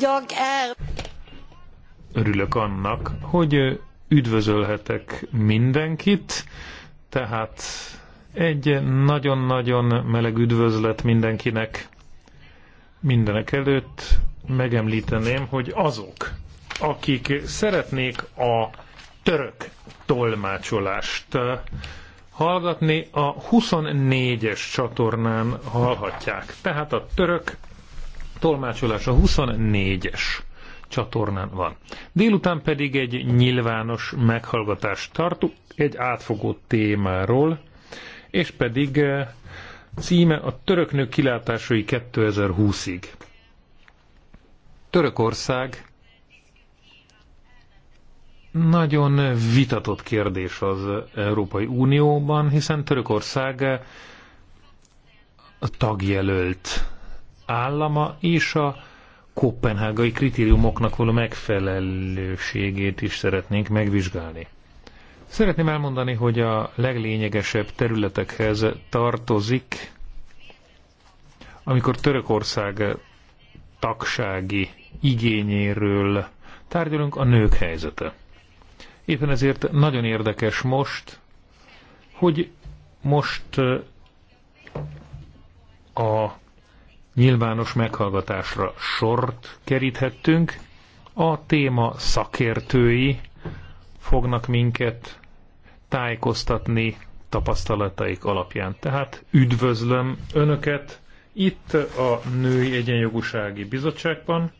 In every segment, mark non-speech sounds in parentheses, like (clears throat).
Jag är... Örülök annak, hogy üdvözölhetek mindenkit, tehát egy nagyon-nagyon meleg üdvözlet mindenkinek. Mindenek előtt megemlíteném, hogy azok, akik szeretnék a török tolmácsolást hallgatni, a 24-es csatornán hallhatják. Tehát a török tolmácsolás a 24-es csatornán van. Délután pedig egy nyilvános meghallgatást tartunk egy átfogó témáról, és pedig eh, címe a török nők kilátásai 2020-ig. Törökország nagyon vitatott kérdés az Európai Unióban, hiszen Törökország a tagjelölt állama és a kopenhágai kritériumoknak való megfelelőségét is szeretnénk megvizsgálni. Szeretném elmondani, hogy a leglényegesebb területekhez tartozik, amikor Törökország tagsági igényéről tárgyalunk, a nők helyzete. Éppen ezért nagyon érdekes most, hogy most a nyilvános meghallgatásra sort keríthettünk. A téma szakértői fognak minket tájékoztatni tapasztalataik alapján. Tehát üdvözlöm Önöket itt a Női Egyenjogúsági Bizottságban.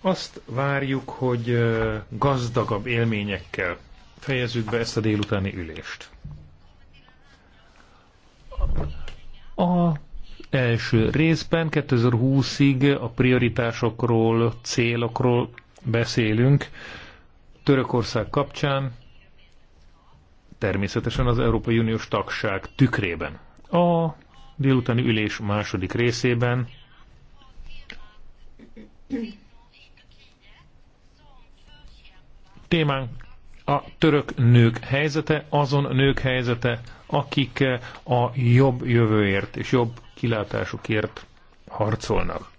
Azt várjuk, hogy gazdagabb élményekkel fejezzük be ezt a délutáni ülést. A első részben 2020-ig a prioritásokról, célokról beszélünk. Törökország kapcsán természetesen az Európai Uniós tagság tükrében. A délutáni ülés második részében témánk a török nők helyzete, azon nők helyzete, akik a jobb jövőért és jobb kilátásukért harcolnak.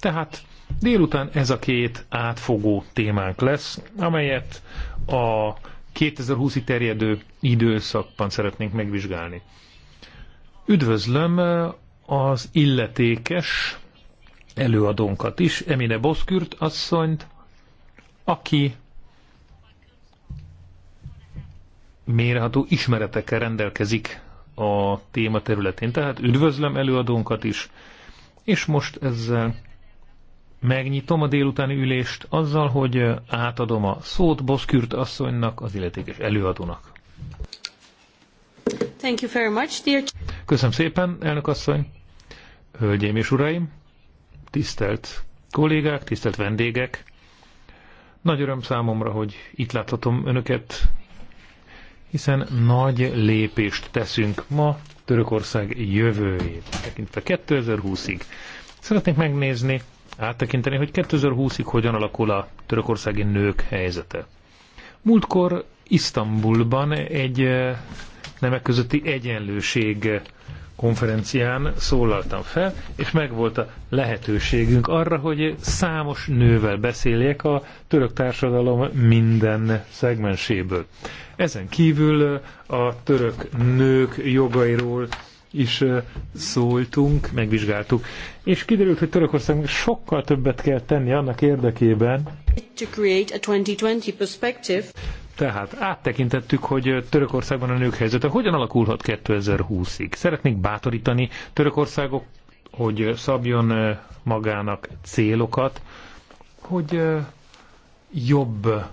Tehát délután ez a két átfogó témánk lesz, amelyet a 2020-ig terjedő időszakban szeretnénk megvizsgálni. Üdvözlöm az illetékes előadónkat is, Emine Boszkürt asszonyt, aki mérható ismeretekkel rendelkezik a téma területén. Tehát üdvözlöm előadónkat is, és most ezzel megnyitom a délutáni ülést azzal, hogy átadom a szót Boszkürt asszonynak, az illetékes előadónak. Thank you very much, dear... Köszönöm szépen, elnök asszony, hölgyeim és uraim, tisztelt kollégák, tisztelt vendégek. Nagy öröm számomra, hogy itt láthatom önöket hiszen nagy lépést teszünk ma Törökország jövőjét tekintve 2020-ig. Szeretnénk megnézni, áttekinteni, hogy 2020-ig hogyan alakul a törökországi nők helyzete. Múltkor Isztambulban egy eh, nemek közötti egyenlőség konferencián szólaltam fel, és megvolt a lehetőségünk arra, hogy számos nővel beszéljek a török társadalom minden szegmenséből. Ezen kívül a török nők jogairól is szóltunk, megvizsgáltuk, és kiderült, hogy Törökországnak sokkal többet kell tenni annak érdekében, tehát áttekintettük, hogy Törökországban a nők helyzete hogyan alakulhat 2020-ig. Szeretnék bátorítani Törökországok, hogy szabjon magának célokat, hogy jobb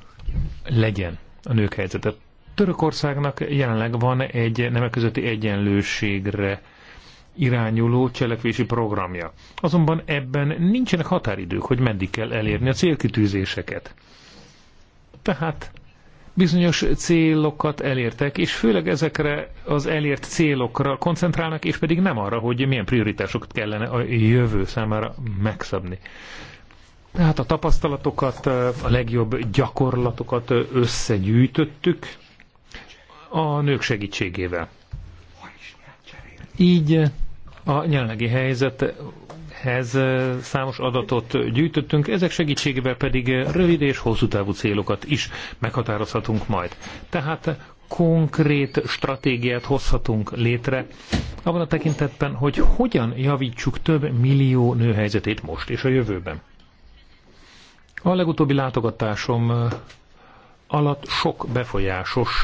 legyen a nők helyzete. Törökországnak jelenleg van egy nemek közötti egyenlőségre irányuló cselekvési programja. Azonban ebben nincsenek határidők, hogy meddig kell elérni a célkitűzéseket. Tehát bizonyos célokat elértek, és főleg ezekre az elért célokra koncentrálnak, és pedig nem arra, hogy milyen prioritásokat kellene a jövő számára megszabni. Tehát a tapasztalatokat, a legjobb gyakorlatokat összegyűjtöttük a nők segítségével. Így a jelenlegi helyzet ehhez számos adatot gyűjtöttünk, ezek segítségével pedig rövid és hosszú távú célokat is meghatározhatunk majd. Tehát konkrét stratégiát hozhatunk létre, abban a tekintetben, hogy hogyan javítsuk több millió nő helyzetét most és a jövőben. A legutóbbi látogatásom alatt sok befolyásos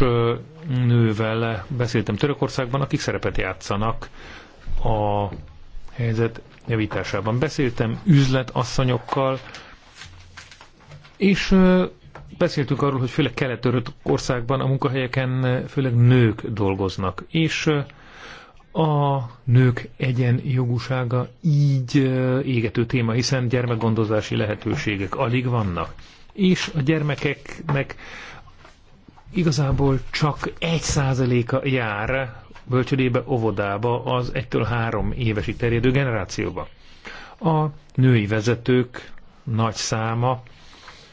nővel beszéltem Törökországban, akik szerepet játszanak a helyzet javításában. Beszéltem üzletasszonyokkal, és beszéltünk arról, hogy főleg kelet országban a munkahelyeken főleg nők dolgoznak, és a nők egyenjogúsága így égető téma, hiszen gyermekgondozási lehetőségek alig vannak. És a gyermekeknek igazából csak egy százaléka jár bölcsödébe, óvodába, az egytől három évesi terjedő generációba. A női vezetők nagy száma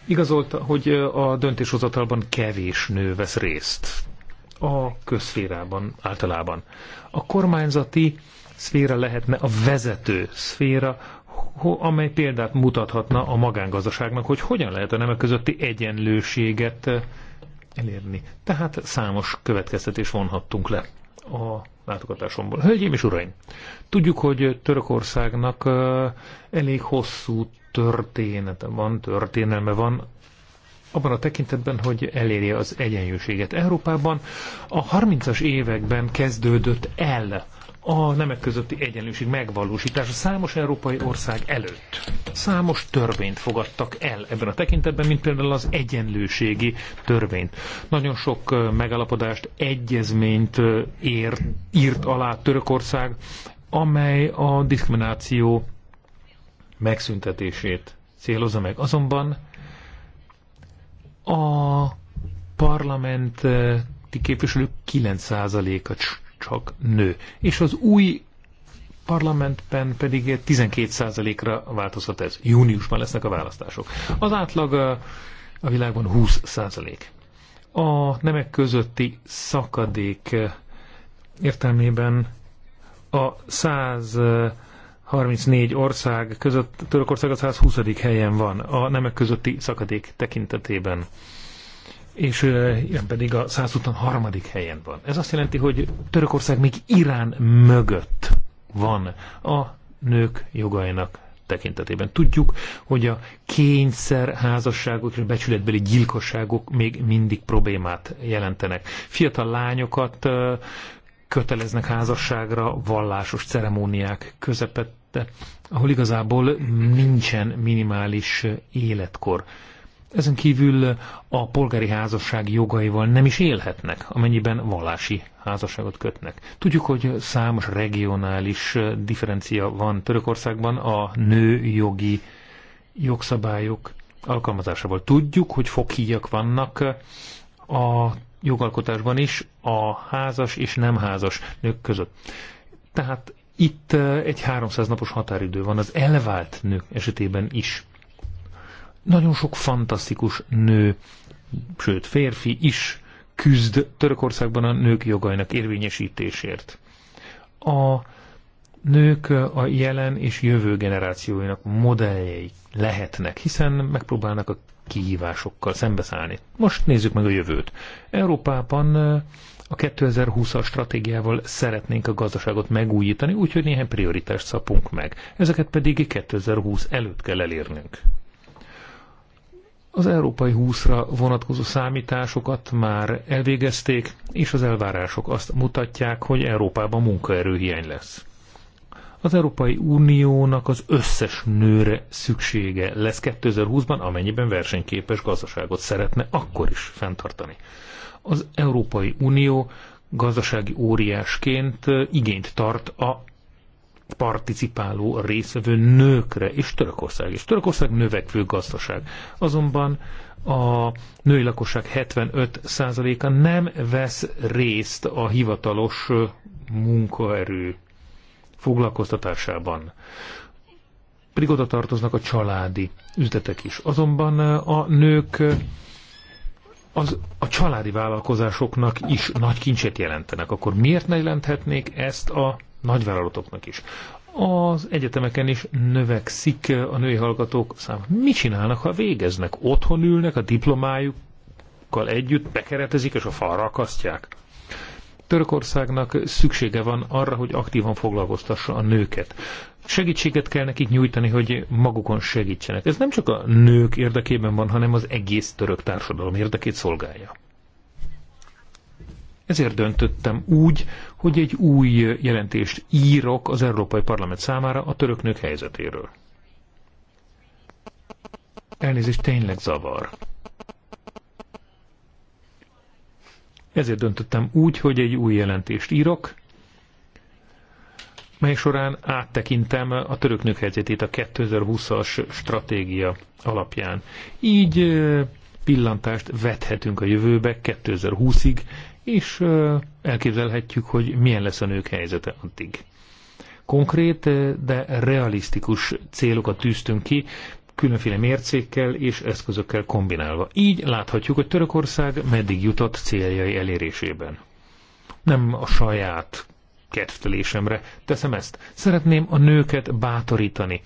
igazolta, hogy a döntéshozatalban kevés nő vesz részt a közszférában általában. A kormányzati szféra lehetne a vezető szféra, amely példát mutathatna a magángazdaságnak, hogy hogyan lehet a nemek közötti egyenlőséget eh, elérni. Tehát számos következtetés vonhattunk le a látogatásomból. Hölgyeim és uraim, tudjuk, hogy Törökországnak elég hosszú története van, történelme van, abban a tekintetben, hogy eléri az egyenlőséget. Európában a 30-as években kezdődött el a nemek közötti egyenlőség megvalósítása számos európai ország előtt. Számos törvényt fogadtak el ebben a tekintetben, mint például az egyenlőségi törvényt. Nagyon sok megalapodást, egyezményt ér, írt alá Törökország, amely a diszkrimináció megszüntetését célozza meg. Azonban a parlamenti képviselők 9%-a csak nő. És az új parlamentben pedig 12%-ra változhat ez. Júniusban lesznek a választások. Az átlag a világban 20%. A nemek közötti szakadék értelmében a 100 34 ország között Törökország a 120. helyen van a nemek közötti szakadék tekintetében és Irán pedig a 123. helyen van. Ez azt jelenti, hogy Törökország még Irán mögött van a nők jogainak tekintetében. Tudjuk, hogy a kényszer házasságok és a becsületbeli gyilkosságok még mindig problémát jelentenek. Fiatal lányokat köteleznek házasságra vallásos ceremóniák közepette, ahol igazából nincsen minimális életkor. Ezen kívül a polgári házasság jogaival nem is élhetnek, amennyiben vallási házasságot kötnek. Tudjuk, hogy számos regionális differencia van Törökországban a nőjogi jogszabályok alkalmazásával. Tudjuk, hogy fokhíjak vannak a jogalkotásban is a házas és nem házas nők között. Tehát itt egy 300 napos határidő van az elvált nők esetében is. Nagyon sok fantasztikus nő, sőt férfi is küzd Törökországban a nők jogainak érvényesítésért. A nők a jelen és jövő generációinak modelljei lehetnek, hiszen megpróbálnak a kihívásokkal szembeszállni. Most nézzük meg a jövőt. Európában eh, a 2020-as stratégiával szeretnénk a gazdaságot megújítani, úgyhogy néhány prioritást szapunk meg. Ezeket pedig 2020 előtt kell elérnünk. Az Európai 20-ra vonatkozó számításokat már elvégezték, és az elvárások azt mutatják, hogy Európában munkaerőhiány lesz. Az Európai Uniónak az összes nőre szüksége lesz 2020-ban, amennyiben versenyképes gazdaságot szeretne akkor is fenntartani. Az Európai Unió gazdasági óriásként eh, igényt tart a participáló részvevő nőkre, és Törökország. És Törökország növekvő gazdaság. Azonban a női lakosság 75%-a nem vesz részt a hivatalos munkaerő foglalkoztatásában. Pedig oda tartoznak a családi üzletek is. Azonban a nők az a családi vállalkozásoknak is nagy kincset jelentenek. Akkor miért ne jelenthetnék ezt a nagyvállalatoknak is. Az egyetemeken is növekszik a női hallgatók száma. Mi csinálnak, ha végeznek? Otthon ülnek a diplomájukkal együtt, bekeretezik és a falra akasztják. Törökországnak szüksége van arra, hogy aktívan foglalkoztassa a nőket. Segítséget kell nekik nyújtani, hogy magukon segítsenek. Ez nem csak a nők érdekében van, hanem az egész török társadalom érdekét szolgálja. Ezért döntöttem úgy, hogy egy új jelentést írok az Európai Parlament számára a török nők helyzetéről. Elnézést tényleg zavar. Ezért döntöttem úgy, hogy egy új jelentést írok, mely során áttekintem a török nők helyzetét a 2020-as stratégia alapján. Így pillantást vethetünk a jövőbe 2020-ig, és elképzelhetjük, hogy milyen lesz a nők helyzete addig. Konkrét, de realisztikus célokat tűztünk ki, különféle mércékkel és eszközökkel kombinálva. Így láthatjuk, hogy Törökország meddig jutott céljai elérésében. Nem a saját kedvtelésemre teszem ezt. Szeretném a nőket bátorítani,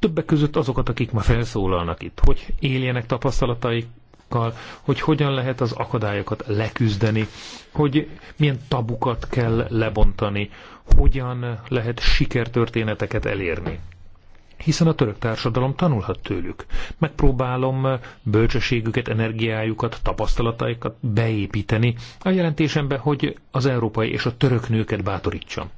többek között azokat, akik ma felszólalnak itt, hogy éljenek tapasztalataikkal, hogy hogyan lehet az akadályokat leküzdeni, hogy milyen tabukat kell lebontani, hogyan lehet sikertörténeteket elérni hiszen a török társadalom tanulhat tőlük. Megpróbálom bölcsességüket, energiájukat, tapasztalataikat beépíteni a jelentésembe, hogy az európai és a török nőket bátorítsam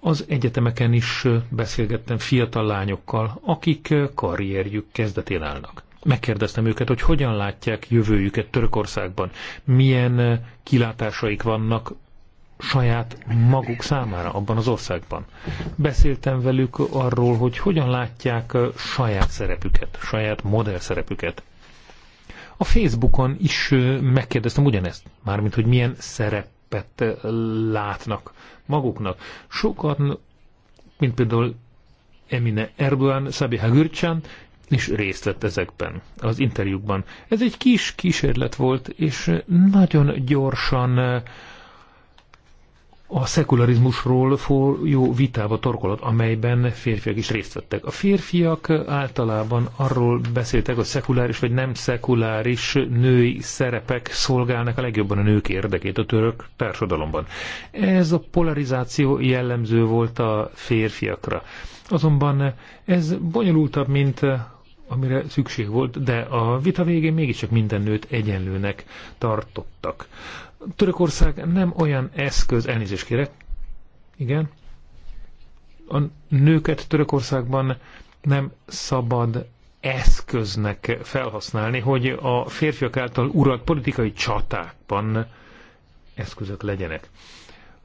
az egyetemeken is beszélgettem fiatal lányokkal, akik karrierjük kezdetén állnak. Megkérdeztem őket, hogy hogyan látják jövőjüket Törökországban, milyen kilátásaik vannak saját maguk számára abban az országban. Beszéltem velük arról, hogy hogyan látják saját szerepüket, saját modell szerepüket. A Facebookon is megkérdeztem ugyanezt, mármint, hogy milyen szerep szerepet eh, látnak maguknak. Sokan, mint például Emine Erdogan, Szabiha Gürcsán is részt vett ezekben az interjúkban. Ez egy kis kísérlet volt, és nagyon gyorsan eh, a szekularizmusról folyó vitába torkolat, amelyben férfiak is részt vettek. A férfiak általában arról beszéltek, hogy szekuláris vagy nem szekuláris női szerepek szolgálnak a legjobban a nők érdekét a török társadalomban. Ez a polarizáció jellemző volt a férfiakra. Azonban ez bonyolultabb, mint amire szükség volt, de a vita végén mégiscsak minden nőt egyenlőnek tartottak. Törökország nem olyan eszköz, elnézést kérek, igen, a nőket Törökországban nem szabad eszköznek felhasználni, hogy a férfiak által uralt politikai csatákban eszközök legyenek.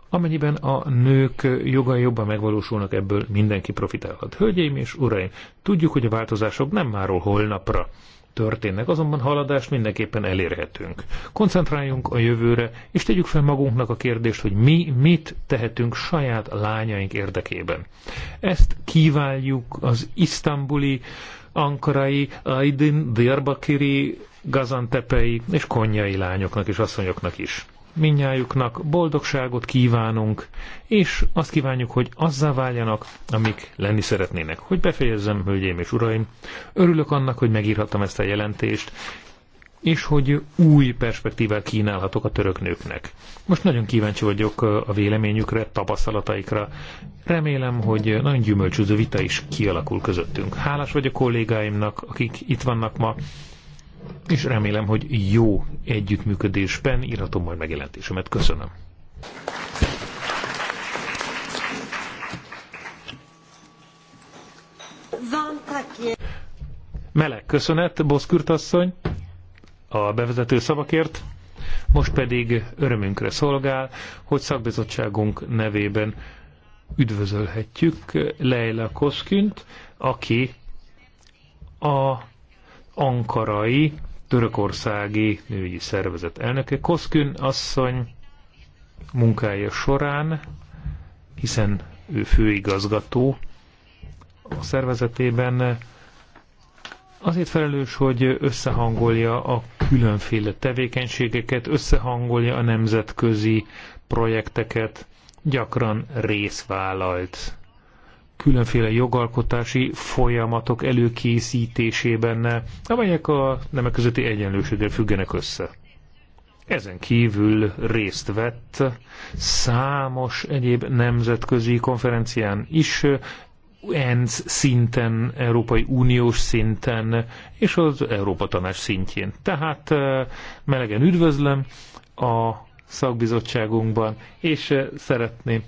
Amennyiben a nők jogai jobban megvalósulnak, ebből mindenki profitálhat. Hölgyeim és uraim, tudjuk, hogy a változások nem máról holnapra történnek, azonban haladást mindenképpen elérhetünk. Koncentráljunk a jövőre, és tegyük fel magunknak a kérdést, hogy mi mit tehetünk saját lányaink érdekében. Ezt kívánjuk az isztambuli, ankarai, aydin, diarbakiri, gazantepei és konyai lányoknak és asszonyoknak is minnyájuknak boldogságot kívánunk, és azt kívánjuk, hogy azzá váljanak, amik lenni szeretnének. Hogy befejezzem, hölgyeim és uraim, örülök annak, hogy megírhattam ezt a jelentést, és hogy új perspektívát kínálhatok a török nőknek. Most nagyon kíváncsi vagyok a véleményükre, tapasztalataikra. Remélem, hogy nagyon gyümölcsöző vita is kialakul közöttünk. Hálás vagyok kollégáimnak, akik itt vannak ma, és remélem, hogy jó együttműködésben írhatom majd megjelentésemet. Köszönöm. Meleg köszönet, Boszkürt asszony, a bevezető szavakért. Most pedig örömünkre szolgál, hogy szakbizottságunk nevében üdvözölhetjük Leila Koszkünt, aki a ankarai törökországi nőgyi szervezet elnöke Koszkün asszony munkája során, hiszen ő főigazgató a szervezetében, azért felelős, hogy összehangolja a különféle tevékenységeket, összehangolja a nemzetközi projekteket, gyakran részvállalt különféle jogalkotási folyamatok előkészítésében, amelyek a nemek közötti egyenlőséggel függenek össze. Ezen kívül részt vett számos egyéb nemzetközi konferencián is, ENSZ szinten, Európai Uniós szinten és az Európa Tanács szintjén. Tehát eh, melegen üdvözlöm a szakbizottságunkban, és eh, szeretném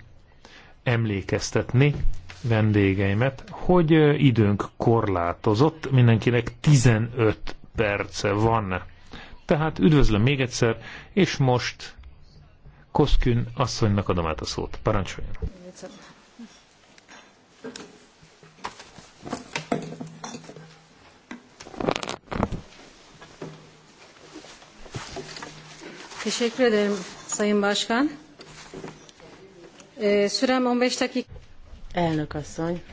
emlékeztetni vendégeimet, hogy időnk korlátozott, mindenkinek 15 perce van. Tehát üdvözlöm még egyszer, és most Koszkün asszonynak adom át a szót. Parancsoljon! Köszönöm, ederim Sayın Başkan. Sürem 15 dakika. Elnök asszony,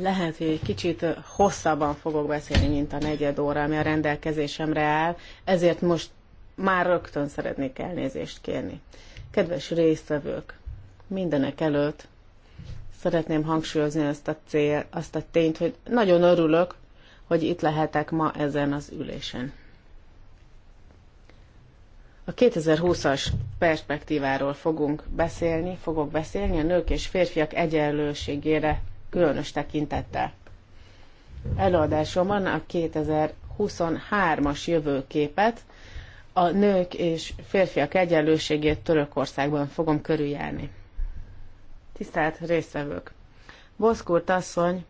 lehet, hogy egy kicsit hosszabban fogok beszélni, mint a negyed óra, ami a rendelkezésemre áll, ezért most már rögtön szeretnék elnézést kérni. Kedves résztvevők, mindenek előtt szeretném hangsúlyozni azt a, cél, azt a tényt, hogy nagyon örülök, hogy itt lehetek ma ezen az ülésen. A 2020-as perspektíváról fogunk beszélni, fogok beszélni a nők és férfiak egyenlőségére különös tekintettel. Előadásomban a 2023-as jövőképet, a nők és férfiak egyenlőségét Törökországban fogom körüljárni. Tisztelt résztvevők! Boszkurt asszony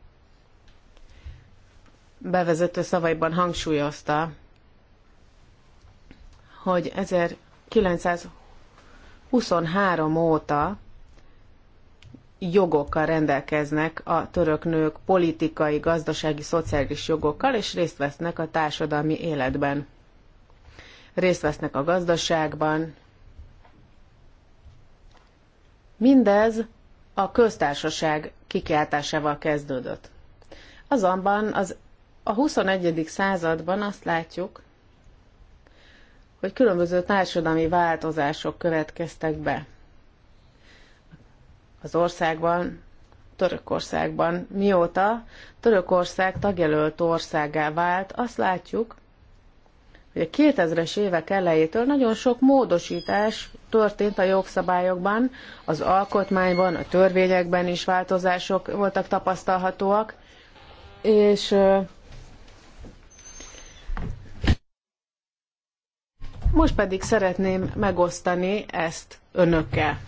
bevezető szavaiban hangsúlyozta, hogy 1923 óta jogokkal rendelkeznek a török nők, politikai, gazdasági, szociális jogokkal, és részt vesznek a társadalmi életben. Részt vesznek a gazdaságban. Mindez a köztársaság kikiáltásával kezdődött. Azonban az, a 21. században azt látjuk, hogy különböző társadalmi változások következtek be. Az országban, Törökországban, mióta Törökország tagjelölt országá vált, azt látjuk, hogy a 2000-es évek elejétől nagyon sok módosítás történt a jogszabályokban, az alkotmányban, a törvényekben is változások voltak tapasztalhatóak, és Most pedig szeretném megosztani ezt önökkel.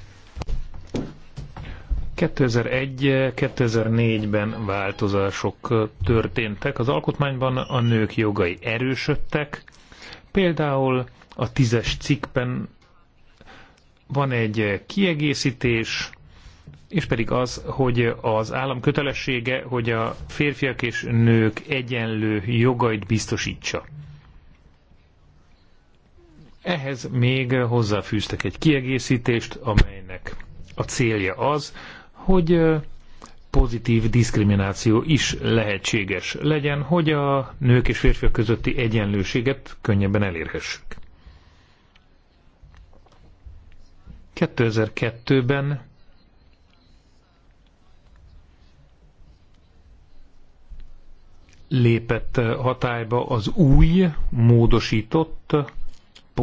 2001-2004-ben változások történtek. Az alkotmányban a nők jogai erősödtek. Például a tízes cikkben van egy kiegészítés, és pedig az, hogy az állam kötelessége, hogy a férfiak és nők egyenlő jogait biztosítsa. Ehhez még hozzáfűztek egy kiegészítést, amelynek a célja az, hogy pozitív diszkrimináció is lehetséges legyen, hogy a nők és férfiak közötti egyenlőséget könnyebben elérhessük. 2002-ben lépett hatályba az új, módosított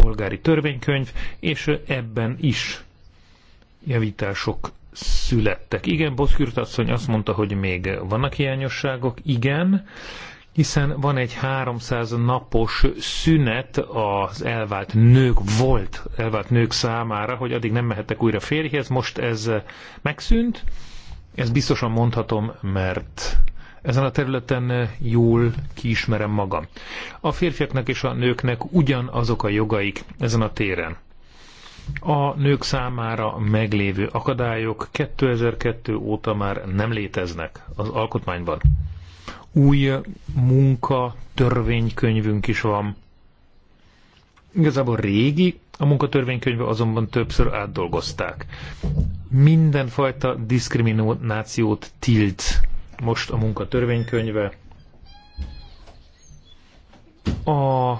polgári törvénykönyv, és ebben is javítások születtek. Igen, Boszkürt asszony azt mondta, hogy még vannak hiányosságok. Igen, hiszen van egy 300 napos szünet az elvált nők, volt elvált nők számára, hogy addig nem mehettek újra férjhez. Most ez megszűnt. Ez biztosan mondhatom, mert ezen a területen eh, jól kiismerem magam. A férfiaknak és a nőknek ugyanazok a jogaik ezen a téren. A nők számára meglévő akadályok 2002 óta már nem léteznek az alkotmányban. Új munka törvénykönyvünk is van. Igazából régi, a munkatörvénykönyve azonban többször átdolgozták. Mindenfajta diszkriminációt tilt most a munka törvénykönyve. A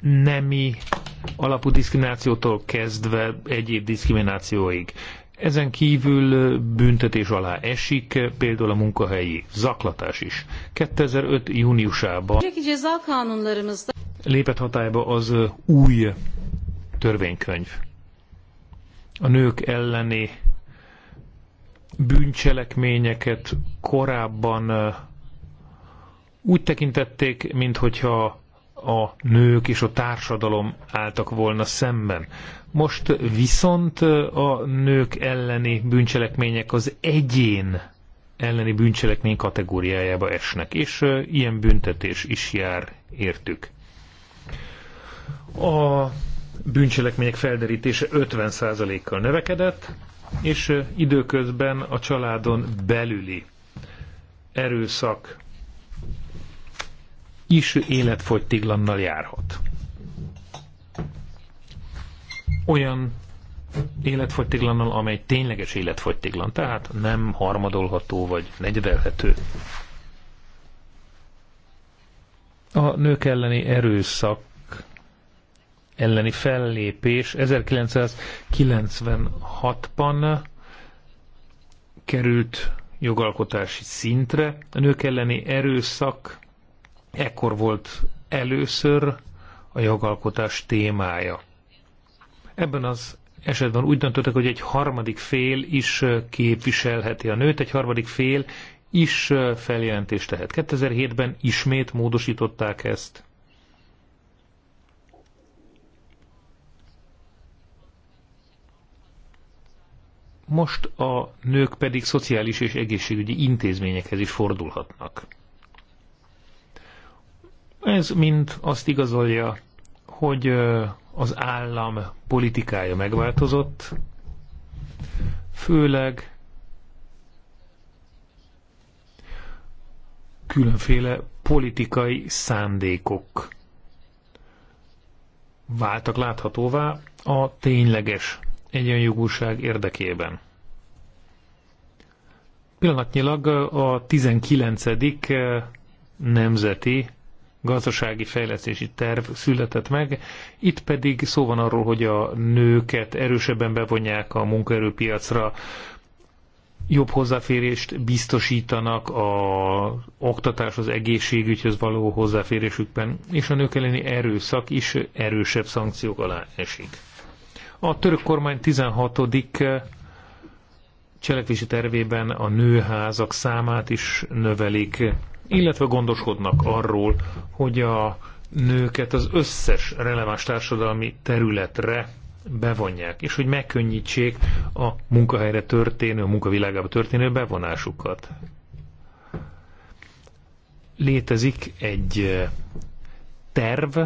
nemi alapú diszkriminációtól kezdve egyéb diszkriminációig. Ezen kívül büntetés alá esik például a munkahelyi zaklatás is. 2005. júniusában lépett hatályba az új törvénykönyv. A nők elleni bűncselekményeket korábban úgy tekintették, minthogyha a nők és a társadalom álltak volna szemben. Most viszont a nők elleni bűncselekmények az egyén elleni bűncselekmény kategóriájába esnek, és ilyen büntetés is jár értük. A bűncselekmények felderítése 50%-kal növekedett, és időközben a családon belüli erőszak is életfogytiglannal járhat. Olyan életfogytiglannal, amely tényleges életfogytiglan, tehát nem harmadolható vagy negyedelhető. A nők elleni erőszak elleni fellépés 1996-ban került jogalkotási szintre. A nők elleni erőszak ekkor volt először a jogalkotás témája. Ebben az esetben úgy döntöttek, hogy egy harmadik fél is képviselheti a nőt, egy harmadik fél is feljelentést tehet. 2007-ben ismét módosították ezt. Most a nők pedig szociális és egészségügyi intézményekhez is fordulhatnak. Ez mind azt igazolja, hogy az állam politikája megváltozott, főleg különféle politikai szándékok váltak láthatóvá a tényleges egyenjogúság érdekében. Pillanatnyilag a 19. Eh, nemzeti gazdasági fejlesztési terv született meg, itt pedig szó van arról, hogy a nőket erősebben bevonják a munkaerőpiacra, jobb hozzáférést biztosítanak a oktatáshoz, egészségügyhöz való hozzáférésükben, és a nők elleni erőszak is erősebb szankciók alá esik. A török kormány 16. Eh, cselekvési tervében a nőházak számát is növelik, illetve gondoskodnak arról, hogy a nőket az összes releváns társadalmi területre bevonják, és hogy megkönnyítsék a munkahelyre történő, a munkavilágába történő bevonásukat. Létezik egy eh, terv,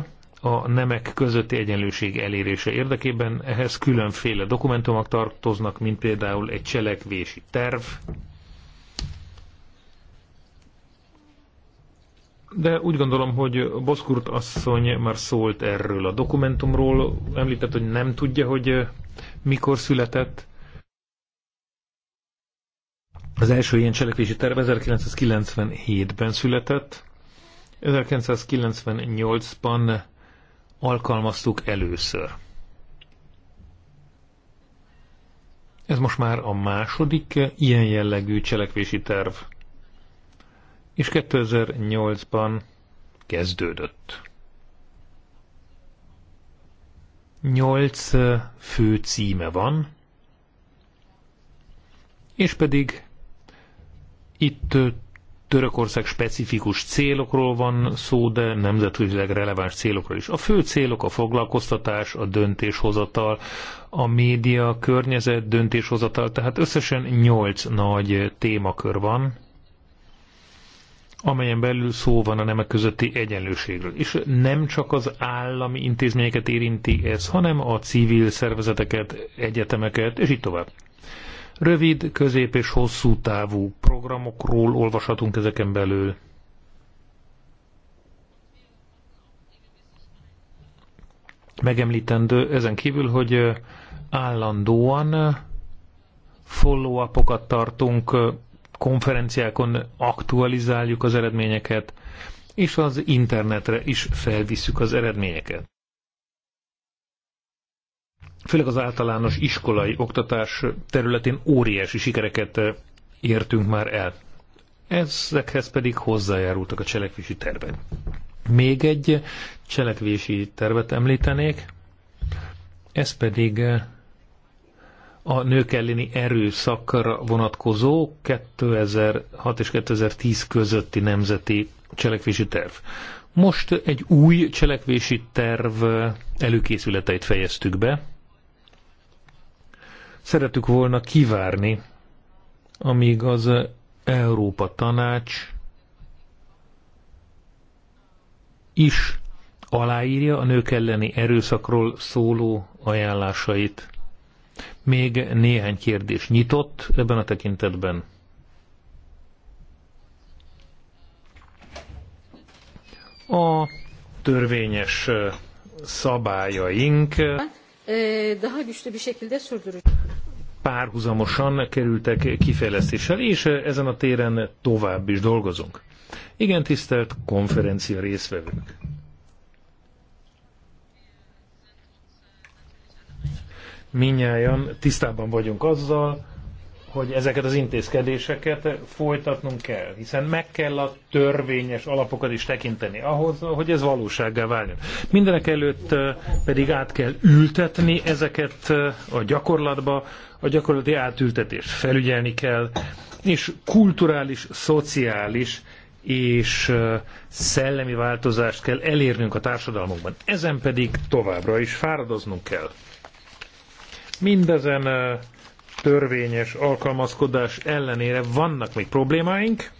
a nemek közötti egyenlőség elérése érdekében. Ehhez különféle dokumentumok tartoznak, mint például egy cselekvési terv, De úgy gondolom, hogy Boszkurt asszony már szólt erről a dokumentumról, említett, hogy nem tudja, hogy eh, mikor született. Az első ilyen cselekvési terv 1997-ben született, 1998-ban alkalmaztuk először. Ez most már a második ilyen jellegű cselekvési terv, és 2008-ban kezdődött. Nyolc fő címe van, és pedig itt Törökország specifikus célokról van szó, de nemzetközileg releváns célokról is. A fő célok a foglalkoztatás, a döntéshozatal, a média, környezet, döntéshozatal, tehát összesen nyolc nagy témakör van, amelyen belül szó van a nemek közötti egyenlőségről. És nem csak az állami intézményeket érinti ez, hanem a civil szervezeteket, egyetemeket, és így tovább. Rövid, közép és hosszú távú programokról olvashatunk ezeken belül. Megemlítendő ezen kívül, hogy állandóan follow-upokat tartunk, konferenciákon aktualizáljuk az eredményeket, és az internetre is felvisszük az eredményeket főleg az általános iskolai oktatás területén óriási sikereket eh, értünk már el. Ezekhez pedig hozzájárultak a cselekvési tervek. Még egy cselekvési tervet említenék, ez pedig eh, a nők elleni erőszakra vonatkozó 2006 és 2010 közötti nemzeti cselekvési terv. Most egy új cselekvési terv eh, előkészületeit fejeztük be, Szeretük volna kivárni, amíg az Európa Tanács is aláírja a nők elleni erőszakról szóló ajánlásait. Még néhány kérdés nyitott ebben a tekintetben. A törvényes szabályaink daha güçlü bir şekilde sürdürülecek. Párhuzamosan kerültek kifejlesztéssel, és e, ezen a téren tovább is dolgozunk. Igen, tisztelt konferencia részvevők! Minnyáján tisztában vagyunk azzal, hogy ezeket az intézkedéseket folytatnunk kell, hiszen meg kell a törvényes alapokat is tekinteni ahhoz, hogy ez valósággá váljon. Mindenek előtt pedig át kell ültetni ezeket a gyakorlatba, a gyakorlati átültetést felügyelni kell, és kulturális, szociális és szellemi változást kell elérnünk a társadalmunkban. Ezen pedig továbbra is fáradoznunk kell. Mindezen törvényes alkalmazkodás ellenére vannak még problémáink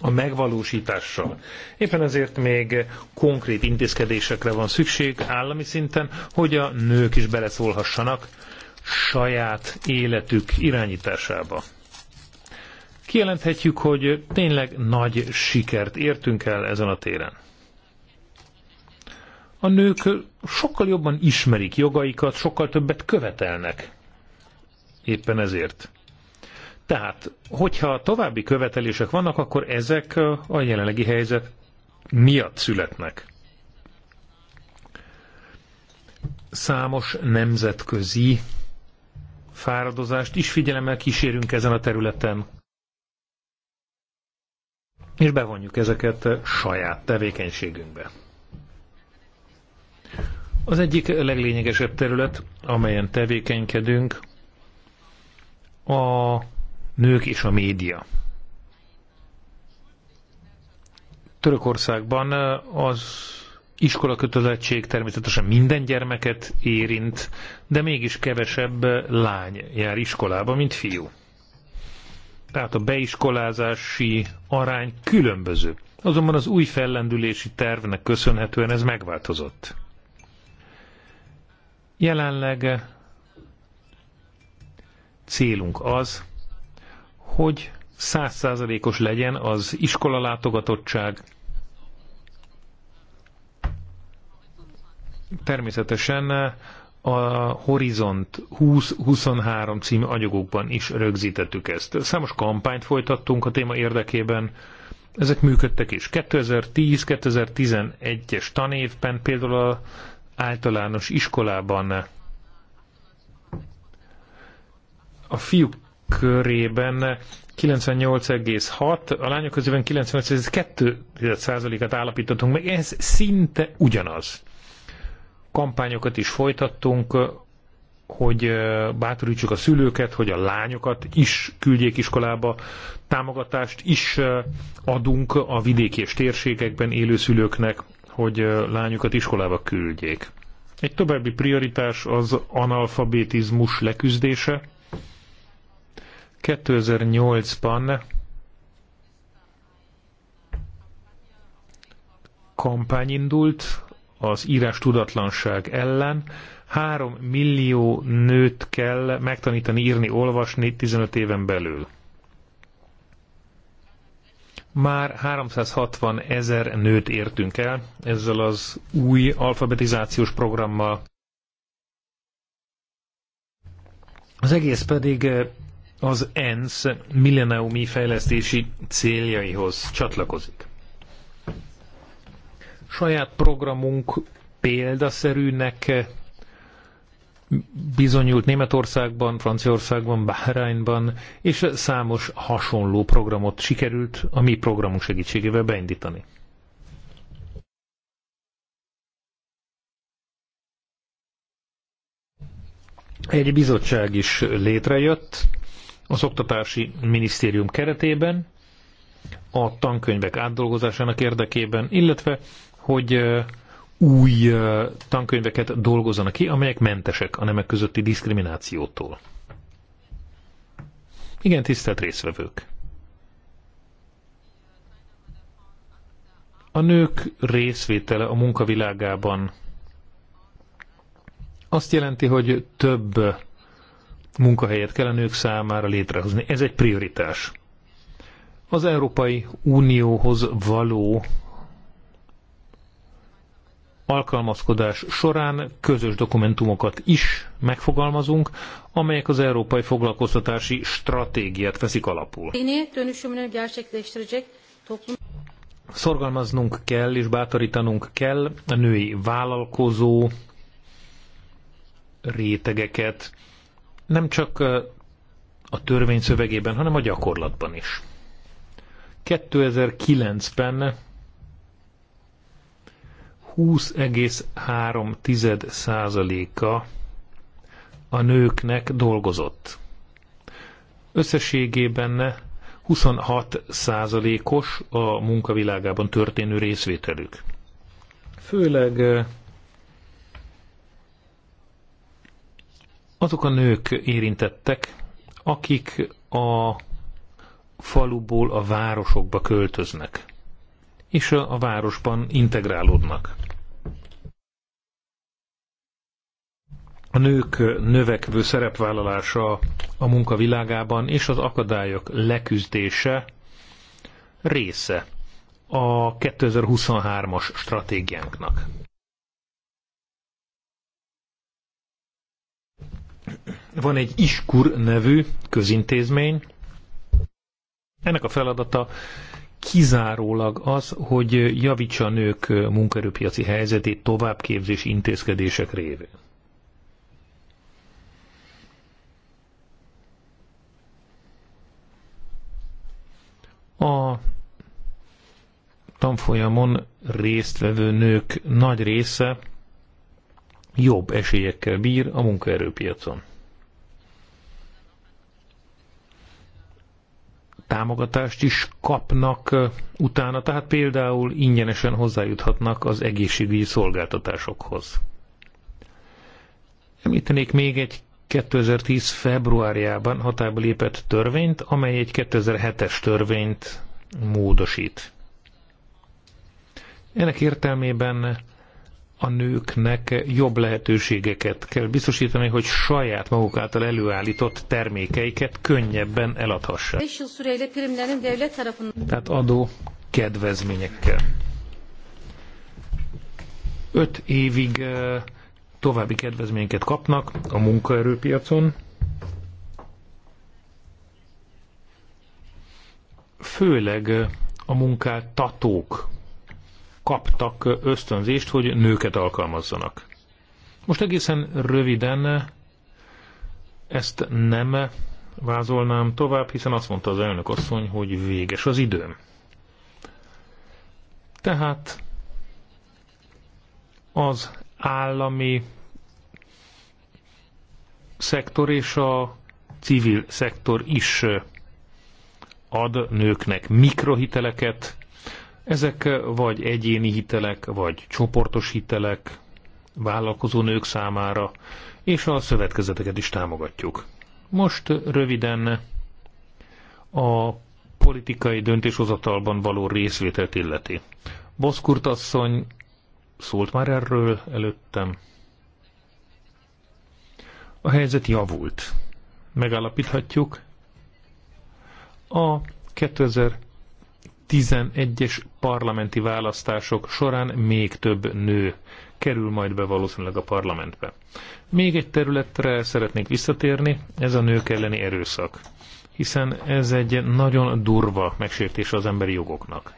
a megvalósítással. Éppen ezért még konkrét intézkedésekre van szükség állami szinten, hogy a nők is beleszólhassanak saját életük irányításába. Kijelenthetjük, hogy tényleg nagy sikert értünk el ezen a téren. A nők sokkal jobban ismerik jogaikat, sokkal többet követelnek éppen ezért. Tehát, hogyha további követelések vannak, akkor ezek a jelenlegi helyzet miatt születnek. Számos nemzetközi fáradozást is figyelemmel kísérünk ezen a területen, és bevonjuk ezeket saját tevékenységünkbe. Az egyik leglényegesebb terület, amelyen tevékenykedünk, a nők és a média. Törökországban az iskola kötelezettség természetesen minden gyermeket érint, de mégis kevesebb lány jár iskolába, mint fiú. Tehát a beiskolázási arány különböző. Azonban az új fellendülési tervnek köszönhetően ez megváltozott. Jelenleg célunk az, hogy százszázalékos legyen az iskola látogatottság. Természetesen a Horizont 2023 című anyagokban is rögzítettük ezt. Számos kampányt folytattunk a téma érdekében, ezek működtek is. 2010-2011-es tanévben például az általános iskolában a fiúk körében 98,6, a lányok közében 95,2%-at állapítottunk meg, ez szinte ugyanaz. Kampányokat is folytattunk, hogy bátorítsuk a szülőket, hogy a lányokat is küldjék iskolába, támogatást is adunk a vidéki és térségekben élő szülőknek, hogy lányokat iskolába küldjék. Egy további prioritás az analfabetizmus leküzdése, 2008-ban kampány indult az írás tudatlanság ellen. Három millió nőt kell megtanítani írni, olvasni 15 éven belül. Már 360 ezer nőt értünk el ezzel az új alfabetizációs programmal. Az egész pedig eh, az ENSZ millenniumi fejlesztési céljaihoz csatlakozik. Saját programunk példaszerűnek bizonyult Németországban, Franciaországban, Bahrainban, és számos hasonló programot sikerült a mi programunk segítségével beindítani. Egy bizottság is létrejött, az Oktatási Minisztérium keretében a tankönyvek átdolgozásának érdekében, illetve hogy új tankönyveket dolgozzanak ki, amelyek mentesek a nemek közötti diszkriminációtól. Igen, tisztelt részvevők! A nők részvétele a munkavilágában azt jelenti, hogy több munkahelyet kell a nők számára létrehozni. Ez egy prioritás. Az Európai Unióhoz való alkalmazkodás során közös dokumentumokat is megfogalmazunk, amelyek az európai foglalkoztatási stratégiát veszik alapul. Szorgalmaznunk kell és bátorítanunk kell a női vállalkozó rétegeket, nem csak a törvény szövegében, hanem a gyakorlatban is. 2009-ben 20,3%-a a nőknek dolgozott. Összességében 26%-os a munkavilágában történő részvételük. Főleg Azok a nők érintettek, akik a faluból a városokba költöznek, és a városban integrálódnak. A nők növekvő szerepvállalása a munkavilágában és az akadályok leküzdése része a 2023-as stratégiánknak. Van egy Iskur nevű közintézmény. Ennek a feladata kizárólag az, hogy javítsa a nők munkaerőpiaci helyzetét továbbképzési intézkedések révén. A tanfolyamon résztvevő nők nagy része jobb esélyekkel bír a munkaerőpiacon. támogatást is kapnak utána, tehát például ingyenesen hozzájuthatnak az egészségügyi szolgáltatásokhoz. Említenék még egy 2010. februárjában hatályba lépett törvényt, amely egy 2007-es törvényt módosít. Ennek értelmében a nőknek jobb lehetőségeket kell biztosítani, hogy saját maguk által előállított termékeiket könnyebben eladhassák. Tehát adó kedvezményekkel. Öt évig eh, további kedvezményeket kapnak a munkaerőpiacon. Főleg eh, a munkáltatók kaptak ösztönzést, hogy nőket alkalmazzanak. Most egészen röviden ezt nem vázolnám tovább, hiszen azt mondta az elnök asszony, hogy véges az időm. Tehát az állami szektor és a civil szektor is ad nőknek mikrohiteleket, ezek vagy egyéni hitelek, vagy csoportos hitelek vállalkozó nők számára, és a szövetkezeteket is támogatjuk. Most röviden a politikai döntéshozatalban való részvételt illeti. Boszkurt asszony szólt már erről előttem. A helyzet javult. Megállapíthatjuk. A 2000 11 es parlamenti választások során még több nő kerül majd be valószínűleg a parlamentbe. Még egy területre szeretnék visszatérni, ez a nők elleni erőszak hiszen ez egy nagyon durva megsértése az emberi jogoknak.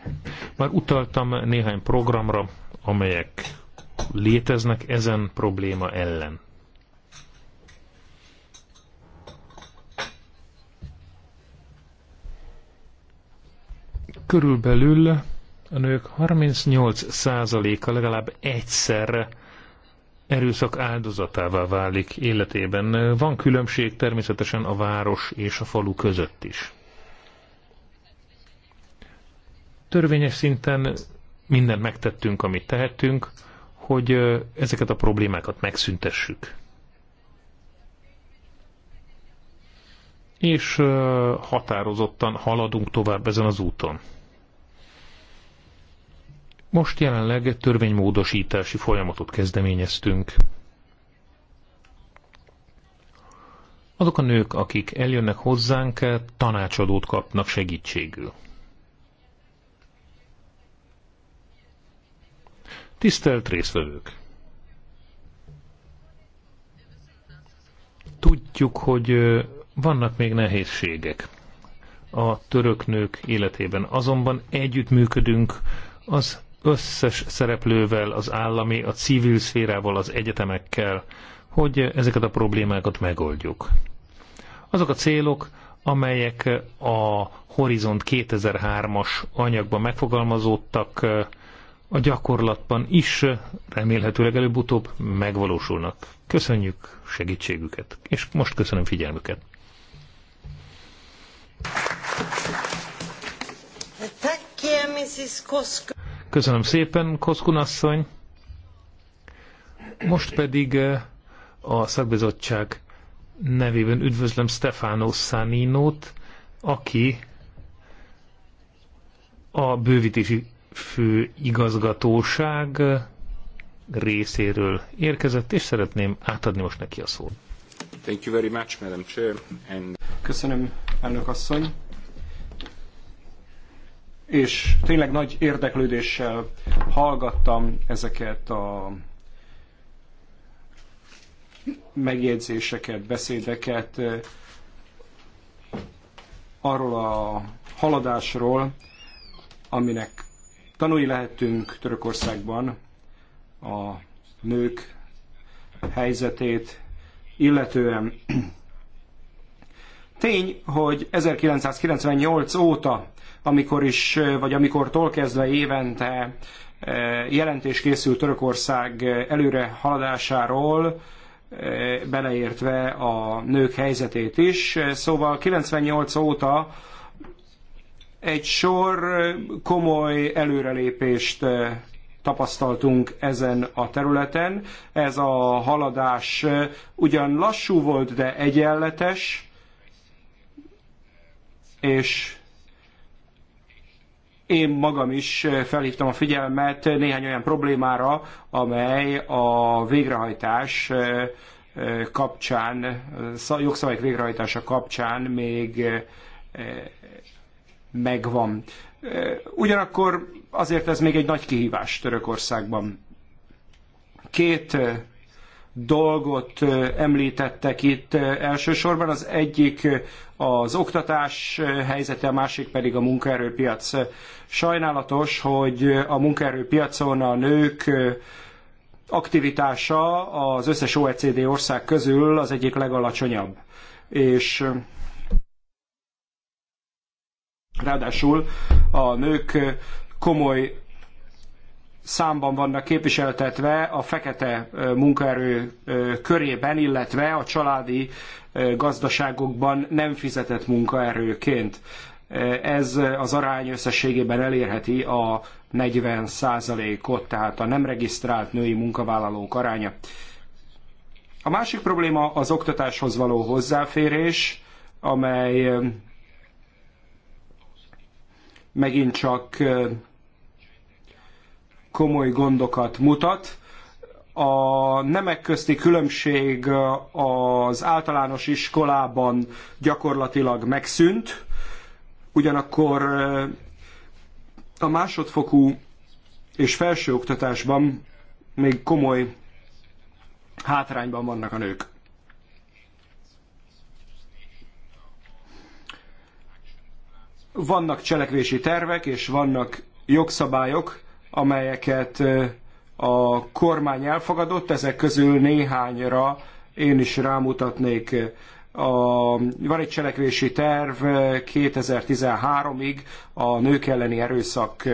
Már utaltam néhány programra, amelyek léteznek ezen probléma ellen. körülbelül a nők 38%-a legalább egyszer erőszak áldozatává válik életében. Van különbség természetesen a város és a falu között is. Törvényes szinten mindent megtettünk, amit tehettünk, hogy ezeket a problémákat megszüntessük. És határozottan haladunk tovább ezen az úton. Most jelenleg törvénymódosítási folyamatot kezdeményeztünk. Azok a nők, akik eljönnek hozzánk, tanácsadót kapnak segítségül. Tisztelt résztvevők! Tudjuk, hogy vannak még nehézségek a török nők életében, azonban együttműködünk az összes szereplővel, az állami, a civil szférával, az egyetemekkel, hogy ezeket a problémákat megoldjuk. Azok a célok, amelyek a Horizont 2003-as anyagban megfogalmazódtak, a gyakorlatban is remélhetőleg előbb-utóbb megvalósulnak. Köszönjük segítségüket, és most köszönöm figyelmüket. Köszönöm szépen, Koszkun asszony. Most pedig eh, a szakbizottság nevében üdvözlöm Stefano Száninót, aki a bővítési főigazgatóság részéről érkezett, és szeretném átadni most neki a szót. Thank you very much, Madam Chair. And... Köszönöm, elnök asszony és tényleg nagy érdeklődéssel hallgattam ezeket a megjegyzéseket, beszédeket eh, arról a haladásról, aminek tanúi lehetünk Törökországban a nők helyzetét, illetően (clears throat) tény, hogy 1998 óta amikor is, vagy amikortól kezdve évente eh, jelentés készül Törökország eh, előre haladásáról, eh, beleértve a nők helyzetét is. Szóval 98 óta egy sor komoly előrelépést tapasztaltunk ezen a területen. Ez a haladás ugyan lassú volt, de egyenletes, és én magam is eh, felhívtam a figyelmet néhány olyan problémára, amely a végrehajtás eh, eh, kapcsán, jogszabályok végrehajtása kapcsán még megvan. Ugyanakkor azért ez még egy nagy kihívás Törökországban. Két dolgot említettek itt elsősorban. Az egyik az oktatás helyzete, a másik pedig a munkaerőpiac. Sajnálatos, hogy a munkaerőpiacon a nők aktivitása az összes OECD ország közül az egyik legalacsonyabb. És ráadásul a nők komoly számban vannak képviseltetve a fekete munkaerő körében, illetve a családi gazdaságokban nem fizetett munkaerőként. Ez az arány összességében elérheti a 40 százalékot, tehát a nem regisztrált női munkavállalók aránya. A másik probléma az oktatáshoz való hozzáférés, amely megint csak komoly gondokat mutat. A nemek közti különbség az általános iskolában gyakorlatilag megszűnt, ugyanakkor a másodfokú és felsőoktatásban még komoly hátrányban vannak a nők. Vannak cselekvési tervek és vannak jogszabályok, amelyeket a kormány elfogadott, ezek közül néhányra én is rámutatnék. A, van egy cselekvési terv 2013-ig a nők elleni erőszak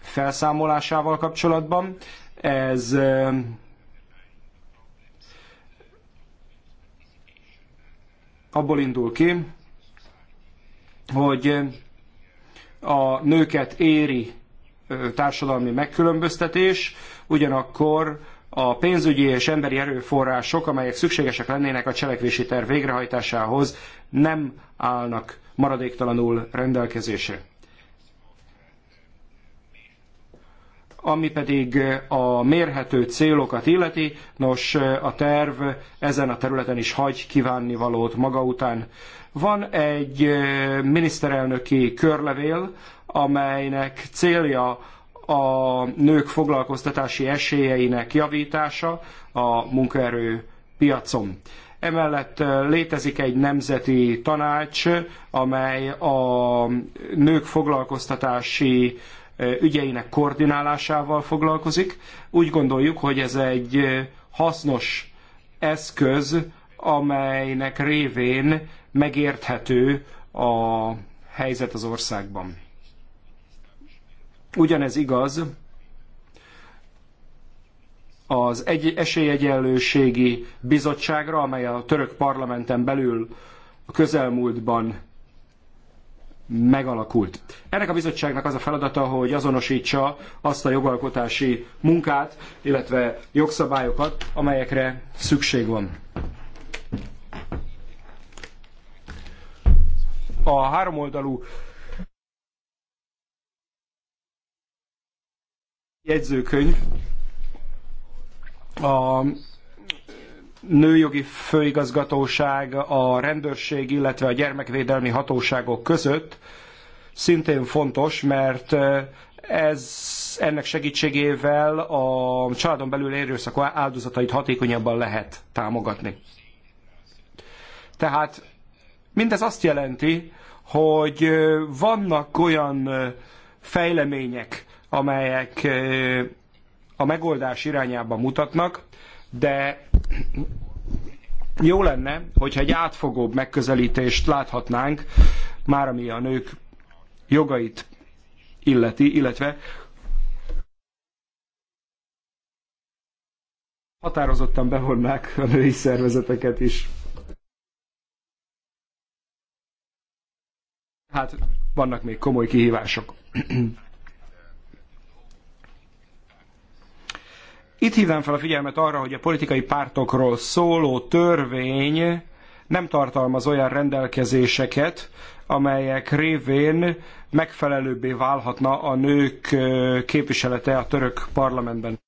felszámolásával kapcsolatban. Ez abból indul ki, hogy a nőket éri társadalmi megkülönböztetés, ugyanakkor a pénzügyi és emberi erőforrások, amelyek szükségesek lennének a cselekvési terv végrehajtásához, nem állnak maradéktalanul rendelkezésre. Ami pedig eh, a mérhető célokat illeti, nos eh, a terv ezen a területen is hagy kívánni valót maga után. Van egy eh, miniszterelnöki körlevél, amelynek célja a nők foglalkoztatási esélyeinek javítása a munkaerő piacon. Emellett létezik egy nemzeti tanács, amely a nők foglalkoztatási ügyeinek koordinálásával foglalkozik. Úgy gondoljuk, hogy ez egy hasznos eszköz, amelynek révén megérthető a helyzet az országban. Ugyanez igaz az egy esélyegyenlőségi bizottságra, amely a török parlamenten belül a közelmúltban megalakult. Ennek a bizottságnak az a feladata, hogy azonosítsa azt a jogalkotási munkát, illetve jogszabályokat, amelyekre szükség van. A háromoldalú jegyzőkönyv a nőjogi főigazgatóság, a rendőrség, illetve a gyermekvédelmi hatóságok között szintén fontos, mert ez ennek segítségével a családon belül erőszak áldozatait hatékonyabban lehet támogatni. Tehát mindez azt jelenti, hogy vannak olyan fejlemények, amelyek a megoldás irányába mutatnak, de jó lenne, hogyha egy átfogóbb megközelítést láthatnánk, már ami a nők jogait illeti, illetve határozottan bevonnák a női szervezeteket is. Hát vannak még komoly kihívások. Itt hívnám fel a figyelmet arra, hogy a politikai pártokról szóló törvény nem tartalmaz olyan rendelkezéseket, amelyek révén megfelelőbbé válhatna a nők képviselete a török parlamentben.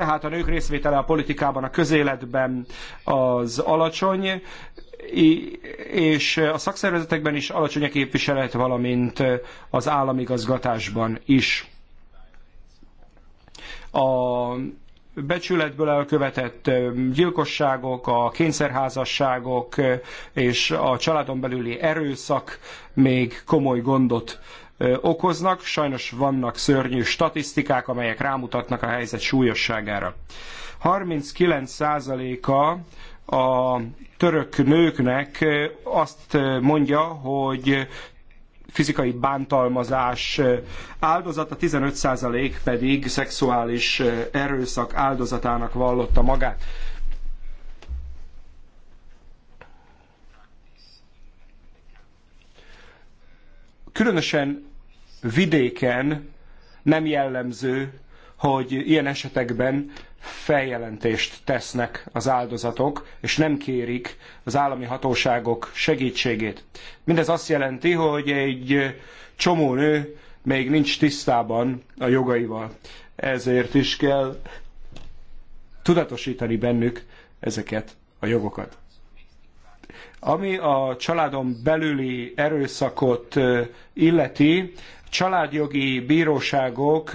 Tehát a nők részvétele a politikában, a közéletben az alacsony, és a szakszervezetekben is alacsony a képviselet, valamint az államigazgatásban is. A becsületből elkövetett gyilkosságok, a kényszerházasságok és a családon belüli erőszak még komoly gondot okoznak. Sajnos vannak szörnyű statisztikák, amelyek rámutatnak a helyzet súlyosságára. 39%-a a török nőknek azt mondja, hogy fizikai bántalmazás áldozata, 15% pedig szexuális erőszak áldozatának vallotta magát. Különösen vidéken nem jellemző, hogy ilyen esetekben feljelentést tesznek az áldozatok, és nem kérik az állami hatóságok segítségét. Mindez azt jelenti, hogy egy csomó nő még nincs tisztában a jogaival. Ezért is kell tudatosítani bennük ezeket a jogokat. Ami a családon belüli erőszakot illeti, családjogi bíróságok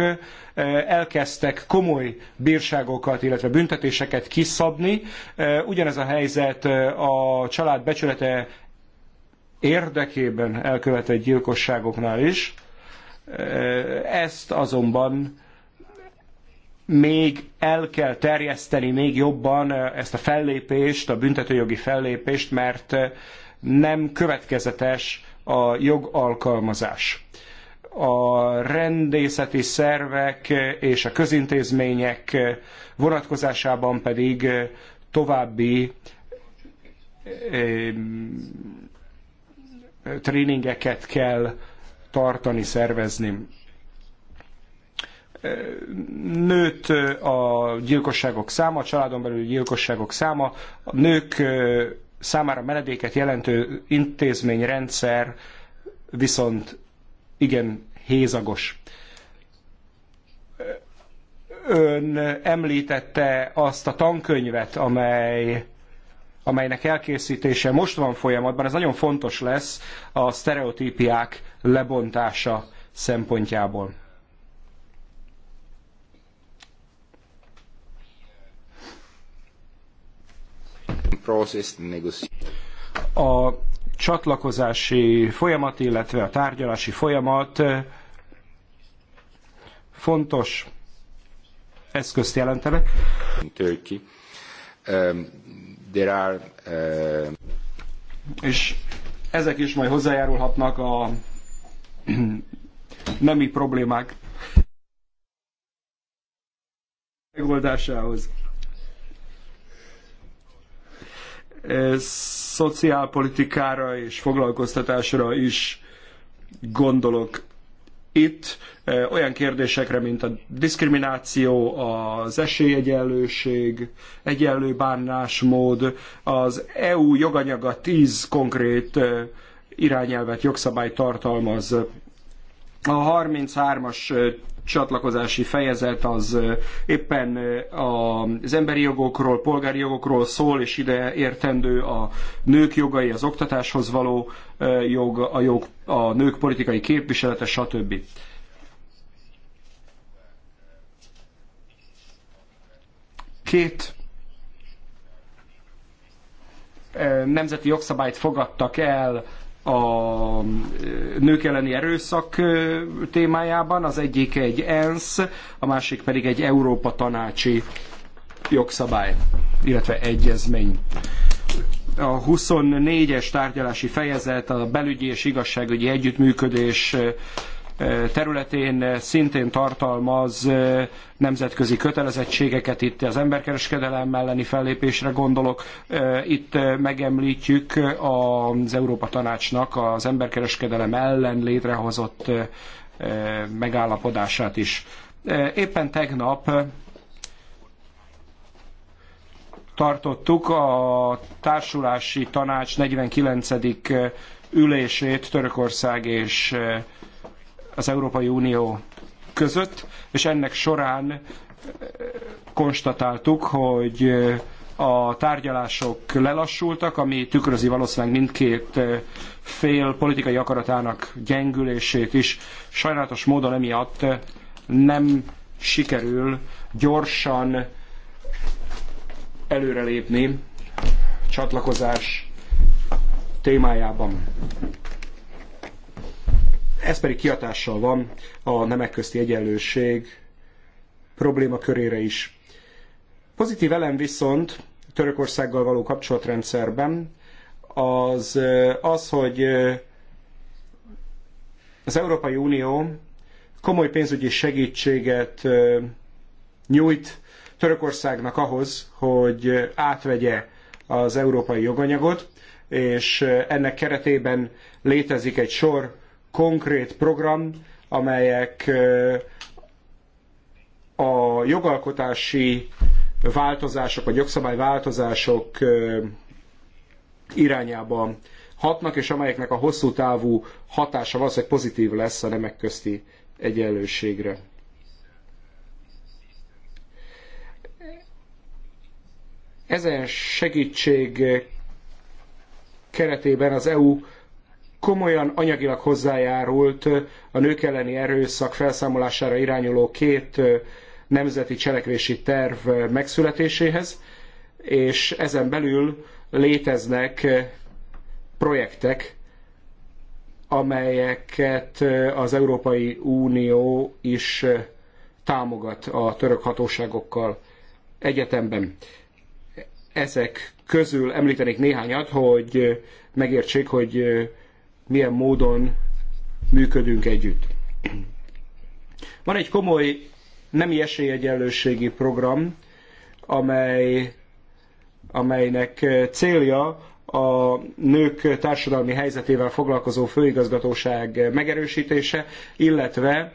elkezdtek komoly bírságokat, illetve büntetéseket kiszabni. Ugyanez a helyzet a család becsülete érdekében elkövetett gyilkosságoknál is. Ezt azonban még el kell terjeszteni még jobban ezt a fellépést, a büntetőjogi fellépést, mert nem következetes a jogalkalmazás. A rendészeti szervek és a közintézmények vonatkozásában pedig további tréningeket kell tartani, szervezni nőtt a gyilkosságok száma, a családon belüli gyilkosságok száma, a nők számára menedéket jelentő intézményrendszer viszont igen hézagos. Ön említette azt a tankönyvet, amely amelynek elkészítése most van folyamatban, ez nagyon fontos lesz a sztereotípiák lebontása szempontjából. A csatlakozási folyamat, illetve a tárgyalási folyamat eh, fontos eszközt jelentenek. Turkey. Um, there are, uh... És ezek is majd hozzájárulhatnak a (clears throat) nemi problémák megoldásához. szociálpolitikára és foglalkoztatásra is gondolok itt olyan kérdésekre, mint a diszkrimináció, az esélyegyenlőség, egyenlő bánásmód, az EU joganyaga 10 konkrét irányelvet, jogszabály tartalmaz. A 33-as csatlakozási fejezet az éppen az emberi jogokról, polgári jogokról szól, és ide értendő a nők jogai, az oktatáshoz való jog, a, jog, a nők politikai képviselete, stb. Két nemzeti jogszabályt fogadtak el a nők elleni erőszak témájában, az egyik egy ENSZ, a másik pedig egy Európa tanácsi jogszabály, illetve egyezmény. A 24-es tárgyalási fejezet a belügyi és igazságügyi együttműködés területén szintén tartalmaz nemzetközi kötelezettségeket, itt az emberkereskedelem elleni fellépésre gondolok. Itt megemlítjük az Európa Tanácsnak az emberkereskedelem ellen létrehozott megállapodását is. Éppen tegnap tartottuk a társulási tanács 49. ülését Törökország és az Európai Unió között, és ennek során eh, konstatáltuk, hogy eh, a tárgyalások lelassultak, ami tükrözi valószínűleg mindkét eh, fél politikai akaratának gyengülését is. Sajnálatos módon emiatt nem sikerül gyorsan előrelépni csatlakozás témájában. Ez pedig kiatással van a nemek közti egyenlőség problémakörére is. Pozitív elem viszont Törökországgal való kapcsolatrendszerben az, az hogy az Európai Unió komoly pénzügyi segítséget nyújt Törökországnak ahhoz, hogy átvegye az európai joganyagot, és ennek keretében létezik egy sor konkrét program, amelyek a jogalkotási változások, vagy jogszabályváltozások irányába hatnak, és amelyeknek a hosszú távú hatása valószínűleg pozitív lesz a nemek közti egyenlőségre. Ezen segítség keretében az EU komolyan anyagilag hozzájárult a nők elleni erőszak felszámolására irányuló két nemzeti cselekvési terv megszületéséhez, és ezen belül léteznek projektek, amelyeket az Európai Unió is támogat a török hatóságokkal egyetemben. Ezek közül említenék néhányat, hogy megértsék, hogy milyen módon működünk együtt. Van egy komoly nemi esélyegyenlőségi program, amely, amelynek célja a nők társadalmi helyzetével foglalkozó főigazgatóság megerősítése, illetve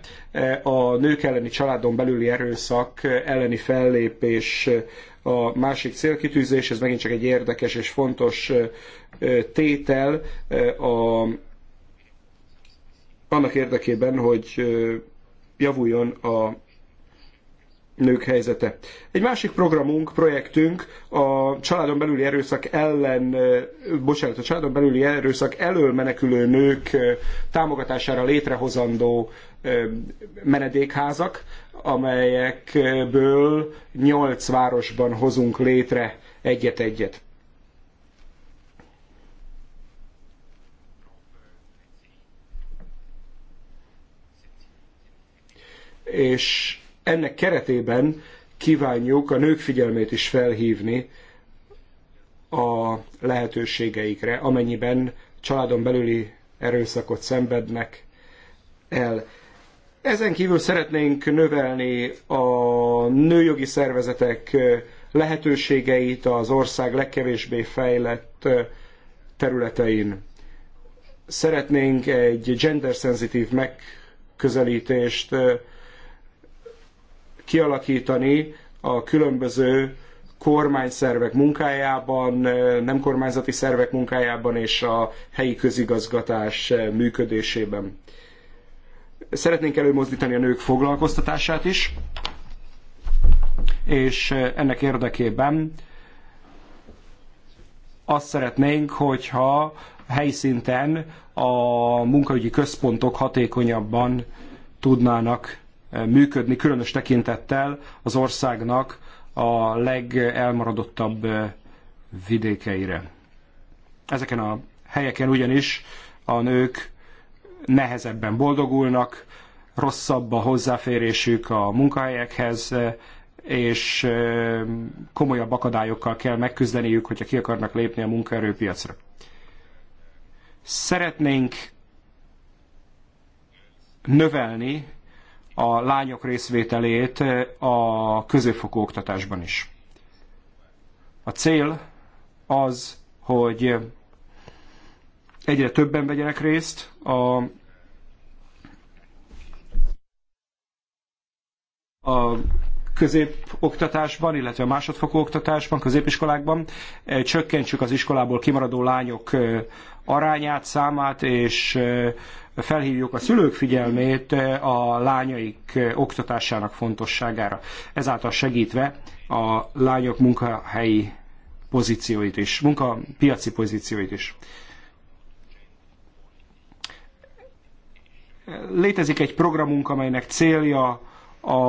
a nők elleni családon belüli erőszak elleni fellépés a másik célkitűzés, ez megint csak egy érdekes és fontos tétel a, annak érdekében, hogy javuljon a nők helyzete. Egy másik programunk, projektünk a családon belüli erőszak ellen, bocsánat, a családon belüli erőszak elől menekülő nők támogatására létrehozandó menedékházak, amelyekből nyolc városban hozunk létre egyet-egyet. És ennek keretében kívánjuk a nők figyelmét is felhívni a lehetőségeikre, amennyiben családon belüli erőszakot szenvednek el. Ezen kívül szeretnénk növelni a nőjogi szervezetek lehetőségeit az ország legkevésbé fejlett területein. Szeretnénk egy gender-szenzitív megközelítést kialakítani a különböző kormányszervek munkájában, nem kormányzati szervek munkájában és a helyi közigazgatás működésében. Szeretnénk előmozdítani a nők foglalkoztatását is, és ennek érdekében azt szeretnénk, hogyha helyszinten a munkaügyi központok hatékonyabban tudnának működni, különös tekintettel az országnak a legelmaradottabb eh, vidékeire. Ezeken a helyeken ugyanis a nők nehezebben boldogulnak, rosszabb a hozzáférésük a munkahelyekhez, eh, és eh, komolyabb akadályokkal kell megküzdeniük, hogyha ki akarnak lépni a munkaerőpiacra. Szeretnénk növelni a lányok részvételét a középfokú oktatásban is. A cél az, hogy egyre többen vegyenek részt a a középoktatásban, illetve a másodfokú oktatásban, középiskolákban csökkentsük az iskolából kimaradó lányok arányát, számát, és felhívjuk a szülők figyelmét a lányaik oktatásának fontosságára, ezáltal segítve a lányok munkahelyi pozícióit is, munkapiaci pozícióit is. Létezik egy programunk, amelynek célja a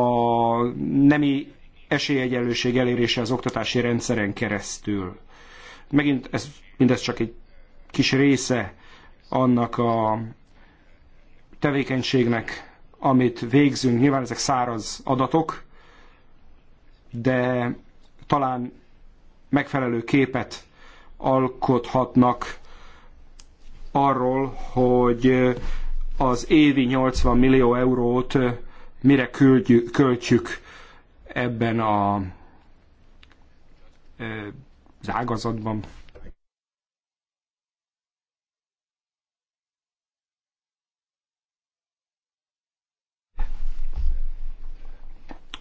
nemi esélyegyenlőség elérése az oktatási rendszeren keresztül. Megint ez, mindez csak egy kis része annak a tevékenységnek, amit végzünk. Nyilván ezek száraz adatok, de talán megfelelő képet alkothatnak arról, hogy az évi 80 millió eurót mire küldjük, költjük ebben a, az ágazatban.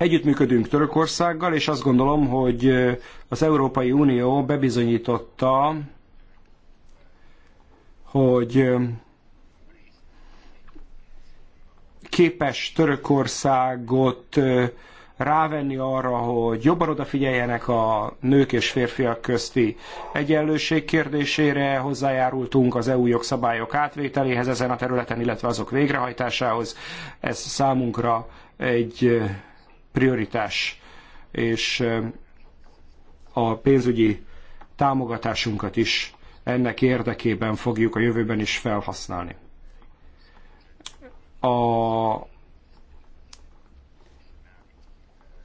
Együttműködünk Törökországgal, és azt gondolom, hogy az Európai Unió bebizonyította, hogy képes Törökországot rávenni arra, hogy jobban odafigyeljenek a nők és férfiak közti egyenlőség kérdésére, hozzájárultunk az EU jogszabályok átvételéhez ezen a területen, illetve azok végrehajtásához. Ez számunkra egy prioritás, és eh, a pénzügyi támogatásunkat is ennek érdekében fogjuk a jövőben is felhasználni. A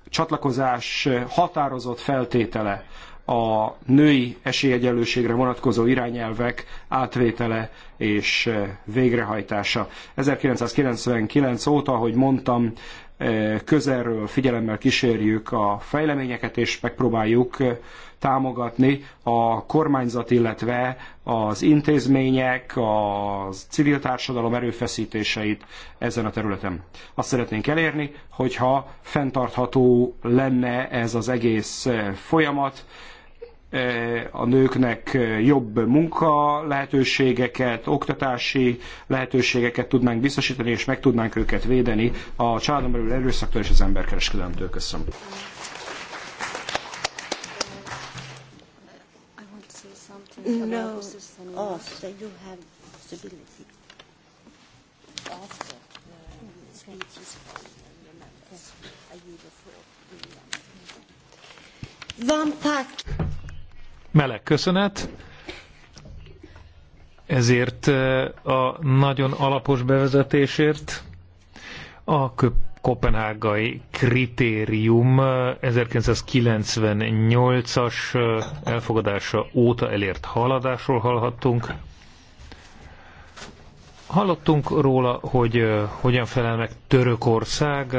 csatlakozás határozott feltétele a női esélyegyenlőségre vonatkozó irányelvek átvétele és eh, végrehajtása. 1999 óta, ahogy mondtam, közelről figyelemmel kísérjük a fejleményeket, és megpróbáljuk támogatni a kormányzat, illetve az intézmények, a civil társadalom erőfeszítéseit ezen a területen. Azt szeretnénk elérni, hogyha fenntartható lenne ez az egész folyamat, a nőknek jobb munka lehetőségeket, oktatási lehetőségeket tudnánk biztosítani, és meg tudnánk őket védeni a családon belül erőszaktól és az emberkereskedelemtől. Köszönöm. No. Oh, you have stability. the I the floor. Van meleg köszönet ezért eh, a nagyon alapos bevezetésért a kopenhágai kritérium 1998-as eh, eh, elfogadása óta elért haladásról hallhattunk. Hallottunk róla, hogy hogyan felel meg Törökország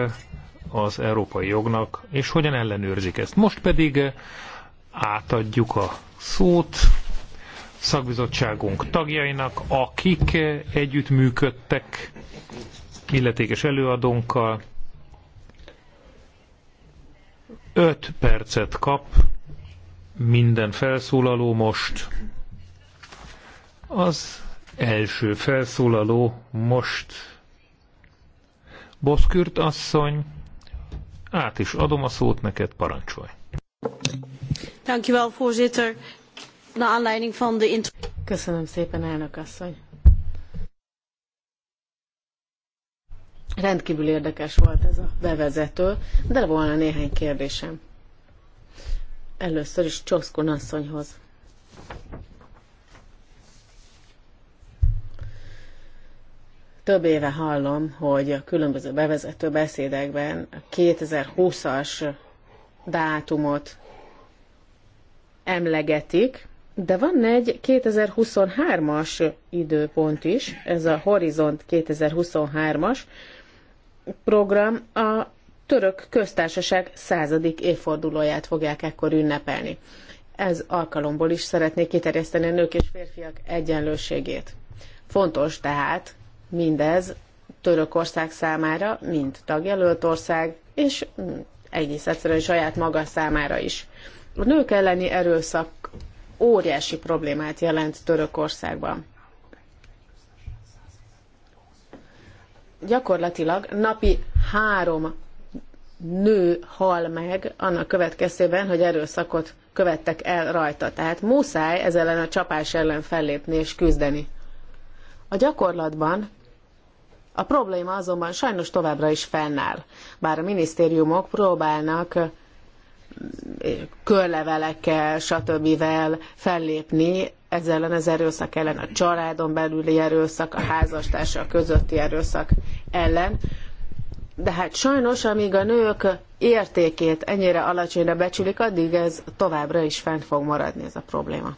az európai jognak, és hogyan ellenőrzik ezt. Most pedig átadjuk a szót szakbizottságunk tagjainak, akik együttműködtek illetékes előadónkkal. öt percet kap minden felszólaló most. Az első felszólaló most Boszkürt asszony, át is adom a szót neked, parancsolj voorzitter. Naar aanleiding van de... Köszönöm szépen, érdekes volt ez a bevezető, de volna néhány kérdésem. Először is Csoszkun asszonyhoz. Több éve hallom, hogy a különböző bevezető beszédekben a 2020-as dátumot emlegetik, de van egy 2023-as időpont is, ez a Horizont 2023-as program a török köztársaság századik évfordulóját fogják ekkor ünnepelni. Ez alkalomból is szeretnék kiterjeszteni a nők és férfiak egyenlőségét. Fontos tehát mindez Törökország számára, mint tagjelölt ország, és egész egyszerűen saját maga számára is. A nők elleni erőszak óriási problémát jelent Törökországban. Gyakorlatilag napi három nő hal meg annak következtében, hogy erőszakot követtek el rajta. Tehát muszáj ezzel ellen a csapás ellen fellépni és küzdeni. A gyakorlatban a probléma azonban sajnos továbbra is fennáll, bár a minisztériumok próbálnak mm, körlevelekkel, stb. fellépni ez ellen az erőszak ellen, a családon belüli erőszak, a házastársa közötti erőszak ellen. De hát sajnos, amíg a nők értékét ennyire alacsonyra becsülik, addig ez továbbra is fent fog maradni ez a probléma.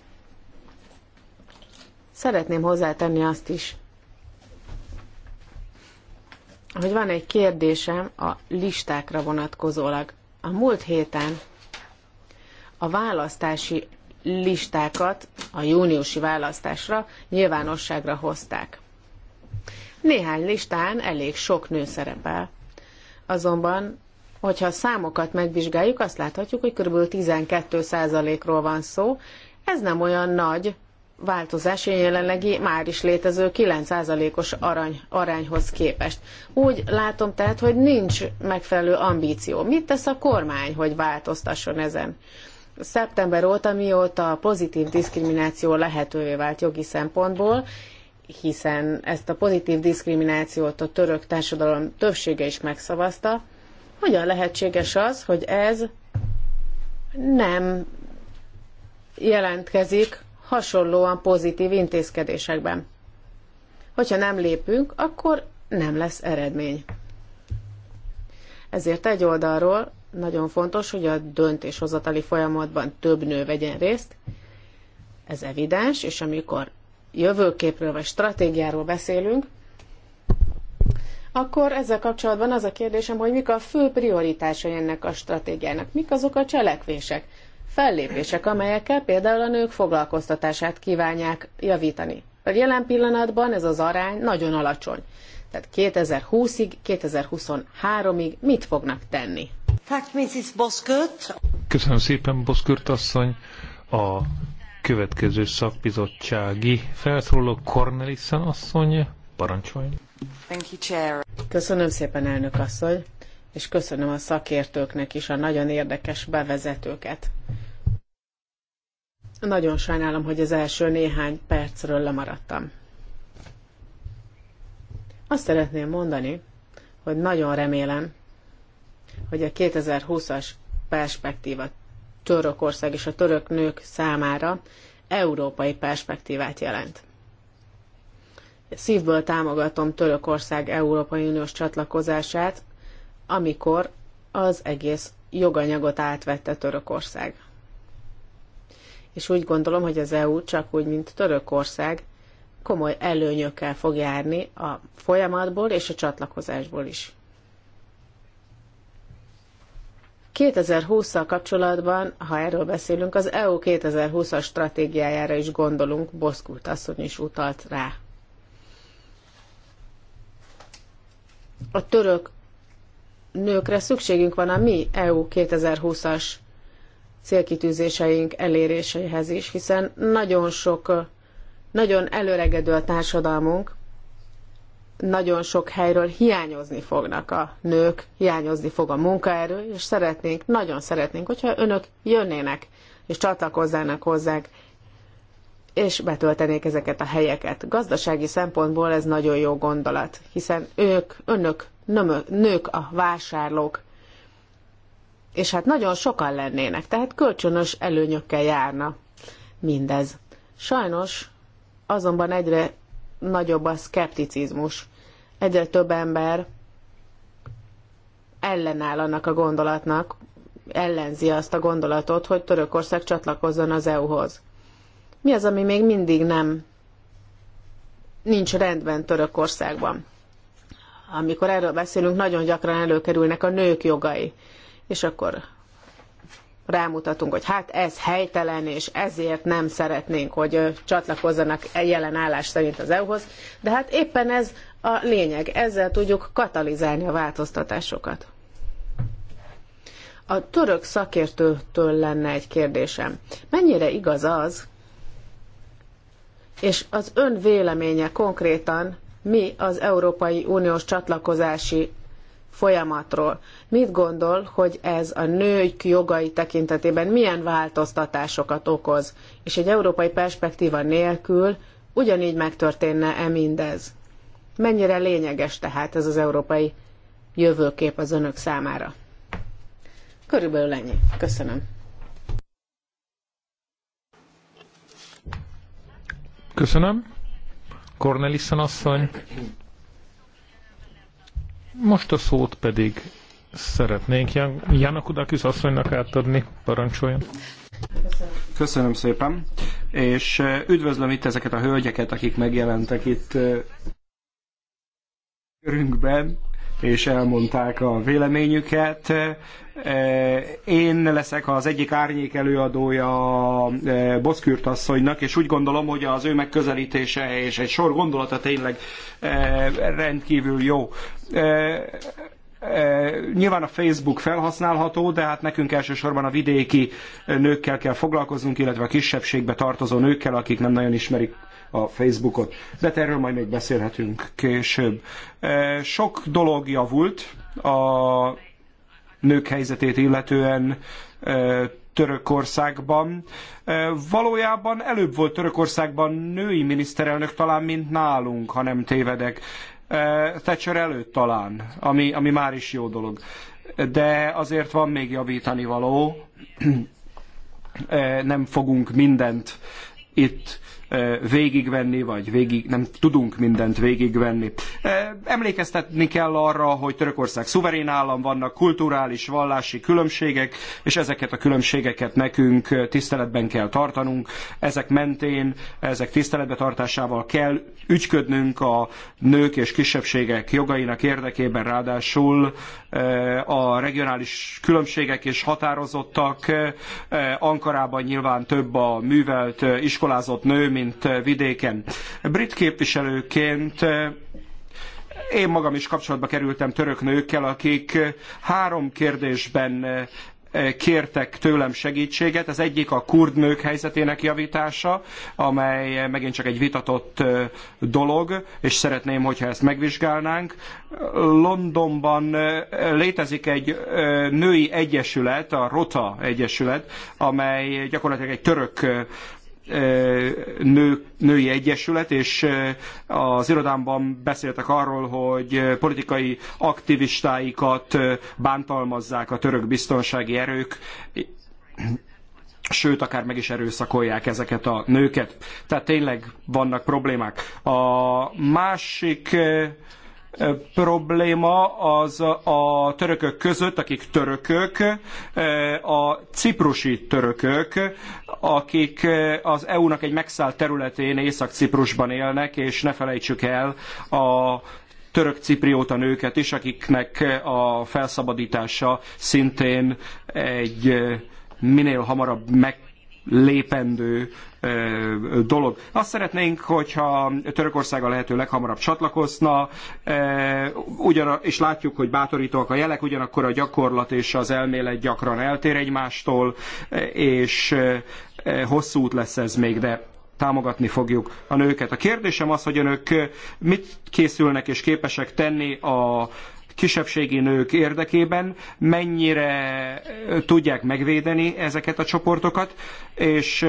Szeretném hozzátenni azt is, hogy van egy kérdésem a listákra vonatkozólag. A múlt héten a választási listákat a júniusi választásra nyilvánosságra hozták. Néhány listán elég sok nő szerepel. Azonban, hogyha a számokat megvizsgáljuk, azt láthatjuk, hogy kb. 12%-ról van szó. Ez nem olyan nagy változás a jelenlegi már is létező 9%-os arany, arányhoz képest. Úgy látom tehát, hogy nincs megfelelő ambíció. Mit tesz a kormány, hogy változtasson ezen? Szeptember óta, mióta a pozitív diszkrimináció lehetővé vált jogi szempontból, hiszen ezt a pozitív diszkriminációt a török társadalom többsége is megszavazta, hogyan lehetséges az, hogy ez nem jelentkezik hasonlóan pozitív intézkedésekben. Hogyha nem lépünk, akkor nem lesz eredmény. Ezért egy oldalról nagyon fontos, hogy a döntéshozatali folyamatban több nő vegyen részt. Ez evidens, és amikor jövőképről vagy stratégiáról beszélünk, akkor ezzel kapcsolatban az a kérdésem, hogy mik a fő prioritásai ennek a stratégiának, mik azok a cselekvések, fellépések, amelyekkel például a nők foglalkoztatását kívánják javítani. A jelen pillanatban ez az arány nagyon alacsony. Tehát 2020-ig, 2023-ig mit fognak tenni? Köszönöm szépen, Boszkört asszony. A következő szakbizottsági felszóló Cornelissen asszony parancsoljon. Köszönöm szépen, elnök asszony és köszönöm a szakértőknek is a nagyon érdekes bevezetőket. Nagyon sajnálom, hogy az első néhány percről lemaradtam. Azt szeretném mondani, hogy nagyon remélem, hogy a 2020-as perspektíva Törökország és a török nők számára európai perspektívát jelent. Szívből támogatom Törökország Európai Uniós csatlakozását, amikor az egész joganyagot átvette Törökország. És úgy gondolom, hogy az EU csak úgy, mint Törökország, komoly előnyökkel fog járni a folyamatból és a csatlakozásból is. 2020-szal kapcsolatban, ha erről beszélünk, az EU 2020-as stratégiájára is gondolunk, Boszkult asszony is utalt rá. A török nőkre szükségünk van a mi EU 2020-as célkitűzéseink eléréséhez is, hiszen nagyon sok, nagyon előregedő a társadalmunk, nagyon sok helyről hiányozni fognak a nők, hiányozni fog a munkaerő, és szeretnénk, nagyon szeretnénk, hogyha önök jönnének, és csatlakozzának hozzánk, és betöltenék ezeket a helyeket. Gazdasági szempontból ez nagyon jó gondolat, hiszen ők, önök nők a vásárlók. És hát nagyon sokan lennének, tehát kölcsönös előnyökkel járna mindez. Sajnos azonban egyre nagyobb a szkepticizmus. Egyre több ember ellenáll annak a gondolatnak, ellenzi azt a gondolatot, hogy Törökország csatlakozzon az EU-hoz. Mi az, ami még mindig nem nincs rendben Törökországban? amikor erről beszélünk, nagyon gyakran előkerülnek a nők jogai. És akkor rámutatunk, hogy hát ez helytelen, és ezért nem szeretnénk, hogy csatlakozzanak e jelen állás szerint az EU-hoz, de hát éppen ez a lényeg, ezzel tudjuk katalizálni a változtatásokat. A török szakértőtől lenne egy kérdésem. Mennyire igaz az, és az ön véleménye konkrétan mi az Európai Uniós csatlakozási folyamatról. Mit gondol, hogy ez a nők jogai tekintetében milyen változtatásokat okoz, és egy európai perspektíva nélkül ugyanígy megtörténne-e mindez? Mennyire lényeges tehát ez az európai jövőkép az önök számára? Körülbelül ennyi. Köszönöm. Köszönöm. Cornelissen asszony. Most a szót pedig szeretnénk Jan Janakudakis asszonynak átadni. Parancsoljon. Köszönöm. Köszönöm szépen, és üdvözlöm itt ezeket a hölgyeket, akik megjelentek itt körünkben és elmondták a véleményüket. Eh, én leszek az egyik árnyék előadója eh, Boszkürt asszonynak, és úgy gondolom, hogy az ő megközelítése és egy sor gondolata tényleg eh, rendkívül jó. Nyilván a Facebook felhasználható, de hát nekünk elsősorban a vidéki nőkkel kell foglalkoznunk, illetve a kisebbségbe tartozó nőkkel, akik nem nagyon ismerik a Facebookot. De erről majd még beszélhetünk később. E, sok dolog javult a nők helyzetét illetően e, Törökországban. E, valójában előbb volt Törökországban női miniszterelnök talán, mint nálunk, ha nem tévedek. Thatcher előtt talán, ami, ami már is jó dolog. De azért van még javítani való. Nem fogunk mindent itt végigvenni, vagy végig, nem tudunk mindent végigvenni. Emlékeztetni kell arra, hogy Törökország szuverén állam, vannak kulturális, vallási különbségek, és ezeket a különbségeket nekünk tiszteletben kell tartanunk. Ezek mentén, ezek tiszteletbe tartásával kell ügyködnünk a nők és kisebbségek jogainak érdekében, ráadásul Eh, a regionális különbségek és határozottak. Eh, Ankarában nyilván több a művelt, eh, iskolázott nő, mint vidéken. Brit képviselőként én magam is kapcsolatba kerültem török nőkkel, akik három kérdésben kértek tőlem segítséget. Az egyik a kurd nők helyzetének javítása, amely megint csak egy vitatott dolog, és szeretném, hogyha ezt megvizsgálnánk. Londonban létezik egy női egyesület, a Rota Egyesület, amely gyakorlatilag egy török nő, női egyesület, és az irodámban beszéltek arról, hogy politikai aktivistáikat bántalmazzák a török biztonsági erők, sőt, akár meg is erőszakolják ezeket a nőket. Tehát tényleg vannak problémák. A másik probléma az a törökök között, akik törökök, a ciprusi törökök, akik az EU-nak egy megszállt területén, Észak-Ciprusban élnek, és ne felejtsük el a török ciprióta nőket is, akiknek a felszabadítása szintén egy minél hamarabb meglépendő dolog. Azt szeretnénk, hogyha Törökország a lehető leghamarabb csatlakozna, ugyan, és látjuk, hogy bátorítóak a jelek, ugyanakkor a gyakorlat és az elmélet gyakran eltér egymástól, és hosszú út lesz ez még, de támogatni fogjuk a nőket. A kérdésem az, hogy önök mit készülnek és képesek tenni a kisebbségi nők érdekében, mennyire tudják megvédeni ezeket a csoportokat, és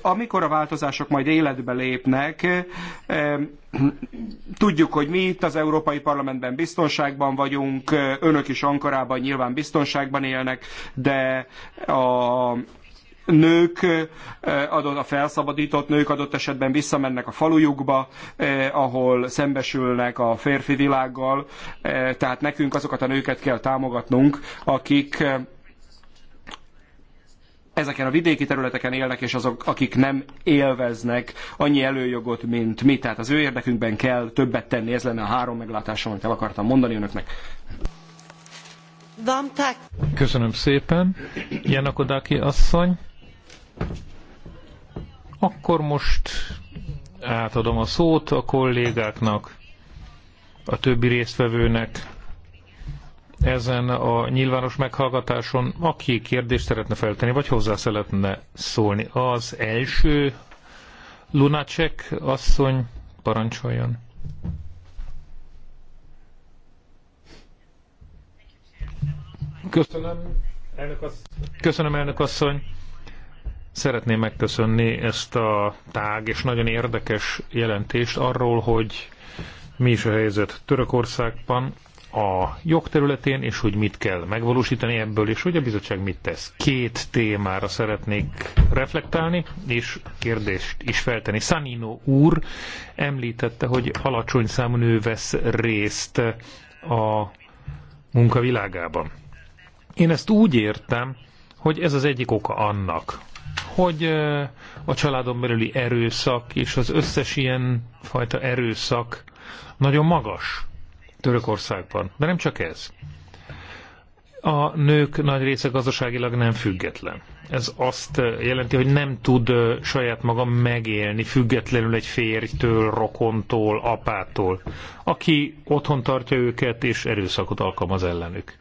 amikor a változások majd életbe lépnek, tudjuk, hogy mi itt az Európai Parlamentben biztonságban vagyunk, önök is Ankarában nyilván biztonságban élnek, de a nők, eh, adott a felszabadított nők adott esetben visszamennek a falujukba, eh, ahol szembesülnek a férfi világgal, eh, tehát nekünk azokat a nőket kell támogatnunk, akik ezeken a vidéki területeken élnek, és azok, akik nem élveznek annyi előjogot, mint mi. Tehát az ő érdekünkben kell többet tenni, ez lenne a három meglátásom, amit el akartam mondani önöknek. Köszönöm szépen. Janakodáki asszony. Akkor most átadom a szót a kollégáknak, a többi résztvevőnek ezen a nyilvános meghallgatáson, aki kérdést szeretne feltenni, vagy hozzá szeretne szólni. Az első Lunacek asszony parancsoljon. Köszönöm, elnök asszony. Köszönöm, elnök asszony. Szeretném megköszönni ezt a tág és nagyon érdekes jelentést arról, hogy mi is a helyzet Törökországban, a jogterületén, és hogy mit kell megvalósítani ebből, és hogy a bizottság mit tesz. Két témára szeretnék reflektálni, és kérdést is feltenni. Sanino úr említette, hogy alacsony számú nő vesz részt a munkavilágában. Én ezt úgy értem, hogy ez az egyik oka annak, hogy a családon belüli erőszak és az összes ilyen fajta erőszak nagyon magas Törökországban. De nem csak ez. A nők nagy része gazdaságilag nem független. Ez azt jelenti, hogy nem tud saját maga megélni függetlenül egy férjtől, rokontól, apától, aki otthon tartja őket és erőszakot alkalmaz ellenük.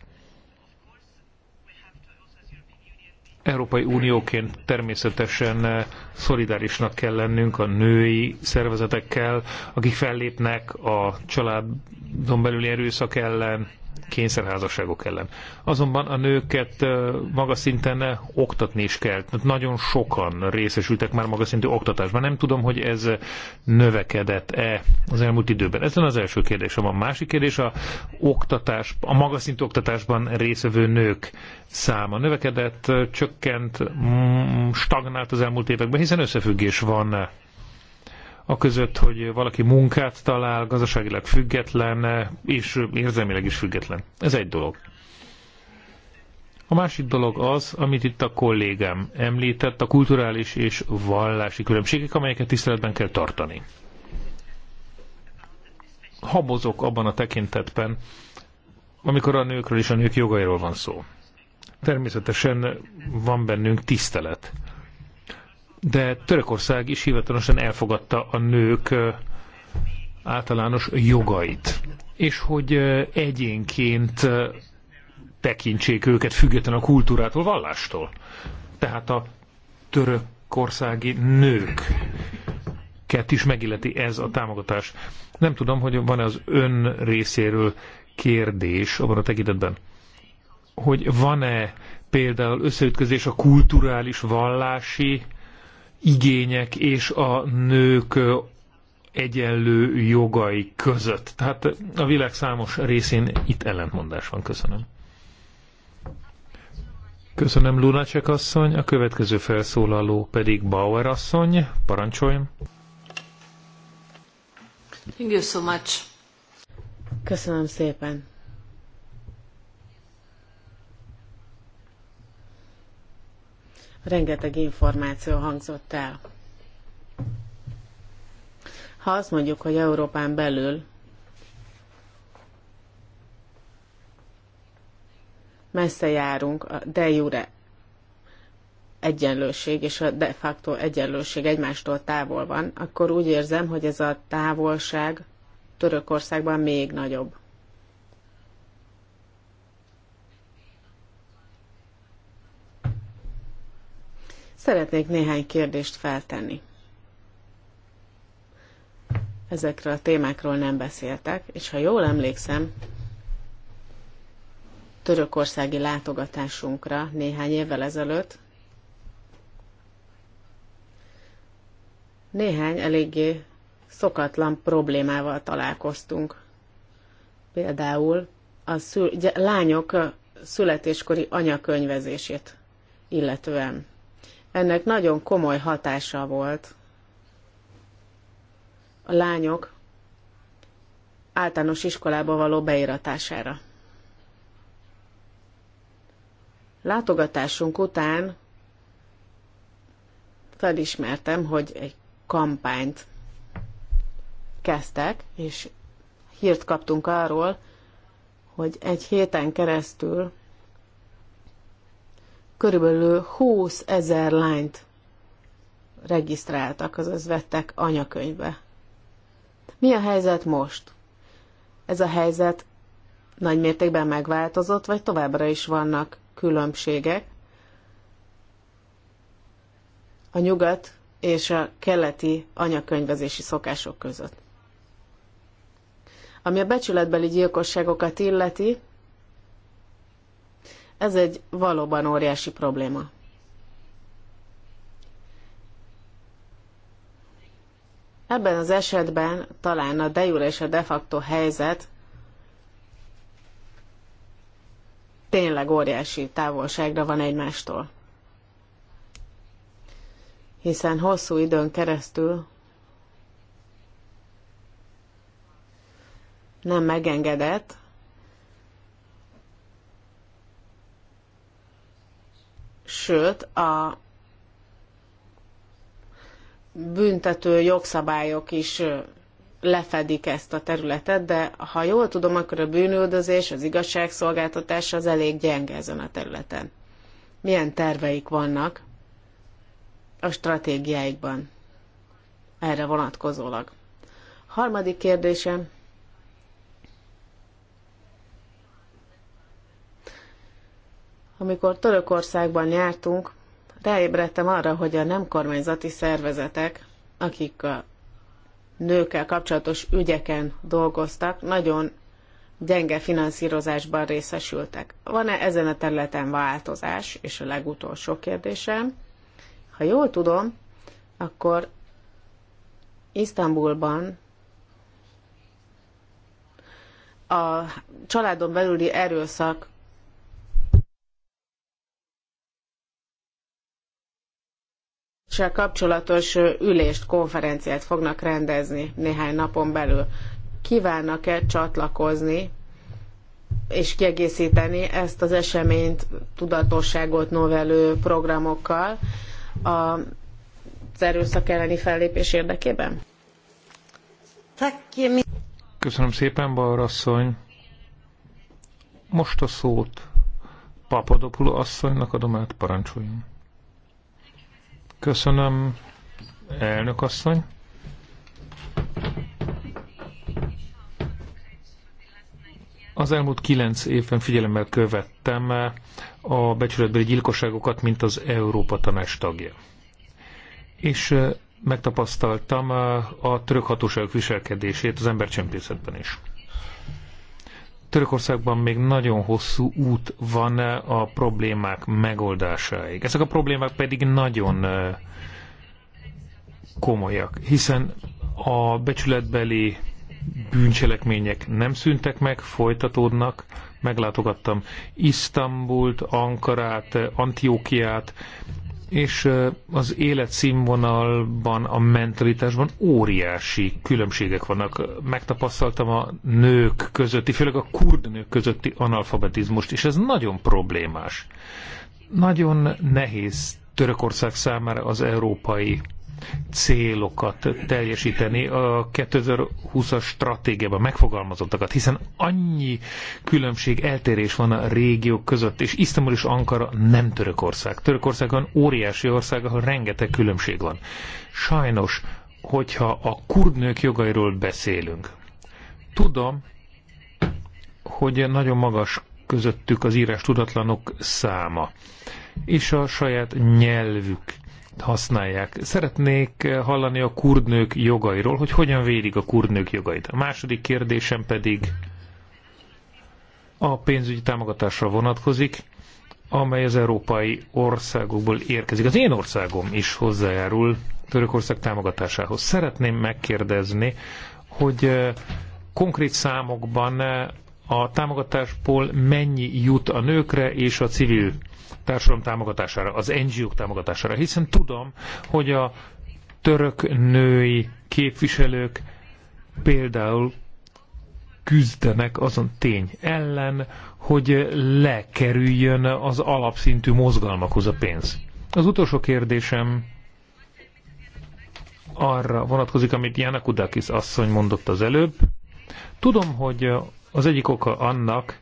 Európai Unióként természetesen eh, szolidárisnak kell lennünk a női szervezetekkel, akik fellépnek a családon belüli erőszak ellen, kényszerházasságok ellen. Azonban a nőket magas szinten oktatni is kell. Nagyon sokan részesültek már magas szintű oktatásban. Nem tudom, hogy ez növekedett-e az elmúlt időben. Ez az első kérdésem. A másik kérdés a oktatás, a magas szintű oktatásban részvevő nők száma növekedett, csökkent, stagnált az elmúlt években, hiszen összefüggés van a között, hogy valaki munkát talál, gazdaságilag független, és érzelmileg is független. Ez egy dolog. A másik dolog az, amit itt a kollégám említett, a kulturális és vallási különbségek, amelyeket tiszteletben kell tartani. Habozok abban a tekintetben, amikor a nőkről és a nők jogairól van szó. Természetesen van bennünk tisztelet de Törökország is hivatalosan elfogadta a nők általános jogait, és hogy egyénként tekintsék őket független a kultúrától, vallástól. Tehát a törökországi nőket is megilleti ez a támogatás. Nem tudom, hogy van-e az ön részéről kérdés abban a tekintetben, hogy van-e például összeütközés a kulturális, vallási igények és a nők egyenlő jogai között. Tehát a világ számos részén itt ellentmondás van. Köszönöm. Köszönöm Lunacek asszony, a következő felszólaló pedig Bauer asszony. Parancsoljon! Thank you so much. Köszönöm szépen. Rengeteg információ hangzott el. Ha azt mondjuk, hogy Európán belül messze járunk a de jure egyenlőség és a de facto egyenlőség egymástól távol van, akkor úgy érzem, hogy ez a távolság Törökországban még nagyobb. Szeretnék néhány kérdést feltenni. Ezekről a témákról nem beszéltek, és ha jól emlékszem, törökországi látogatásunkra néhány évvel ezelőtt néhány eléggé szokatlan problémával találkoztunk. Például a szül- lányok születéskori anyakönyvezését illetően. Ennek nagyon komoly hatása volt. A lányok általános iskolába való beiratására. Látogatásunk után felismertem, hogy egy kampányt kezdtek, és hírt kaptunk arról, hogy egy héten keresztül körülbelül 20 ezer lányt regisztráltak, azaz vettek anyakönyvbe. Mi a helyzet most? Ez a helyzet nagy mértékben megváltozott, vagy továbbra is vannak különbségek? A nyugat és a keleti anyakönyvezési szokások között. Ami a becsületbeli gyilkosságokat illeti, ez egy valóban óriási probléma. Ebben az esetben talán a de jure és a de facto helyzet tényleg óriási távolságra van egymástól. Hiszen hosszú időn keresztül nem megengedett, sőt a büntető jogszabályok is lefedik ezt a területet, de ha jól tudom, akkor a bűnüldözés, az igazságszolgáltatás az elég gyenge ezen a területen. Milyen terveik vannak a stratégiáikban erre vonatkozólag? Harmadik kérdésem, Amikor Törökországban jártunk, ráébredtem arra, hogy a nem kormányzati szervezetek, akik a nőkkel kapcsolatos ügyeken dolgoztak, nagyon gyenge finanszírozásban részesültek. Van-e ezen a területen változás? És a legutolsó kérdésem, ha jól tudom, akkor Isztambulban a családon belüli erőszak sel kapcsolatos ülést, konferenciát fognak rendezni néhány napon belül. Kívánnak-e csatlakozni és kiegészíteni ezt az eseményt tudatosságot novelő programokkal az erőszak elleni fellépés érdekében? Köszönöm szépen, Bauer Most a szót Papadopulo asszonynak adom át, parancsoljon. Köszönöm, elnök asszony. Az elmúlt kilenc évben figyelemmel követtem a becsületbeli gyilkosságokat, mint az Európa Tanács tagja. És eh, megtapasztaltam eh, a török hatóságok viselkedését az embercsempészetben is. Törökországban még nagyon hosszú út van eh, a problémák megoldásáig. Ezek a problémák pedig nagyon eh, komolyak, hiszen a becsületbeli bűncselekmények nem szűntek meg, folytatódnak. Meglátogattam Isztambult, Ankarát, Antiókiát, és az életszínvonalban, a mentalitásban óriási különbségek vannak. Megtapasztaltam a nők közötti, főleg a kurd nők közötti analfabetizmust, és ez nagyon problémás. Nagyon nehéz Törökország számára az európai célokat teljesíteni a 2020-as stratégiában megfogalmazottakat, hiszen annyi különbség, eltérés van a régiók között, és Isztambul és Ankara nem Törökország. Törökország van óriási ország, ahol rengeteg különbség van. Sajnos, hogyha a kurdnők jogairól beszélünk, tudom, hogy nagyon magas közöttük az írás tudatlanok száma, és a saját nyelvük használják. Szeretnék hallani a kurdnők jogairól, hogy hogyan védik a kurdnők jogait. A második kérdésem pedig a pénzügyi támogatásra vonatkozik, amely az európai országokból érkezik. Az én országom is hozzájárul Törökország támogatásához. Szeretném megkérdezni, hogy eh, konkrét számokban eh, a támogatásból mennyi jut a nőkre és a civil társadalom támogatására, az NGO-k támogatására, hiszen tudom, hogy a török női képviselők például küzdenek azon tény ellen, hogy lekerüljön az alapszintű mozgalmakhoz a pénz. Az utolsó kérdésem arra vonatkozik, amit Janakudakis asszony mondott az előbb. Tudom, hogy az egyik oka annak,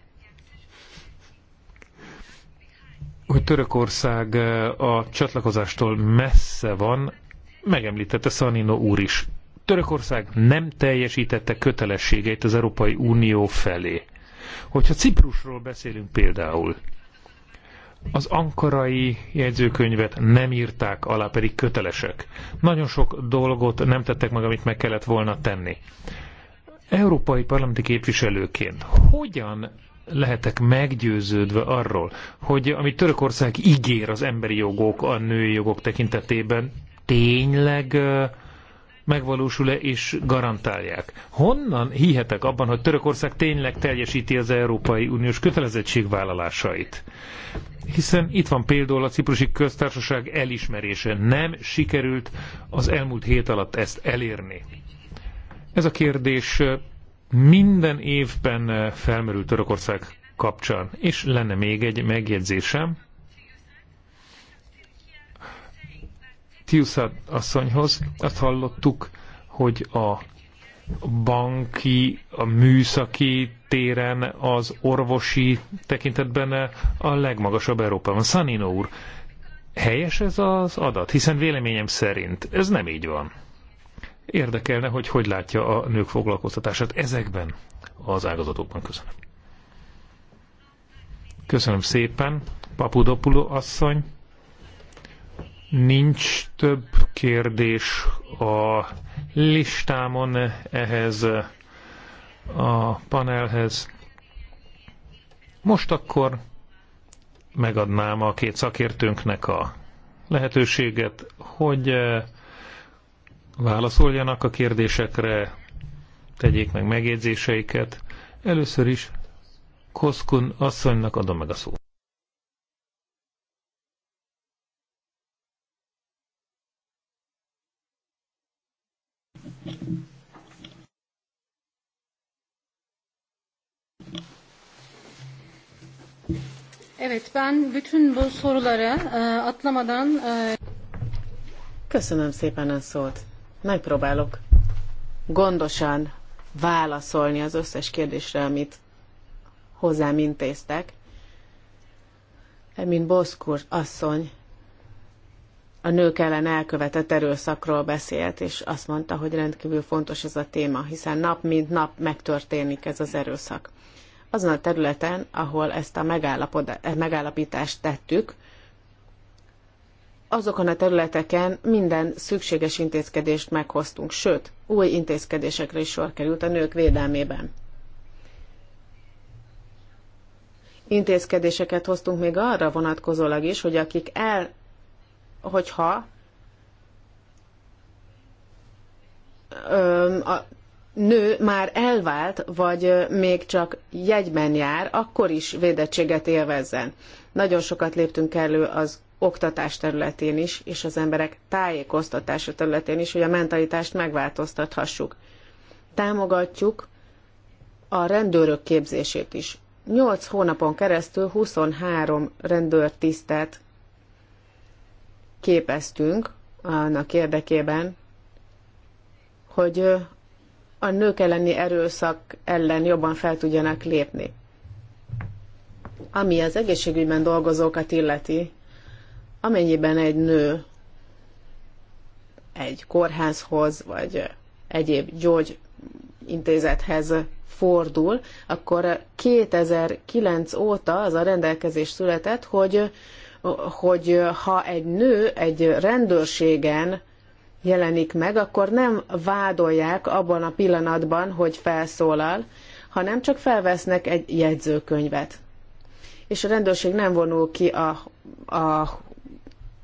hogy Törökország eh, a csatlakozástól messze van, megemlítette Szanino úr is. Törökország nem teljesítette kötelességeit az Európai Unió felé. Hogyha Ciprusról beszélünk például, az ankarai jegyzőkönyvet nem írták alá, pedig kötelesek. Nagyon sok dolgot nem tettek meg, amit meg kellett volna tenni. Európai parlamenti képviselőként hogyan lehetek meggyőződve arról, hogy amit Törökország ígér az emberi jogok, a női jogok tekintetében, tényleg megvalósul-e és garantálják. Honnan hihetek abban, hogy Törökország tényleg teljesíti az Európai Uniós kötelezettségvállalásait? Hiszen itt van például a Ciprusi Köztársaság elismerése. Nem sikerült az elmúlt hét alatt ezt elérni. Ez a kérdés minden évben eh, felmerül Törökország kapcsán. És lenne még egy megjegyzésem. Tiuszad asszonyhoz azt hallottuk, hogy a banki, a műszaki téren, az orvosi tekintetben eh, a legmagasabb Európában. Szanino úr, helyes ez az adat? Hiszen véleményem szerint ez nem így van. Érdekelne, hogy hogy látja a nők foglalkoztatását ezekben az ágazatokban. Köszönöm. Köszönöm szépen, Papudopulo asszony. Nincs több kérdés a listámon ehhez a panelhez. Most akkor megadnám a két szakértőnknek a lehetőséget, hogy eh, válaszoljanak a kérdésekre, tegyék meg megjegyzéseiket. Először is Koszkun asszonynak adom meg a szót. Evet, ben bütün bu soruları e, atlamadan... E... Köszönöm szépen a szót. Megpróbálok gondosan válaszolni az összes kérdésre, amit hozzám intéztek. Mint Boszkur asszony a nők ellen elkövetett erőszakról beszélt, és azt mondta, hogy rendkívül fontos ez a téma, hiszen nap mint nap megtörténik ez az erőszak. Azon a területen, ahol ezt a megállapítást tettük, azokon a területeken minden szükséges intézkedést meghoztunk, sőt, új intézkedésekre is sor került a nők védelmében. Intézkedéseket hoztunk még arra vonatkozólag is, hogy akik el, hogyha ö, a nő már elvált, vagy még csak jegyben jár, akkor is védettséget élvezzen. Nagyon sokat léptünk elő az oktatás területén is, és az emberek tájékoztatása területén is, hogy a mentalitást megváltoztathassuk. Támogatjuk a rendőrök képzését is. 8 hónapon keresztül 23 rendőrtisztet képeztünk annak érdekében, hogy a nők elleni erőszak ellen jobban fel tudjanak lépni. Ami az egészségügyben dolgozókat illeti, Amennyiben egy nő egy kórházhoz, vagy egyéb gyógyintézethez fordul, akkor 2009 óta az a rendelkezés született, hogy, hogy ha egy nő egy rendőrségen jelenik meg, akkor nem vádolják abban a pillanatban, hogy felszólal, hanem csak felvesznek egy jegyzőkönyvet. És a rendőrség nem vonul ki a, a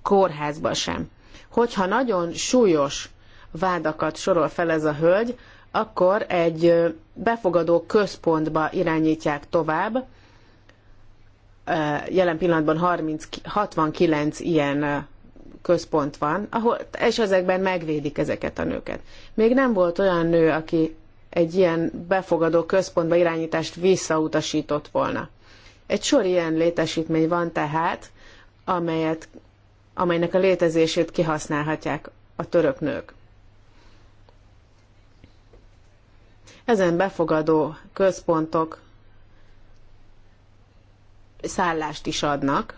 kórházba sem. Hogyha nagyon súlyos vádakat sorol fel ez a hölgy, akkor egy befogadó központba irányítják tovább. Jelen pillanatban 30, 69 ilyen központ van, ahol, és ezekben megvédik ezeket a nőket. Még nem volt olyan nő, aki egy ilyen befogadó központba irányítást visszautasított volna. Egy sor ilyen létesítmény van tehát, amelyet amelynek a létezését kihasználhatják a török nők. Ezen befogadó központok szállást is adnak,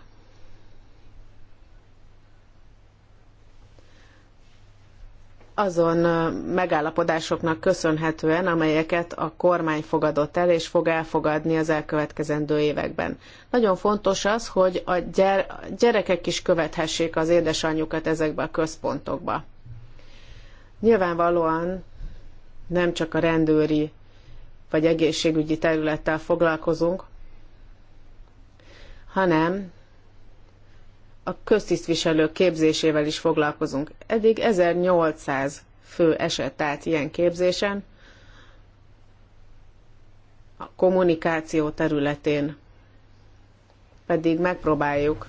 azon megállapodásoknak köszönhetően, amelyeket a kormány fogadott el és fog elfogadni az elkövetkezendő években. Nagyon fontos az, hogy a gyerekek is követhessék az édesanyjukat ezekbe a központokba. Nyilvánvalóan nem csak a rendőri vagy egészségügyi területtel foglalkozunk, hanem a köztisztviselők képzésével is foglalkozunk. Eddig 1800 fő esett át ilyen képzésen, a kommunikáció területén pedig megpróbáljuk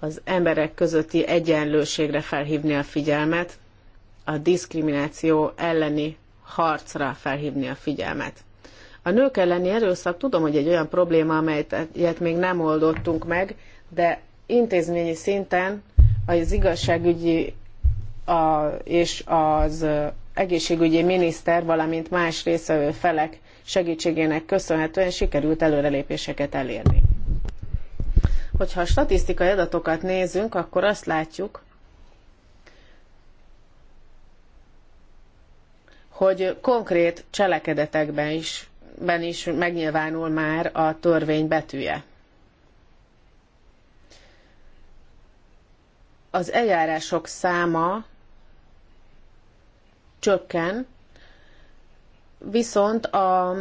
az emberek közötti egyenlőségre felhívni a figyelmet, a diszkrimináció elleni harcra felhívni a figyelmet. A nők elleni erőszak tudom, hogy egy olyan probléma, amelyet még nem oldottunk meg, de intézményi szinten az igazságügyi a, és az egészségügyi miniszter, valamint más részvevő felek segítségének köszönhetően sikerült előrelépéseket elérni. Hogyha a statisztikai adatokat nézünk, akkor azt látjuk, hogy konkrét cselekedetekben is, ben is megnyilvánul már a törvény betűje. az eljárások száma csökken, viszont a,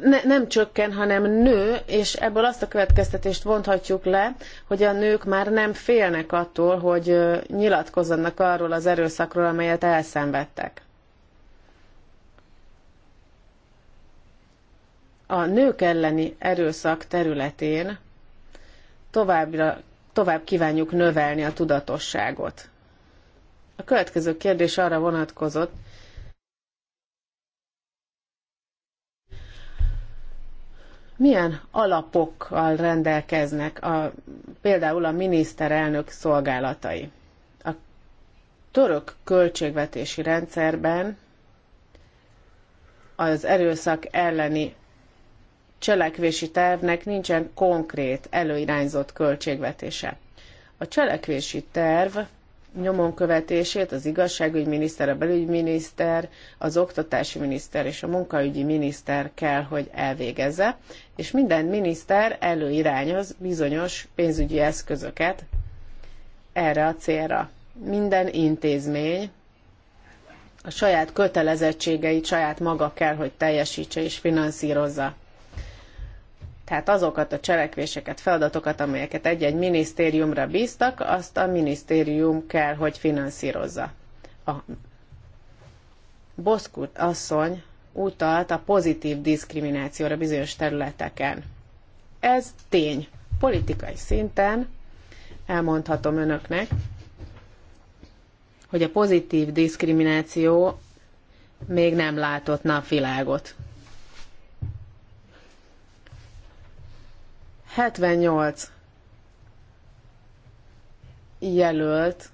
ne, nem csökken, hanem nő, és ebből azt a következtetést vonthatjuk le, hogy a nők már nem félnek attól, hogy nyilatkozzanak arról az erőszakról, amelyet elszenvedtek. A nők elleni erőszak területén továbbra tovább kívánjuk növelni a tudatosságot. A következő kérdés arra vonatkozott, milyen alapokkal rendelkeznek a, például a miniszterelnök szolgálatai. A török költségvetési rendszerben az erőszak elleni cselekvési tervnek nincsen konkrét előirányzott költségvetése. A cselekvési terv nyomon követését az igazságügyminiszter, a belügyminiszter, az oktatási miniszter és a munkaügyi miniszter kell, hogy elvégezze, és minden miniszter előirányoz bizonyos pénzügyi eszközöket erre a célra. Minden intézmény a saját kötelezettségeit saját maga kell, hogy teljesítse és finanszírozza. Tehát azokat a cselekvéseket, feladatokat, amelyeket egy-egy minisztériumra bíztak, azt a minisztérium kell, hogy finanszírozza. A Boszkurt asszony utalt a pozitív diszkriminációra bizonyos területeken. Ez tény. Politikai szinten elmondhatom önöknek, hogy a pozitív diszkrimináció még nem látott napvilágot. 78 jelölt.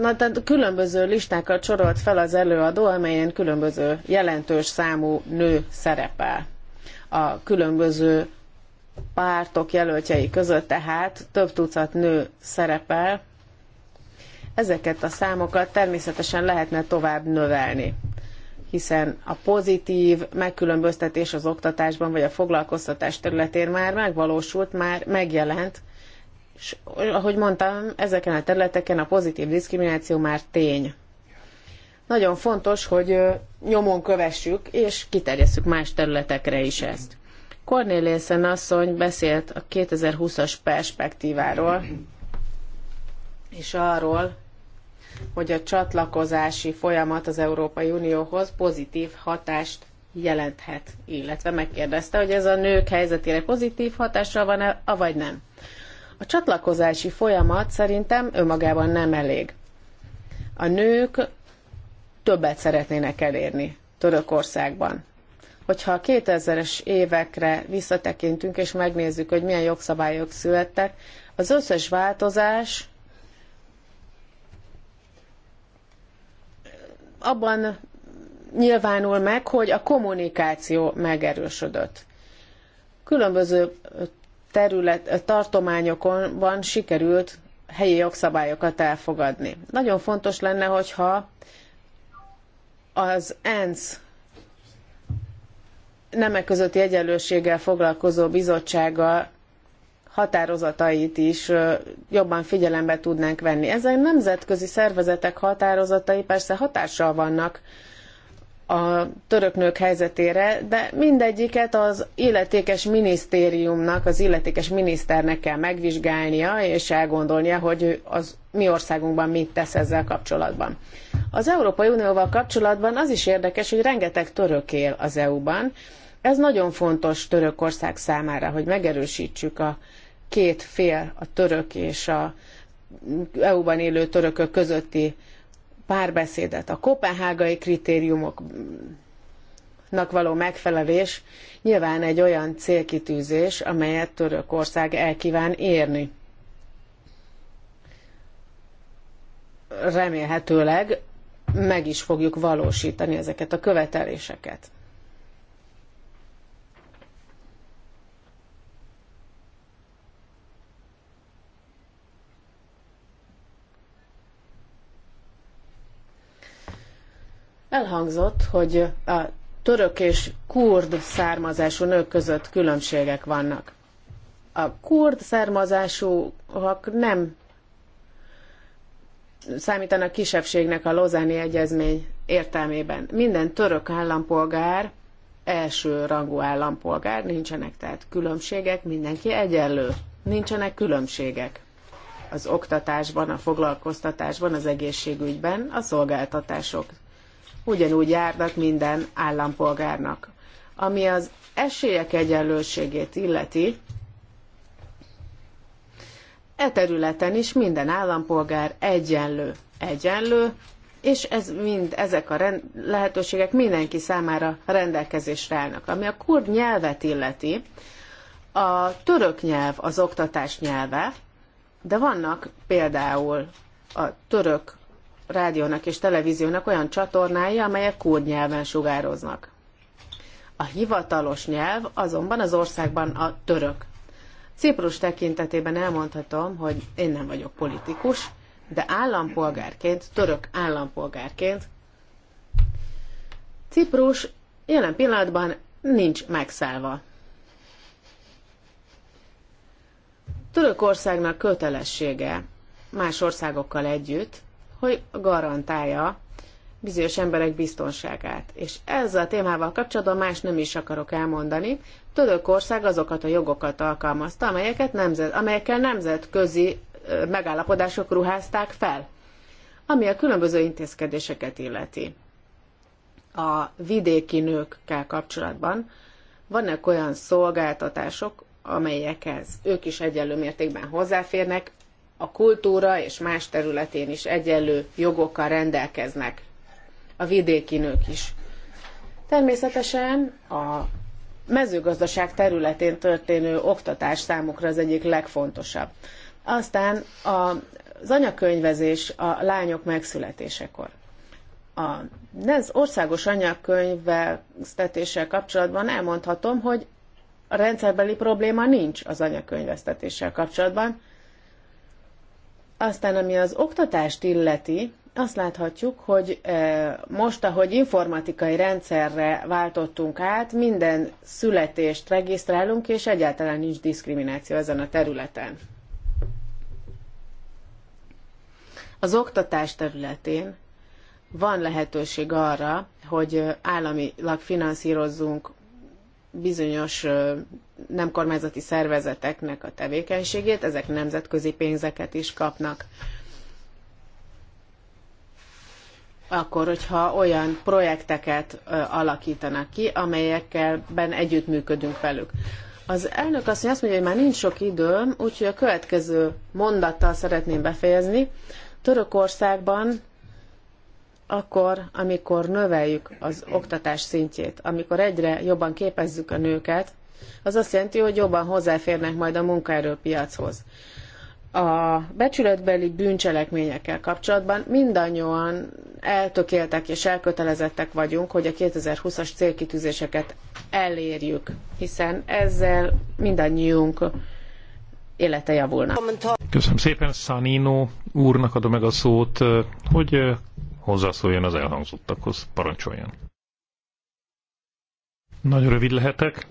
Na, tehát különböző listákat sorolt fel az előadó, amelyen különböző jelentős számú nő szerepel. A különböző pártok jelöltjei között tehát több tucat nő szerepel. Ezeket a számokat természetesen lehetne tovább növelni hiszen a pozitív megkülönböztetés az oktatásban vagy a foglalkoztatás területén már megvalósult, már megjelent, és ahogy mondtam, ezeken a területeken a pozitív diszkrimináció már tény. Nagyon fontos, hogy nyomon kövessük, és kiterjesszük más területekre is ezt. Cornélészen asszony beszélt a 2020-as perspektíváról, és arról, hogy a csatlakozási folyamat az Európai Unióhoz pozitív hatást jelenthet, illetve megkérdezte, hogy ez a nők helyzetére pozitív hatással van-e, avagy nem. A csatlakozási folyamat szerintem önmagában nem elég. A nők többet szeretnének elérni Törökországban. Hogyha a 2000-es évekre visszatekintünk és megnézzük, hogy milyen jogszabályok születtek, az összes változás abban nyilvánul meg, hogy a kommunikáció megerősödött. Különböző terület, tartományokon sikerült helyi jogszabályokat elfogadni. Nagyon fontos lenne, hogyha az ENSZ nemek közötti egyenlőséggel foglalkozó bizottsága határozatait is jobban figyelembe tudnánk venni. Ezek nemzetközi szervezetek határozatai persze hatással vannak a török nők helyzetére, de mindegyiket az illetékes minisztériumnak, az illetékes miniszternek kell megvizsgálnia és elgondolnia, hogy az mi országunkban mit tesz ezzel kapcsolatban. Az Európai Unióval kapcsolatban az is érdekes, hogy rengeteg török él az EU-ban. Ez nagyon fontos Törökország számára, hogy megerősítsük a két fél, a török és a EU-ban élő törökök közötti párbeszédet, a kopenhágai kritériumoknak való megfelelés nyilván egy olyan célkitűzés, amelyet Törökország el kíván érni. Remélhetőleg meg is fogjuk valósítani ezeket a követeléseket. Elhangzott, hogy a török és kurd származású nők között különbségek vannak. A kurd származásúak nem számítanak kisebbségnek a Lozáni Egyezmény értelmében. Minden török állampolgár első rangú állampolgár, nincsenek tehát különbségek, mindenki egyenlő, nincsenek különbségek az oktatásban, a foglalkoztatásban, az egészségügyben, a szolgáltatások ugyanúgy járnak minden állampolgárnak. Ami az esélyek egyenlőségét illeti, e területen is minden állampolgár egyenlő. Egyenlő, és ez mind, ezek a rend, lehetőségek mindenki számára rendelkezésre állnak. Ami a kurd nyelvet illeti, a török nyelv az oktatás nyelve, de vannak például a török rádiónak és televíziónak olyan csatornái, amelyek kurd nyelven sugároznak. A hivatalos nyelv azonban az országban a török. Ciprus tekintetében elmondhatom, hogy én nem vagyok politikus, de állampolgárként, török állampolgárként Ciprus jelen pillanatban nincs megszállva. Törökországnak kötelessége más országokkal együtt hogy garantálja bizonyos emberek biztonságát. És ezzel a témával kapcsolatban más nem is akarok elmondani. Törökország azokat a jogokat alkalmazta, amelyeket nemzet, amelyekkel nemzetközi megállapodások ruházták fel, ami a különböző intézkedéseket illeti. A vidéki nőkkel kapcsolatban vannak olyan szolgáltatások, amelyekhez ők is egyenlő mértékben hozzáférnek, a kultúra és más területén is egyenlő jogokkal rendelkeznek. A vidéki nők is. Természetesen a mezőgazdaság területén történő oktatás számukra az egyik legfontosabb. Aztán a, az anyakönyvezés a lányok megszületésekor. A, az országos anyakönyveztetéssel kapcsolatban elmondhatom, hogy a rendszerbeli probléma nincs az anyakönyvesztetéssel kapcsolatban, aztán, ami az oktatást illeti, azt láthatjuk, hogy e, most, ahogy informatikai rendszerre váltottunk át, minden születést regisztrálunk, és egyáltalán nincs diszkrimináció ezen a területen. Az oktatás területén van lehetőség arra, hogy államilag finanszírozzunk bizonyos e, nem kormányzati szervezeteknek a tevékenységét, ezek nemzetközi pénzeket is kapnak. Akkor, hogyha olyan projekteket alakítanak ki, amelyekkel ben együttműködünk velük. Az elnök azt mondja, hogy már nincs sok időm, úgyhogy a következő mondattal szeretném befejezni. Törökországban akkor, amikor növeljük az oktatás szintjét, amikor egyre jobban képezzük a nőket, az azt jelenti, hogy jobban hozzáférnek majd a munkaerőpiachoz. A becsületbeli bűncselekményekkel kapcsolatban mindannyian eltökéltek és elkötelezettek vagyunk, hogy a 2020-as célkitűzéseket elérjük, hiszen ezzel mindannyiunk élete javulna. Köszönöm szépen Sanino úrnak adom meg a szót, hogy hozzászóljon az elhangzottakhoz. Parancsoljon. Nagyon rövid lehetek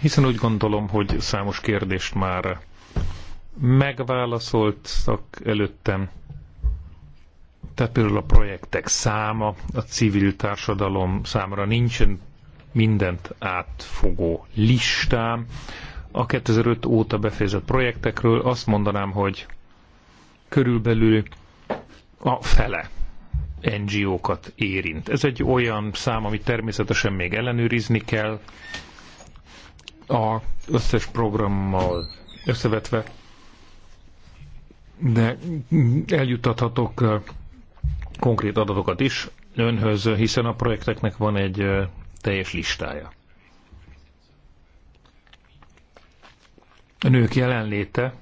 hiszen úgy gondolom, hogy számos kérdést már megválaszoltak előttem. Tehát például a projektek száma, a civil társadalom számára nincsen mindent átfogó listám. A 2005 óta befejezett projektekről azt mondanám, hogy körülbelül a fele NGO-kat érint. Ez egy olyan szám, amit természetesen még ellenőrizni kell, a összes programmal összevetve, de eljuttathatok konkrét adatokat is önhöz, hiszen a projekteknek van egy teljes listája. A nők jelenléte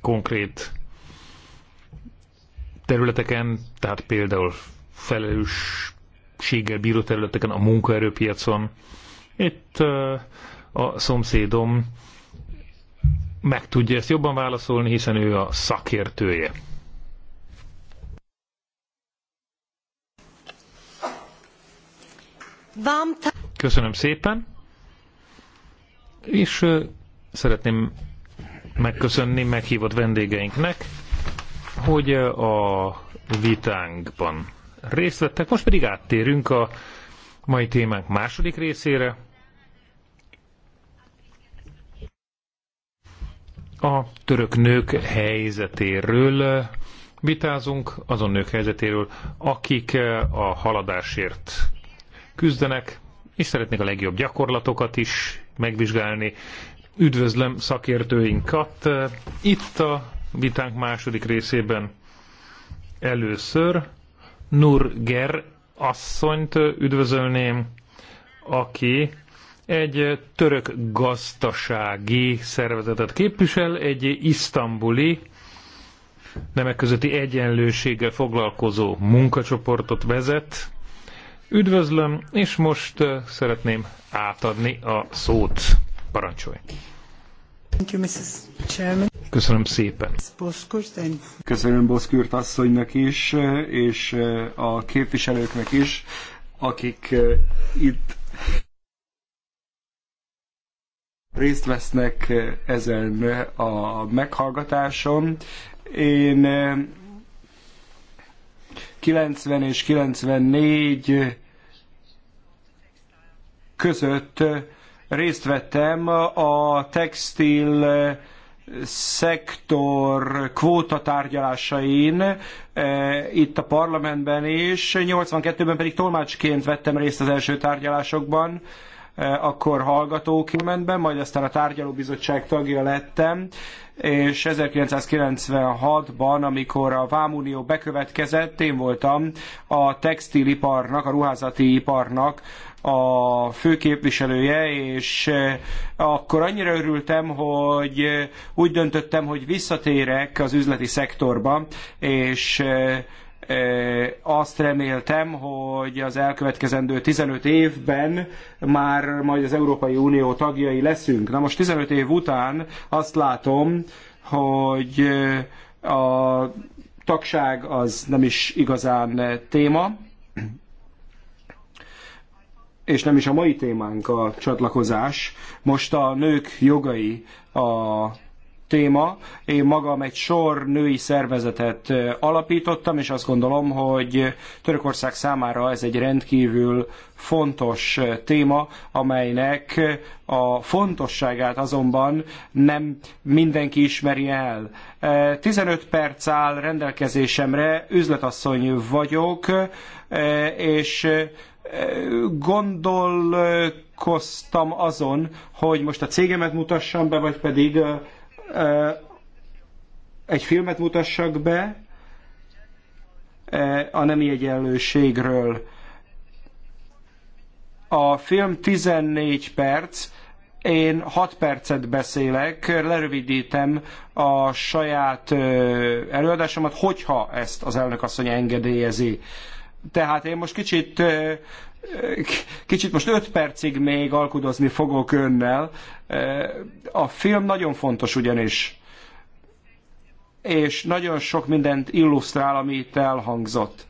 konkrét területeken, tehát például felelős szükséggel bíró területeken, a munkaerőpiacon. Itt a szomszédom meg tudja ezt jobban válaszolni, hiszen ő a szakértője. Köszönöm szépen, és szeretném megköszönni meghívott vendégeinknek, hogy a vitánkban részt vettek. Most pedig áttérünk a mai témánk második részére. A török nők helyzetéről vitázunk, azon nők helyzetéről, akik a haladásért küzdenek, és szeretnék a legjobb gyakorlatokat is megvizsgálni. Üdvözlöm szakértőinkat itt a vitánk második részében először Nurger asszonyt üdvözölném, aki egy török gazdasági szervezetet képvisel, egy isztambuli nemek közötti egyenlőséggel foglalkozó munkacsoportot vezet. Üdvözlöm, és most szeretném átadni a szót. Parancsolj! Köszönöm szépen. Köszönöm Boszkürt asszonynak is, és eh, a képviselőknek is, akik eh, itt részt vesznek eh, ezen a meghallgatáson. Én 90 és 94 között részt vettem a textil szektor kvóta tárgyalásain e, itt a parlamentben, és 82-ben pedig tolmácsként vettem részt az első tárgyalásokban, e, akkor hallgatóként, majd aztán a tárgyalóbizottság tagja lettem, és 1996-ban, amikor a Vámunió bekövetkezett, én voltam a textiliparnak, a ruházati iparnak a főképviselője, és eh, akkor annyira örültem, hogy eh, úgy döntöttem, hogy visszatérek az üzleti szektorba, és eh, azt reméltem, hogy az elkövetkezendő 15 évben már majd az Európai Unió tagjai leszünk. Na most 15 év után azt látom, hogy a tagság az nem is igazán téma, és nem is a mai témánk a csatlakozás. Most a nők jogai a téma. Én magam egy sor női szervezetet alapítottam, és azt gondolom, hogy Törökország számára ez egy rendkívül fontos téma, amelynek a fontosságát azonban nem mindenki ismeri el. 15 perc áll rendelkezésemre, üzletasszony vagyok, és gondolkoztam azon, hogy most a cégemet mutassam be, vagy pedig egy filmet mutassak be a nemi egyenlőségről. A film 14 perc, én 6 percet beszélek, lerövidítem a saját előadásomat, hogyha ezt az elnök asszony engedélyezi. Tehát én most kicsit kicsit most öt percig még alkudozni fogok önnel. A film nagyon fontos ugyanis, és nagyon sok mindent illusztrál, ami itt elhangzott.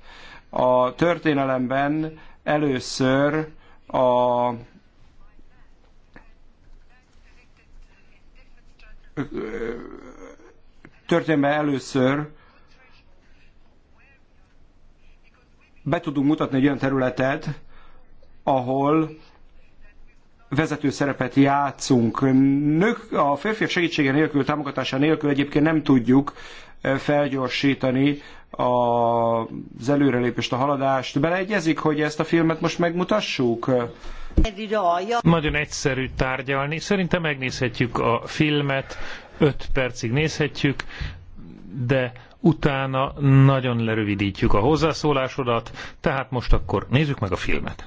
A történelemben először a történelemben először be tudunk mutatni egy olyan területet, ahol vezető szerepet játszunk. Nők a férfiak segítsége nélkül, támogatása nélkül egyébként nem tudjuk felgyorsítani az előrelépést, a haladást. Beleegyezik, hogy ezt a filmet most megmutassuk? Nagyon egyszerű tárgyalni. Szerintem megnézhetjük a filmet, 5 percig nézhetjük, de utána nagyon lerövidítjük a hozzászólásodat, tehát most akkor nézzük meg a filmet.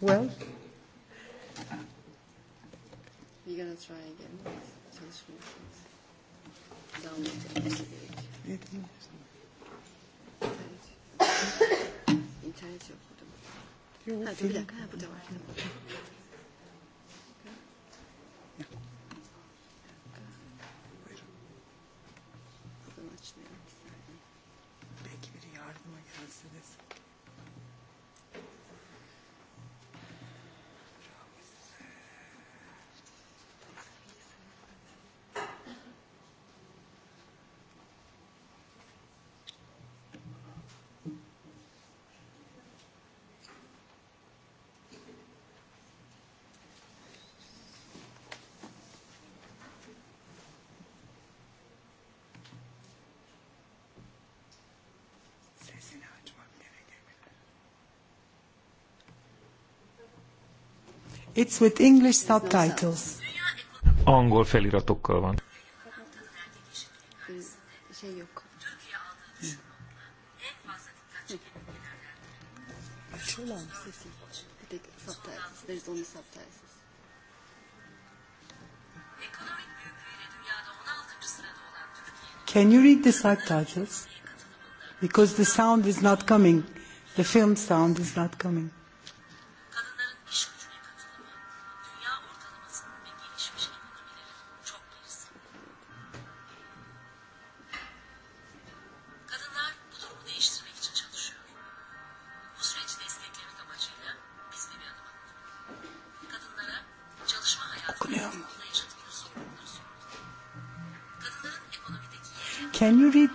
Well, It's with English subtitles. Angol feliratokkal van. Can you read the subtitles? Because the sound is not coming. The film sound is not coming.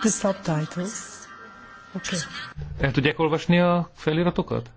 The subtitles. Okay. El tudják olvasni a feliratokat?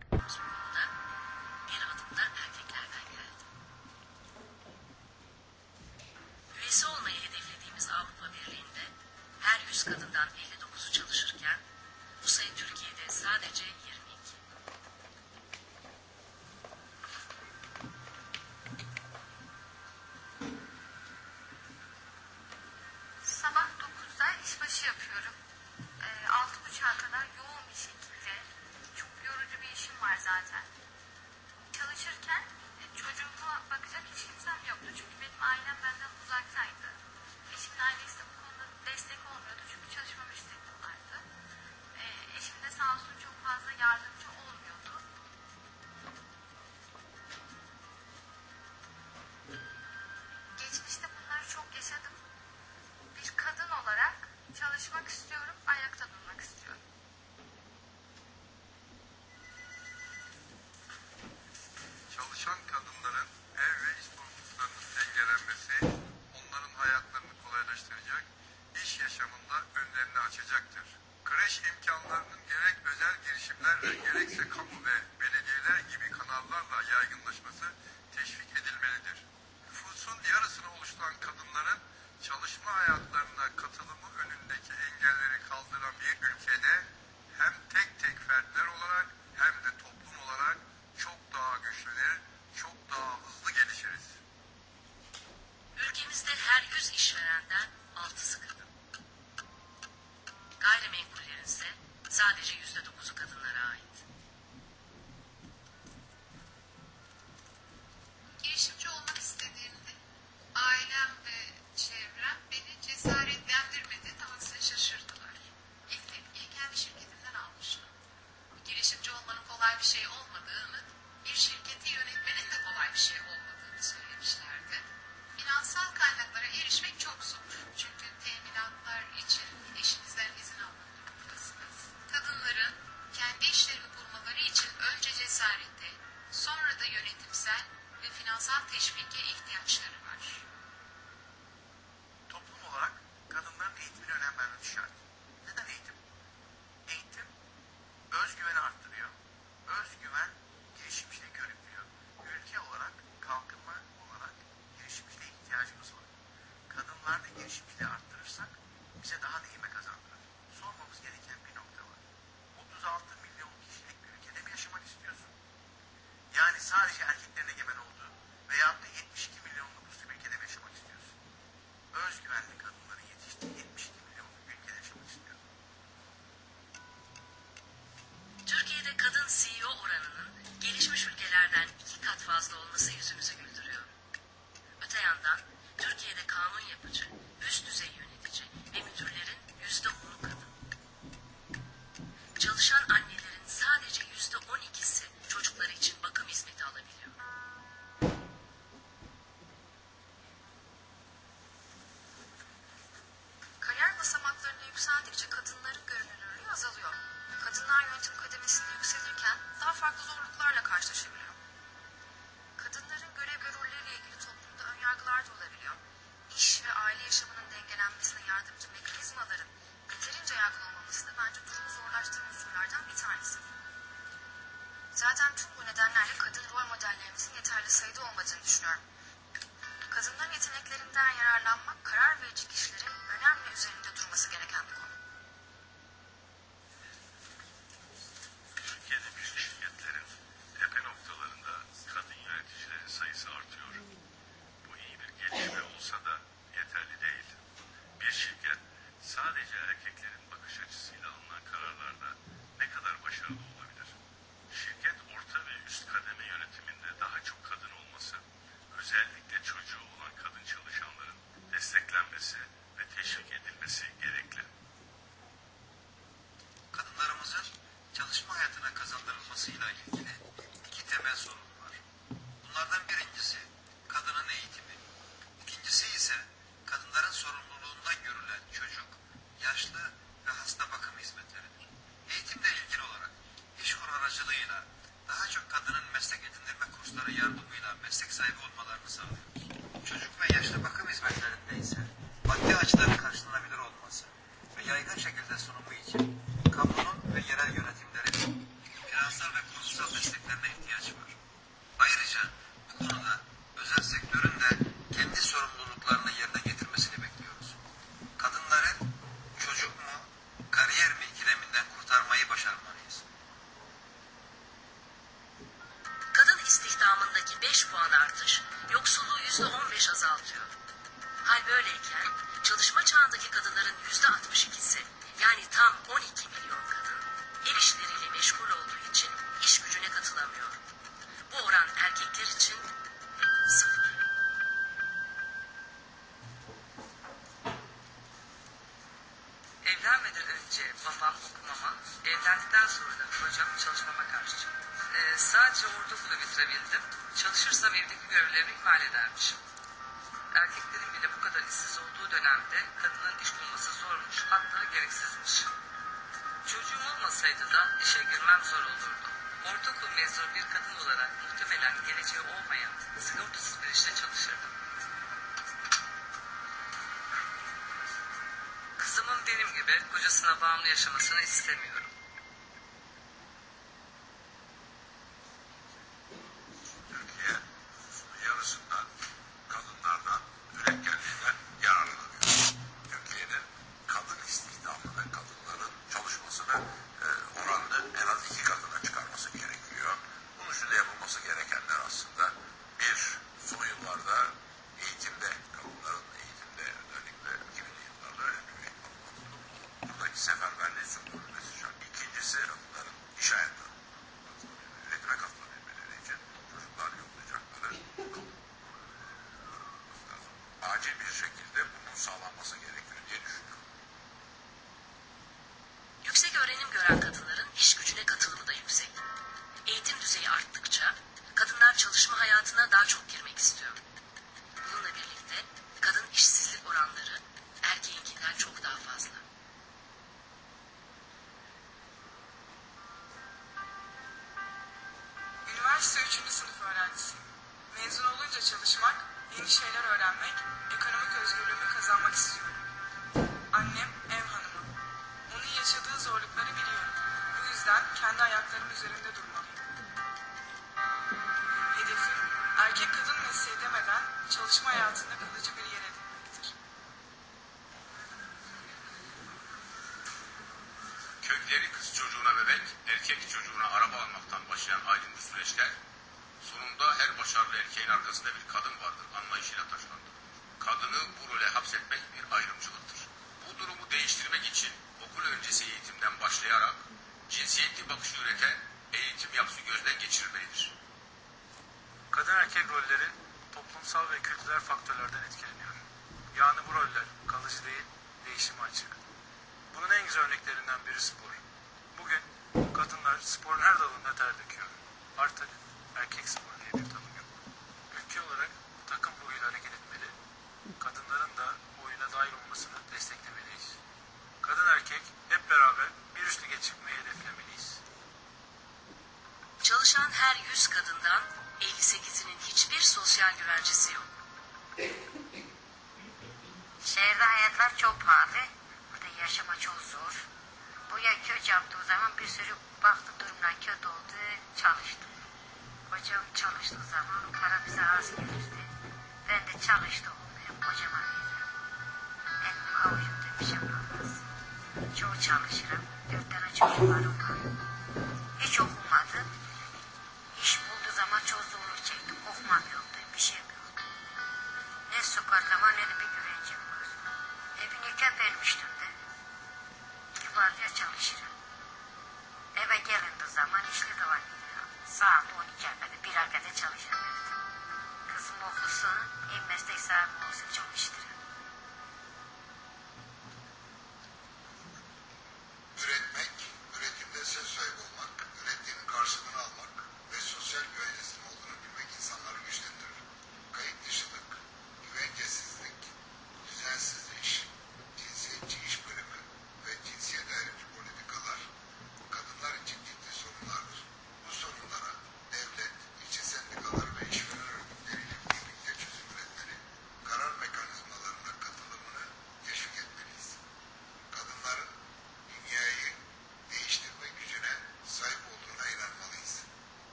evlenmeden önce babam okumama, evlendikten sonra da kocam çalışmama karşı çıktı. Ee, sadece orada ortaokulu bitirebildim. Çalışırsam evdeki görevlerimi ihmal edermişim. Erkeklerin bile bu kadar işsiz olduğu dönemde kadının iş bulması zormuş, hatta gereksizmiş. Çocuğum olmasaydı da işe girmem zor olurdu. Ortaokul mezunu bir kadın olarak muhtemelen geleceği olmayan, sigortasız bir işte çalışırdım. kocasına bağımlı yaşamasını istemiyor. változ nevű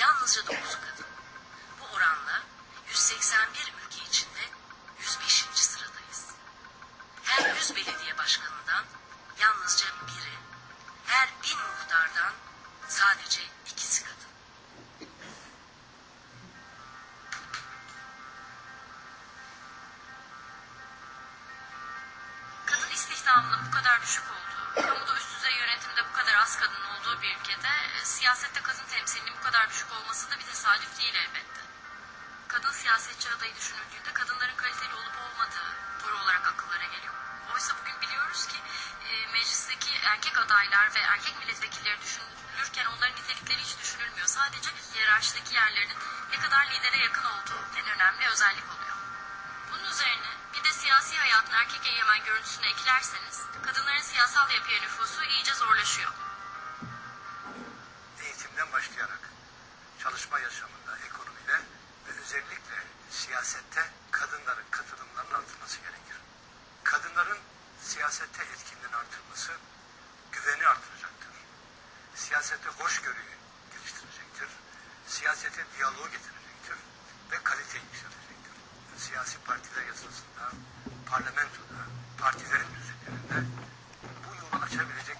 yalnızca 9 kadın. Bu oranla 181 ülke içinde 105. sıradayız. Her 100 belediye başkanından yalnızca biri, her 1000 muhtardan sadece ikisi kadın. Kadın istihdamının bu kadar düşük olduğu, kamuda üst düzey yönetimde bu kadar az kadın olduğu bir ülkede siyasette kadın temsilinin bu kadar düşük olması da bir tesadüf değil elbette. Kadın siyasetçi adayı düşünüldüğünde kadınların kaliteli olup olmadığı doğru olarak akıllara geliyor. Oysa bugün biliyoruz ki e, meclisteki erkek adaylar ve erkek milletvekilleri düşünülürken onların nitelikleri hiç düşünülmüyor. Sadece hiyerarşideki yerlerin ne kadar lidere yakın olduğu en önemli özellik oluyor. Bunun üzerine bir de siyasi hayatın erkek egemen görüntüsünü eklerseniz kadınların siyasal yapıya nüfusu iyice zorlaşıyor başlayarak çalışma yaşamında, ekonomide ve özellikle siyasette kadınların katılımlarının artırılması gerekir. Kadınların siyasette etkinliğinin artırılması güveni artıracaktır. Siyasete hoşgörüyü geliştirecektir. Siyasete diyaloğu getirecektir ve kaliteyi yükseltecektir. Siyasi partiler yasasında, parlamentoda, partilerin düzenlerinde bu yolu açabilecek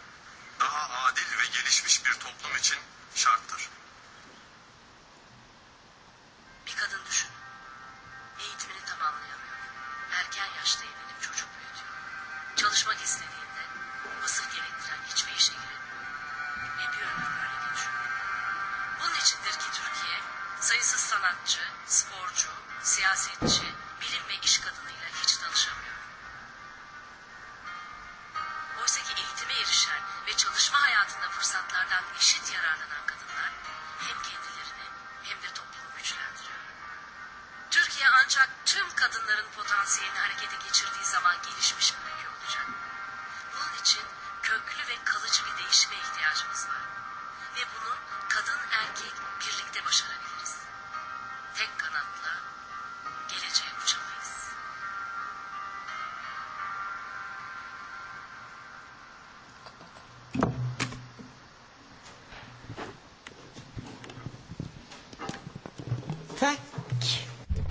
bir toplum için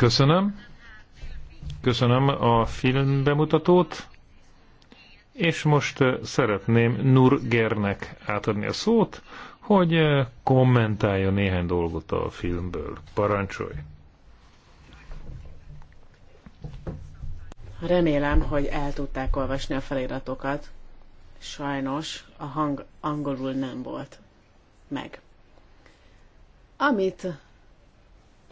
Köszönöm. Köszönöm a film bemutatót. És most szeretném Nur Gernek átadni a szót, hogy kommentálja néhány dolgot a filmből. Parancsolj! Remélem, hogy el tudták olvasni a feliratokat. Sajnos a hang angolul nem volt meg. Amit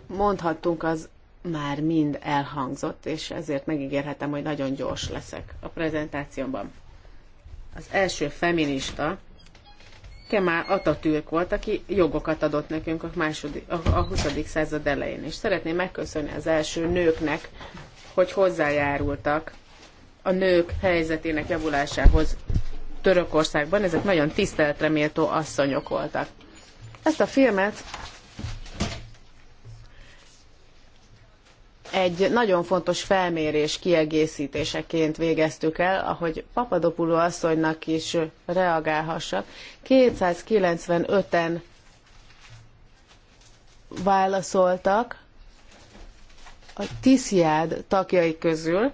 mondhattunk, az már mind elhangzott, és ezért megígérhetem, hogy nagyon gyors leszek a prezentációban. Az első feminista, Kemal Atatürk volt, aki jogokat adott nekünk a, második, a 20. század elején. És szeretném megköszönni az első nőknek, hogy hozzájárultak a nők helyzetének javulásához Törökországban. Ezek nagyon tiszteletre méltó asszonyok voltak. Ezt a filmet egy nagyon fontos felmérés kiegészítéseként végeztük el, ahogy Papadopulo asszonynak is reagálhassak. 295-en válaszoltak a Tisziád tagjai közül,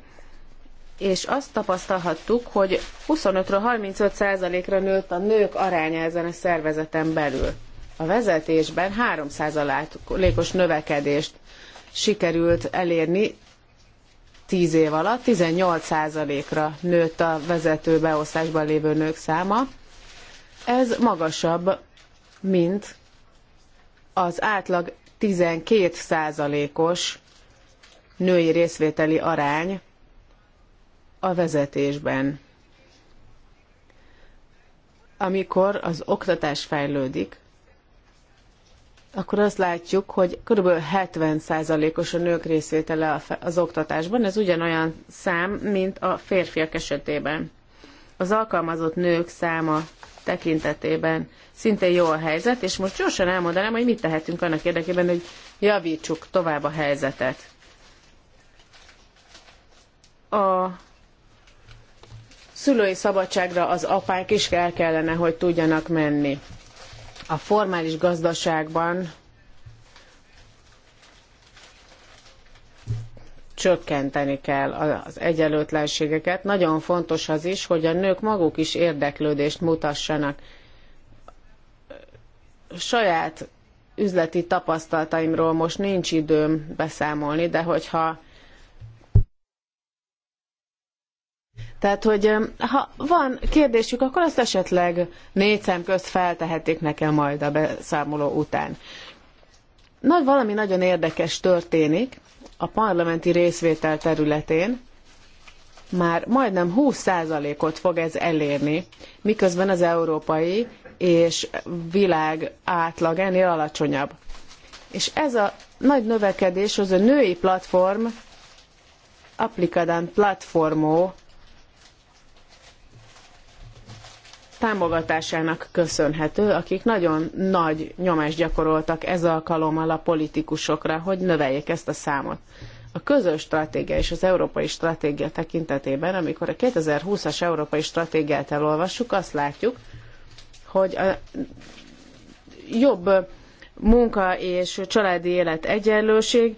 és azt tapasztalhattuk, hogy 25-ről 35 százalékra nőtt a nők aránya ezen a szervezeten belül. A vezetésben 3 százalékos növekedést sikerült elérni 10 év alatt. 18%-ra nőtt a vezető beosztásban lévő nők száma. Ez magasabb, mint az átlag 12%-os női részvételi arány a vezetésben. Amikor az oktatás fejlődik, akkor azt látjuk, hogy kb. 70%-os a nők részvétele az oktatásban. Ez ugyanolyan szám, mint a férfiak esetében. Az alkalmazott nők száma tekintetében szintén jó a helyzet, és most gyorsan elmondanám, hogy mit tehetünk annak érdekében, hogy javítsuk tovább a helyzetet. A szülői szabadságra az apák is el kellene, hogy tudjanak menni a formális gazdaságban csökkenteni kell az egyenlőtlenségeket. Nagyon fontos az is, hogy a nők maguk is érdeklődést mutassanak. Saját üzleti tapasztalataimról most nincs időm beszámolni, de hogyha Tehát, hogy ha van kérdésük, akkor azt esetleg négy szem közt feltehetik nekem majd a beszámoló után. Nagy, valami nagyon érdekes történik a parlamenti részvétel területén, már majdnem 20%-ot fog ez elérni, miközben az európai és világ átlag ennél alacsonyabb. És ez a nagy növekedés az a női platform, Applicadant Platformó támogatásának köszönhető, akik nagyon nagy nyomást gyakoroltak ez alkalommal a politikusokra, hogy növeljék ezt a számot. A közös stratégia és az európai stratégia tekintetében, amikor a 2020-as európai stratégiát elolvassuk, azt látjuk, hogy a jobb munka és családi élet egyenlőség,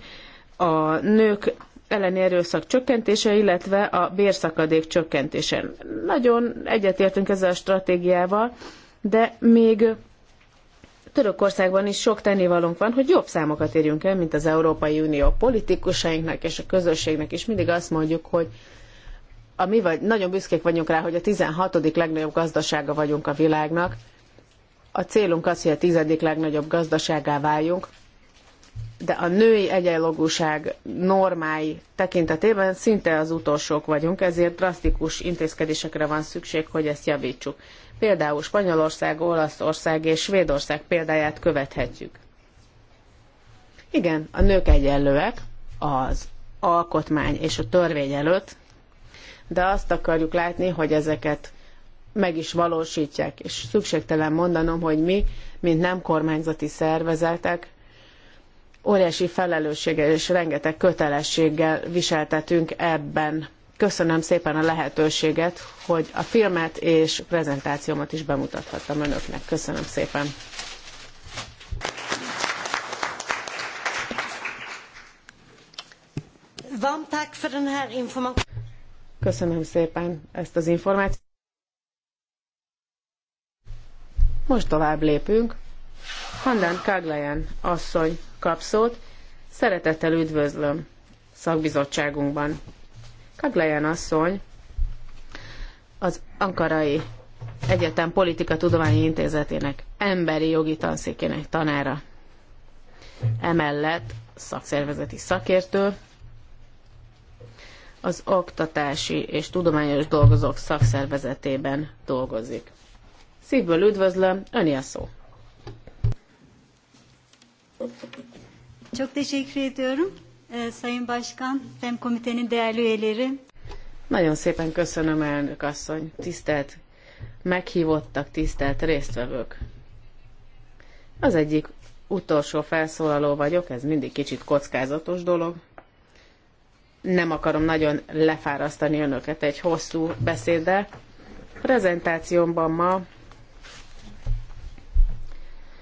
a nők elleni erőszak csökkentése, illetve a bérszakadék csökkentése. Nagyon egyetértünk ezzel a stratégiával, de még Törökországban is sok tennivalónk van, hogy jobb számokat érjünk el, mint az Európai Unió politikusainknak és a közösségnek is. Mindig azt mondjuk, hogy a mi vagy, nagyon büszkék vagyunk rá, hogy a 16. legnagyobb gazdasága vagyunk a világnak. A célunk az, hogy a 10. legnagyobb gazdaságá váljunk, de a női egyenlogúság normái tekintetében szinte az utolsók vagyunk, ezért drasztikus intézkedésekre van szükség, hogy ezt javítsuk. Például Spanyolország, Olaszország és Svédország példáját követhetjük. Igen, a nők egyenlőek az alkotmány és a törvény előtt, de azt akarjuk látni, hogy ezeket meg is valósítják. És szükségtelen mondanom, hogy mi, mint nem kormányzati szervezetek, óriási felelősséggel és rengeteg kötelességgel viseltetünk ebben. Köszönöm szépen a lehetőséget, hogy a filmet és prezentációmat is bemutathattam önöknek. Köszönöm szépen! Köszönöm szépen ezt az információt. Most tovább lépünk. Handán Kaglajan asszony kap szót. Szeretettel üdvözlöm szakbizottságunkban. Kaglejan asszony az Ankarai Egyetem Politika Tudományi Intézetének emberi jogi tanszékének tanára. Emellett szakszervezeti szakértő, az Oktatási és Tudományos Dolgozók Szakszervezetében dolgozik. Szívből üdvözlöm, öni a szó. Çok teşekkür ediyorum e, Sayın Başkan, FEM komitenin değerli üyeleri. Nagyon szépen köszönöm elnök asszony, tisztelt meghívottak, tisztelt résztvevők. Az egyik utolsó felszólaló vagyok, ez mindig kicsit kockázatos dolog. Nem akarom nagyon lefárasztani önöket egy hosszú beszéddel. Prezentációmban ma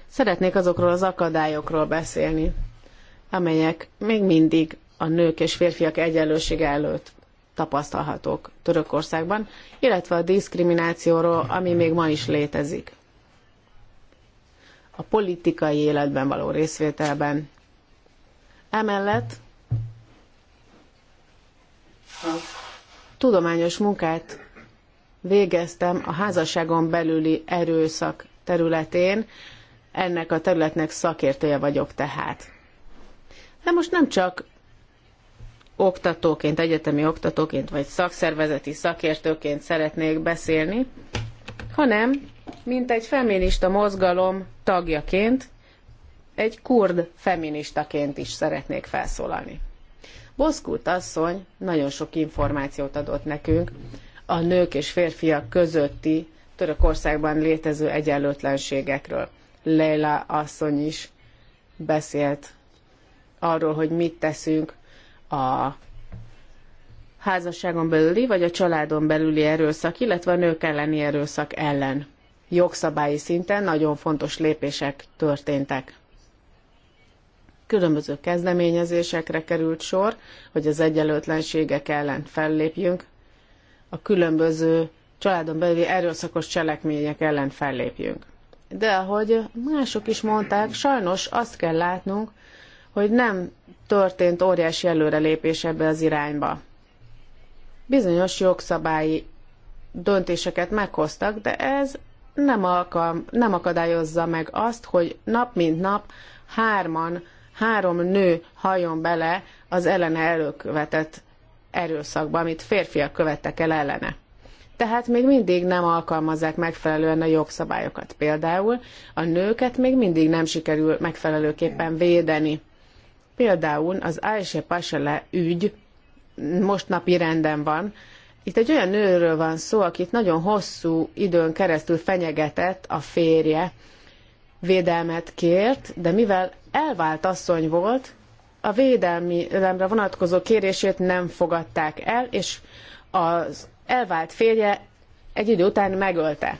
szeretnék azokról az akadályokról beszélni, amelyek még mindig a nők és férfiak egyenlősége előtt tapasztalhatók Törökországban, illetve a diszkriminációról, ami még ma is létezik. A politikai életben való részvételben. Emellett tudományos munkát végeztem a házasságon belüli erőszak területén, ennek a területnek szakértője vagyok tehát. De most nem csak oktatóként, egyetemi oktatóként, vagy szakszervezeti szakértőként szeretnék beszélni, hanem mint egy feminista mozgalom tagjaként, egy kurd feministaként is szeretnék felszólalni. Boszkult asszony nagyon sok információt adott nekünk a nők és férfiak közötti Törökországban létező egyenlőtlenségekről. Leila asszony is beszélt arról, hogy mit teszünk a házasságon belüli vagy a családon belüli erőszak, illetve a nők elleni erőszak ellen. Jogszabályi szinten nagyon fontos lépések történtek. Különböző kezdeményezésekre került sor, hogy az egyenlőtlenségek ellen fellépjünk, a különböző családon belüli erőszakos cselekmények ellen fellépjünk. De ahogy mások is mondták, sajnos azt kell látnunk, hogy nem történt óriási előrelépés ebbe az irányba. Bizonyos jogszabályi döntéseket meghoztak, de ez nem, alkalm, nem akadályozza meg azt, hogy nap mint nap hárman, három nő hajon bele az ellene előkövetett erőszakba, amit férfiak követtek el ellene. Tehát még mindig nem alkalmazzák megfelelően a jogszabályokat. Például a nőket még mindig nem sikerül megfelelőképpen védeni Például az Aisha Pasele ügy most napi renden van. Itt egy olyan nőről van szó, akit nagyon hosszú időn keresztül fenyegetett a férje, védelmet kért, de mivel elvált asszony volt, a védelmre vonatkozó kérését nem fogadták el, és az elvált férje egy idő után megölte.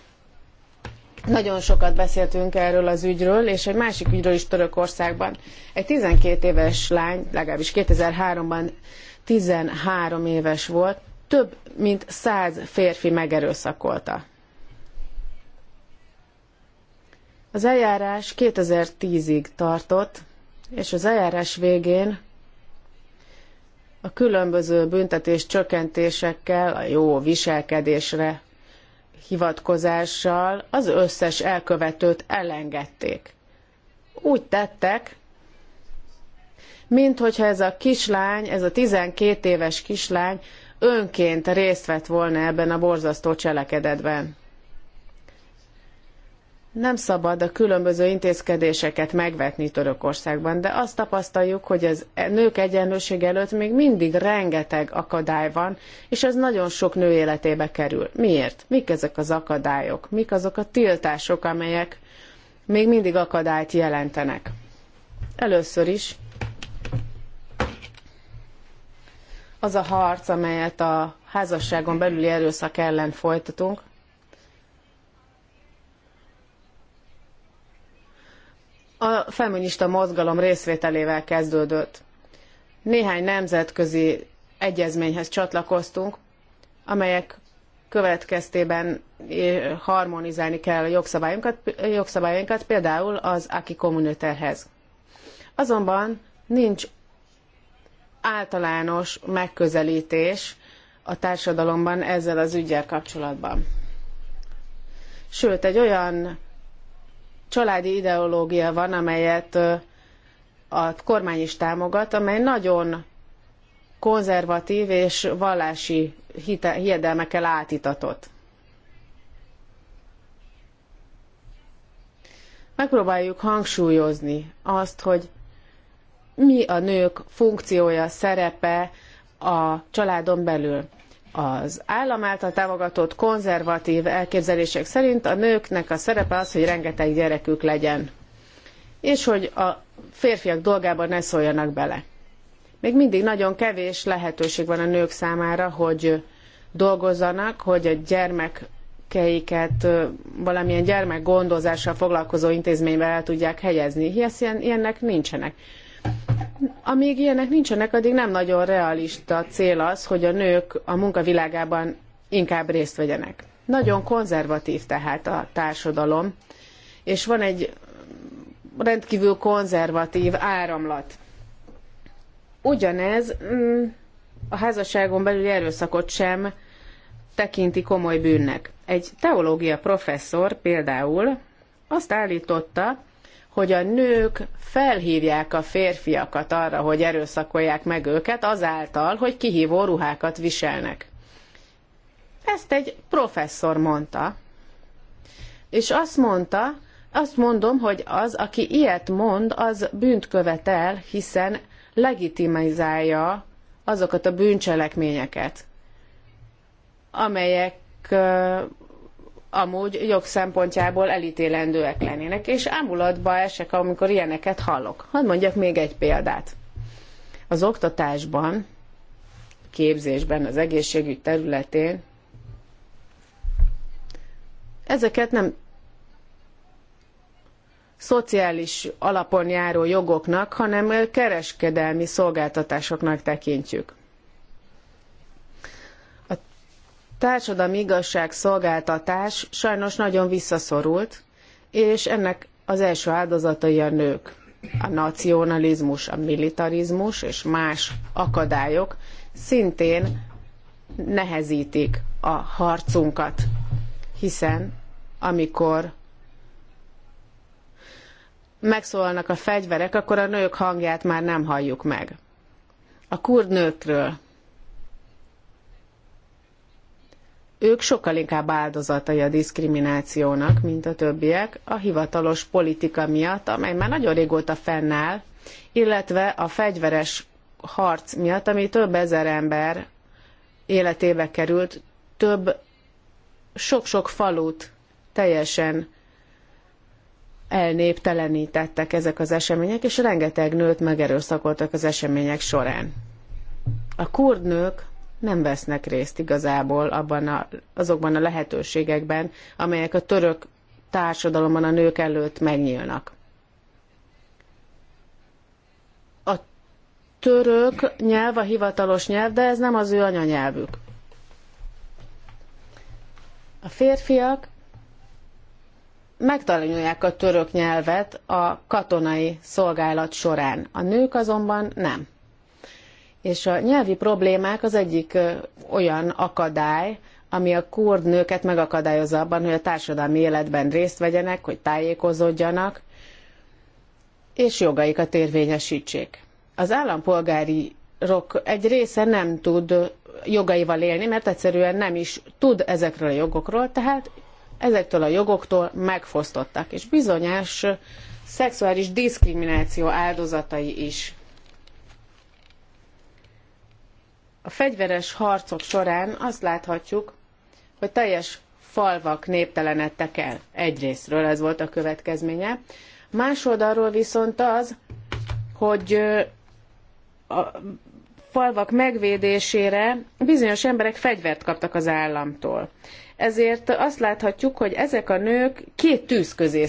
Nagyon sokat beszéltünk erről az ügyről, és egy másik ügyről is Törökországban. Egy 12 éves lány, legalábbis 2003-ban 13 éves volt, több mint 100 férfi megerőszakolta. Az eljárás 2010-ig tartott, és az eljárás végén a különböző büntetés csökkentésekkel a jó viselkedésre hivatkozással az összes elkövetőt elengedték. Úgy tettek, mint hogyha ez a kislány, ez a 12 éves kislány önként részt vett volna ebben a borzasztó cselekedetben nem szabad a különböző intézkedéseket megvetni Törökországban, de azt tapasztaljuk, hogy az nők egyenlőség előtt még mindig rengeteg akadály van, és ez nagyon sok nő életébe kerül. Miért? Mik ezek az akadályok? Mik azok a tiltások, amelyek még mindig akadályt jelentenek? Először is az a harc, amelyet a házasságon belüli erőszak ellen folytatunk, a feminista mozgalom részvételével kezdődött. Néhány nemzetközi egyezményhez csatlakoztunk, amelyek következtében eh, harmonizálni kell a jogszabályunkat, jogszabályainkat, például az AKI kommunitárhez. Azonban nincs általános megközelítés a társadalomban ezzel az ügyel kapcsolatban. Sőt, egy olyan családi ideológia van, amelyet a kormány is támogat, amely nagyon konzervatív és vallási hiedelmekkel átitatott. Megpróbáljuk hangsúlyozni azt, hogy mi a nők funkciója, szerepe a családon belül. Az állam által támogatott konzervatív elképzelések szerint a nőknek a szerepe az, hogy rengeteg gyerekük legyen, és hogy a férfiak dolgában ne szóljanak bele. Még mindig nagyon kevés lehetőség van a nők számára, hogy dolgozzanak, hogy a gyermekeiket valamilyen gyermekgondozással foglalkozó intézménybe el tudják helyezni. Hiszen ilyenek ilyennek nincsenek. Amíg ilyenek nincsenek, addig nem nagyon realista cél az, hogy a nők a munkavilágában inkább részt vegyenek. Nagyon konzervatív tehát a társadalom, és van egy rendkívül konzervatív áramlat. Ugyanez mm, a házasságon belüli erőszakot sem tekinti komoly bűnnek. Egy teológia professzor például azt állította, hogy a nők felhívják a férfiakat arra, hogy erőszakolják meg őket azáltal, hogy kihívó ruhákat viselnek. Ezt egy professzor mondta. És azt mondta, azt mondom, hogy az, aki ilyet mond, az bűnt követel, hiszen legitimizálja azokat a bűncselekményeket, amelyek amúgy jog szempontjából elítélendőek lennének, és ámulatba esek, amikor ilyeneket hallok. Hadd mondjak még egy példát. Az oktatásban, képzésben, az egészségügy területén ezeket nem szociális alapon járó jogoknak, hanem kereskedelmi szolgáltatásoknak tekintjük. társadalmi igazságszolgáltatás sajnos nagyon visszaszorult, és ennek az első áldozatai a nők. A nacionalizmus, a militarizmus és más akadályok szintén nehezítik a harcunkat, hiszen amikor megszólalnak a fegyverek, akkor a nők hangját már nem halljuk meg. A kurd nőkről ők sokkal inkább áldozatai a diszkriminációnak, mint a többiek, a hivatalos politika miatt, amely már nagyon régóta fennáll, illetve a fegyveres harc miatt, ami több ezer ember életébe került, több sok-sok falut teljesen elnéptelenítettek ezek az események, és rengeteg nőt megerőszakoltak az események során. A kurd nők nem vesznek részt igazából abban a, azokban a lehetőségekben, amelyek a török társadalomban a nők előtt megnyílnak. A török nyelv a hivatalos nyelv, de ez nem az ő anyanyelvük. A férfiak megtanulják a török nyelvet a katonai szolgálat során, a nők azonban nem. És a nyelvi problémák az egyik olyan akadály, ami a kurd nőket megakadályozza abban, hogy a társadalmi életben részt vegyenek, hogy tájékozódjanak, és jogaikat érvényesítsék. Az állampolgári rok egy része nem tud jogaival élni, mert egyszerűen nem is tud ezekről a jogokról, tehát ezektől a jogoktól megfosztottak, és bizonyos szexuális diszkrimináció áldozatai is. A fegyveres harcok során azt láthatjuk, hogy teljes falvak néptelenedtek el. Egyrésztről ez volt a következménye. Másoldalról viszont az, hogy a falvak megvédésére bizonyos emberek fegyvert kaptak az államtól. Ezért azt láthatjuk, hogy ezek a nők két tűz közé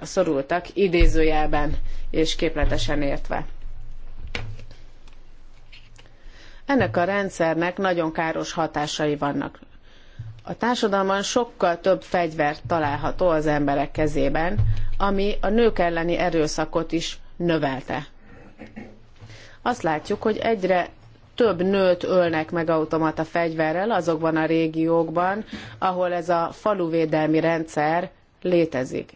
szorultak, idézőjelben és képletesen értve. Ennek a rendszernek nagyon káros hatásai vannak. A társadalman sokkal több fegyver található az emberek kezében, ami a nők elleni erőszakot is növelte. Azt látjuk, hogy egyre több nőt ölnek meg automata fegyverrel azokban a régiókban, ahol ez a faluvédelmi rendszer létezik.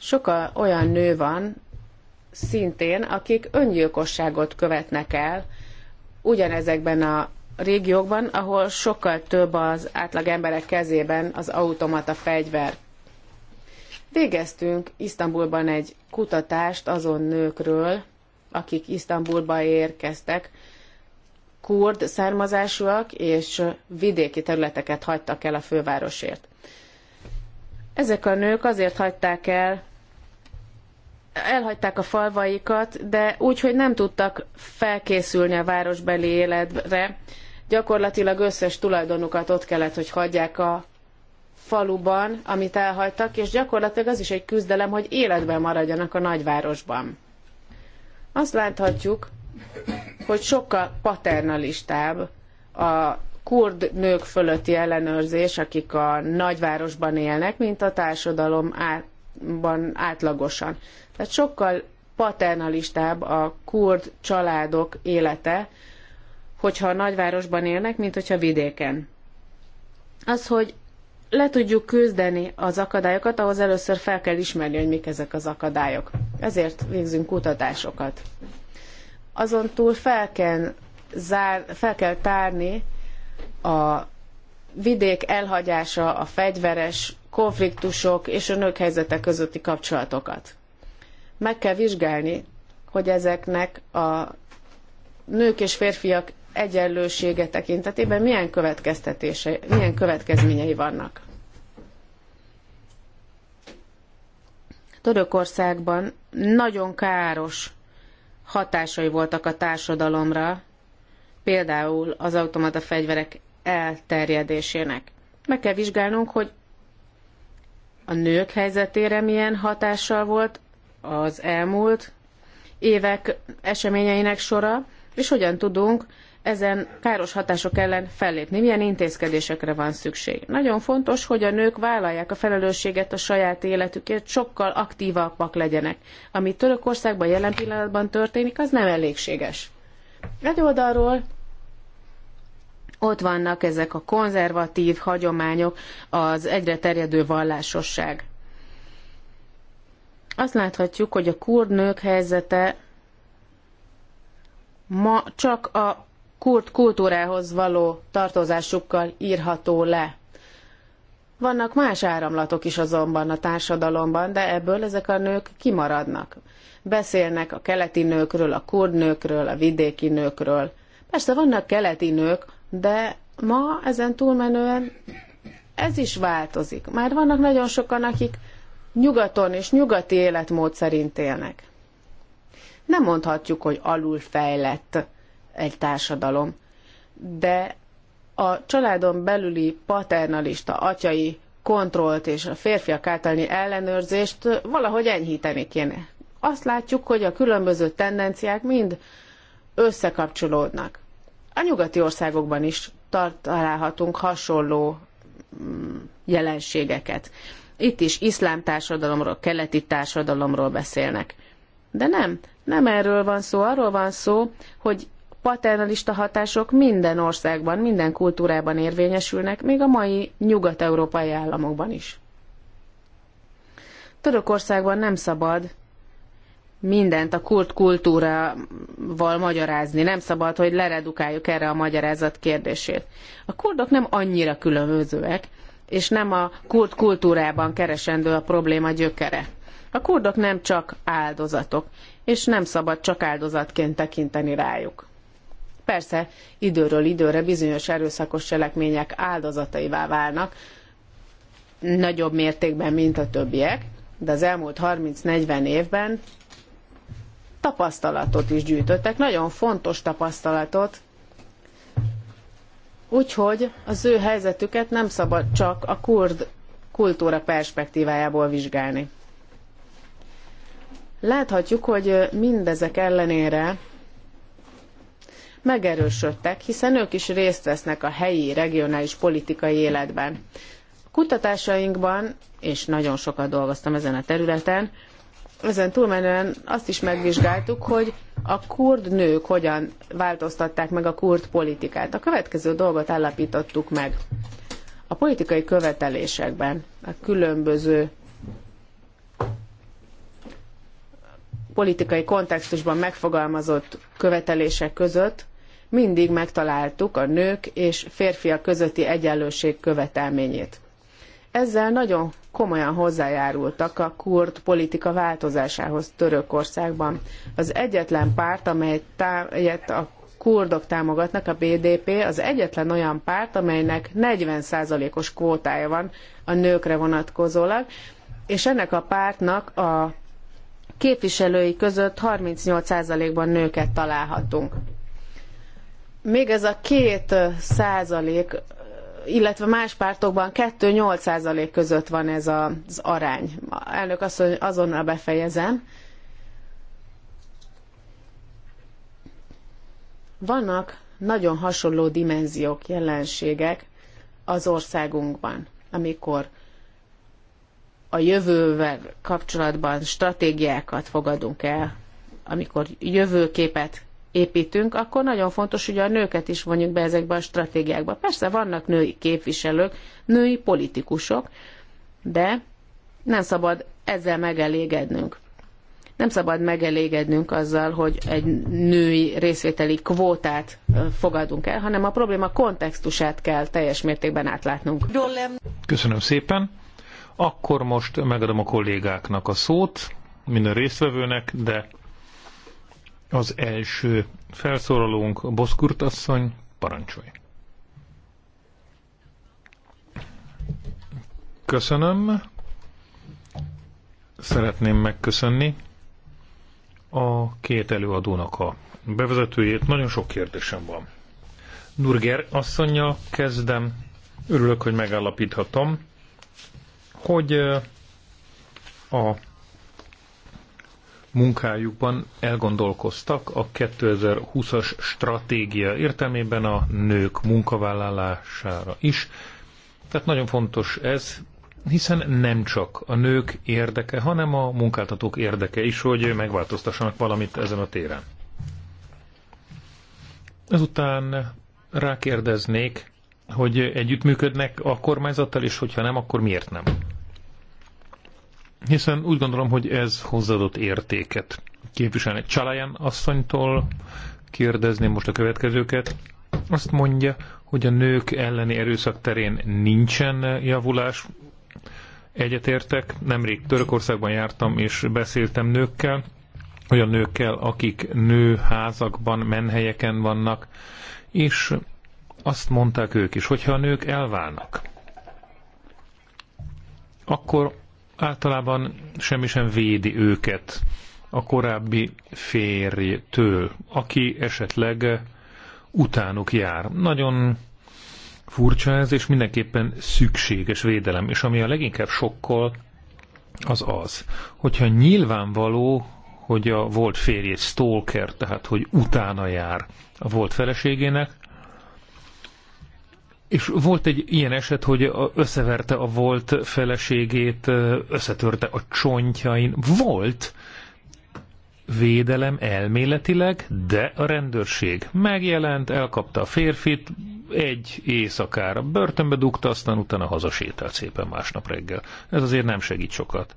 Sok olyan nő van, szintén, akik öngyilkosságot követnek el ugyanezekben a régiókban, ahol sokkal több az átlag emberek kezében az automata fegyver. Végeztünk Isztambulban egy kutatást azon nőkről, akik Isztambulba érkeztek, kurd származásúak és vidéki területeket hagytak el a fővárosért. Ezek a nők azért hagyták el elhagyták a falvaikat, de úgy, hogy nem tudtak felkészülni a városbeli életre. Gyakorlatilag összes tulajdonukat ott kellett, hogy hagyják a faluban, amit elhagytak, és gyakorlatilag az is egy küzdelem, hogy életben maradjanak a nagyvárosban. Azt láthatjuk, hogy sokkal paternalistább a kurd nők fölötti ellenőrzés, akik a nagyvárosban élnek, mint a társadalom át, országban átlagosan. Tehát sokkal paternalistább a kurd családok élete, hogyha a nagyvárosban élnek, mint hogyha vidéken. Az, hogy le tudjuk küzdeni az akadályokat, ahhoz először fel kell ismerni, hogy mik ezek az akadályok. Ezért végzünk kutatásokat. Azon túl fel kell, zár, fel kell tárni a vidék elhagyása, a fegyveres konfliktusok és a nők helyzete közötti kapcsolatokat. Meg kell vizsgálni, hogy ezeknek a nők és férfiak egyenlősége tekintetében milyen, következtetése, milyen következményei vannak. Törökországban nagyon káros hatásai voltak a társadalomra, például az automata fegyverek elterjedésének. Meg kell vizsgálnunk, hogy a nők helyzetére milyen hatással volt az elmúlt évek eseményeinek sora, és hogyan tudunk ezen káros hatások ellen fellépni, milyen intézkedésekre van szükség. Nagyon fontos, hogy a nők vállalják a felelősséget a saját életükért, sokkal aktívabbak legyenek. Ami Törökországban jelen pillanatban történik, az nem elégséges. Egy oldalról ott vannak ezek a konzervatív hagyományok, az egyre terjedő vallásosság. Azt láthatjuk, hogy a kurd nők helyzete ma csak a kurd kultúrához való tartozásukkal írható le. Vannak más áramlatok is azonban a társadalomban, de ebből ezek a nők kimaradnak. Beszélnek a keleti nőkről, a kurd nőkről, a vidéki nőkről. Persze vannak keleti nők, de ma ezen túlmenően ez is változik. Már vannak nagyon sokan, akik nyugaton és nyugati életmód szerint élnek. Nem mondhatjuk, hogy alulfejlett egy társadalom, de a családon belüli paternalista, atyai kontrollt és a férfiak általni ellenőrzést valahogy enyhíteni kéne. Azt látjuk, hogy a különböző tendenciák mind összekapcsolódnak. A nyugati országokban is találhatunk hasonló mm, jelenségeket. Itt is iszlám társadalomról, keleti társadalomról beszélnek. De nem, nem erről van szó, arról van szó, hogy paternalista hatások minden országban, minden kultúrában érvényesülnek, még a mai nyugat-európai államokban is. Törökországban nem szabad mindent a kurd kultúrával magyarázni. Nem szabad, hogy leredukáljuk erre a magyarázat kérdését. A kurdok nem annyira különbözőek, és nem a kurd kultúrában keresendő a probléma gyökere. A kurdok nem csak áldozatok, és nem szabad csak áldozatként tekinteni rájuk. Persze, időről időre bizonyos erőszakos cselekmények áldozataivá válnak, nagyobb mértékben, mint a többiek, de az elmúlt 30-40 évben tapasztalatot is gyűjtöttek, nagyon fontos tapasztalatot, úgyhogy az ő helyzetüket nem szabad csak a kurd kultúra perspektívájából vizsgálni. Láthatjuk, hogy mindezek ellenére megerősödtek, hiszen ők is részt vesznek a helyi, regionális politikai életben. kutatásainkban, és nagyon sokat dolgoztam ezen a területen, ezen túlmenően azt is megvizsgáltuk, hogy a kurd nők hogyan változtatták meg a kurd politikát. A következő dolgot állapítottuk meg. A politikai követelésekben a különböző politikai kontextusban megfogalmazott követelések között mindig megtaláltuk a nők és férfiak közötti egyenlőség követelményét. Ezzel nagyon komolyan hozzájárultak a kurd politika változásához Törökországban. Az egyetlen párt, amelyet a kurdok támogatnak, a BDP, az egyetlen olyan párt, amelynek 40%-os kvótája van a nőkre vonatkozólag, és ennek a pártnak a képviselői között 38%-ban nőket találhatunk. Még ez a két százalék illetve más pártokban 2-8% között van ez az arány. Elnök azt, azonnal befejezem. Vannak nagyon hasonló dimenziók, jelenségek az országunkban, amikor a jövővel kapcsolatban stratégiákat fogadunk el, amikor jövőképet építünk, akkor nagyon fontos, hogy a nőket is vonjuk be ezekbe a stratégiákba. Persze vannak női képviselők, női politikusok, de nem szabad ezzel megelégednünk. Nem szabad megelégednünk azzal, hogy egy női részvételi kvótát fogadunk el, hanem a probléma kontextusát kell teljes mértékben átlátnunk. Köszönöm szépen. Akkor most megadom a kollégáknak a szót, minden résztvevőnek, de az első felszólalónk a Boszkurt asszony, parancsolj. Köszönöm. Szeretném megköszönni a két előadónak a bevezetőjét. Nagyon sok kérdésem van. Nurger asszonynal kezdem. Örülök, hogy megállapíthatom, hogy a munkájukban elgondolkoztak a 2020-as stratégia értelmében a nők munkavállalására is. Tehát nagyon fontos ez, hiszen nem csak a nők érdeke, hanem a munkáltatók érdeke is, hogy megváltoztassanak valamit ezen a téren. Ezután rákérdeznék, hogy együttműködnek a kormányzattal, és hogyha nem, akkor miért nem? hiszen úgy gondolom, hogy ez hozzáadott értéket képviselni. Csalajan asszonytól kérdezném most a következőket. Azt mondja, hogy a nők elleni erőszak terén nincsen javulás. Egyetértek, nemrég Törökországban jártam és beszéltem nőkkel, olyan nőkkel, akik nőházakban, menhelyeken vannak, és azt mondták ők is, hogyha a nők elválnak, akkor általában semmi sem védi őket a korábbi férjtől, aki esetleg utánuk jár. Nagyon furcsa ez, és mindenképpen szükséges védelem. És ami a leginkább sokkal, az az, hogyha nyilvánvaló, hogy a volt férje stalker, tehát hogy utána jár a volt feleségének, és volt egy ilyen eset, hogy összeverte a volt feleségét, összetörte a csontjain. Volt védelem elméletileg, de a rendőrség megjelent, elkapta a férfit, egy éjszakára börtönbe dugta, aztán utána hazasétált szépen másnap reggel. Ez azért nem segít sokat.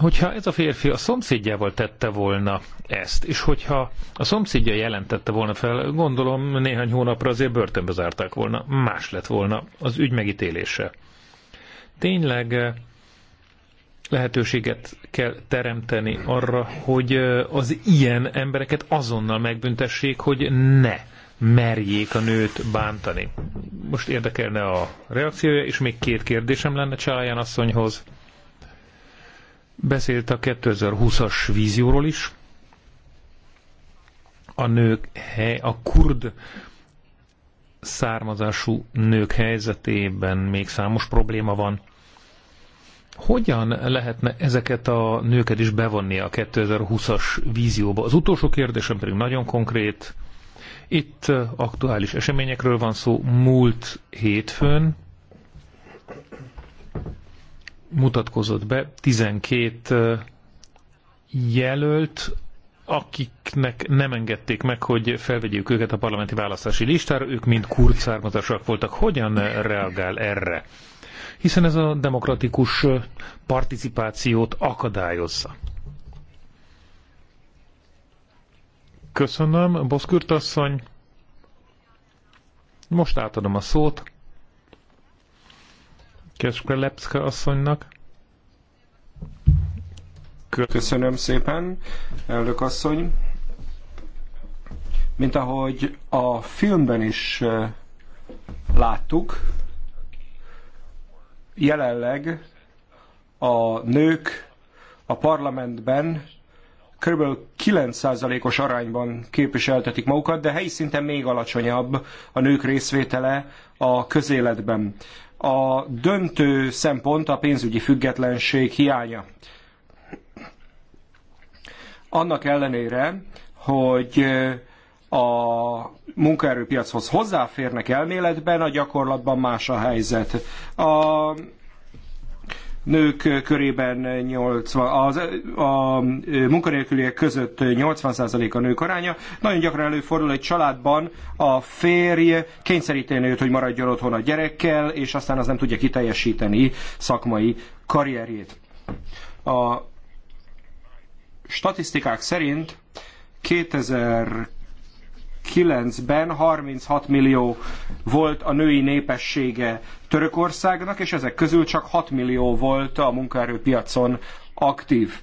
hogyha ez a férfi a szomszédjával tette volna ezt, és hogyha a szomszédja jelentette volna fel, gondolom néhány hónapra azért börtönbe zárták volna, más lett volna az ügy megítélése. Tényleg eh, lehetőséget kell teremteni arra, hogy eh, az ilyen embereket azonnal megbüntessék, hogy ne merjék a nőt bántani. Most érdekelne a reakciója, és még két kérdésem lenne Csáján asszonyhoz. Beszélt a 2020-as vízióról is. A nők, hely, a kurd származású nők helyzetében még számos probléma van. Hogyan lehetne ezeket a nőket is bevonni a 2020-as vízióba? Az utolsó kérdésem pedig nagyon konkrét. Itt aktuális eseményekről van szó. Múlt hétfőn mutatkozott be 12 jelölt, akiknek nem engedték meg, hogy felvegyék őket a parlamenti választási listára, ők mind kurd származásak voltak. Hogyan reagál erre? Hiszen ez a demokratikus participációt akadályozza. Köszönöm, Boszkürt asszony. Most átadom a szót Keskrelepszka asszonynak. Köszönöm szépen, elnök asszony. Mint ahogy a filmben is eh, láttuk, jelenleg a nők a parlamentben kb. 9%-os arányban képviseltetik magukat, de helyi szinten még alacsonyabb a nők részvétele a közéletben a döntő szempont a pénzügyi függetlenség hiánya. Annak ellenére, hogy a munkaerőpiachoz hozzáférnek elméletben, a gyakorlatban más a helyzet. A nők körében 80, az, a munkanélküliek között 80% a nők aránya. Nagyon gyakran előfordul egy családban a férj kényszeríteni őt, hogy maradjon otthon a gyerekkel, és aztán az nem tudja kiteljesíteni szakmai karrierjét. A statisztikák szerint 2000 2009-ben 36 millió volt a női népessége Törökországnak, és ezek közül csak 6 millió volt a munkaerőpiacon aktív.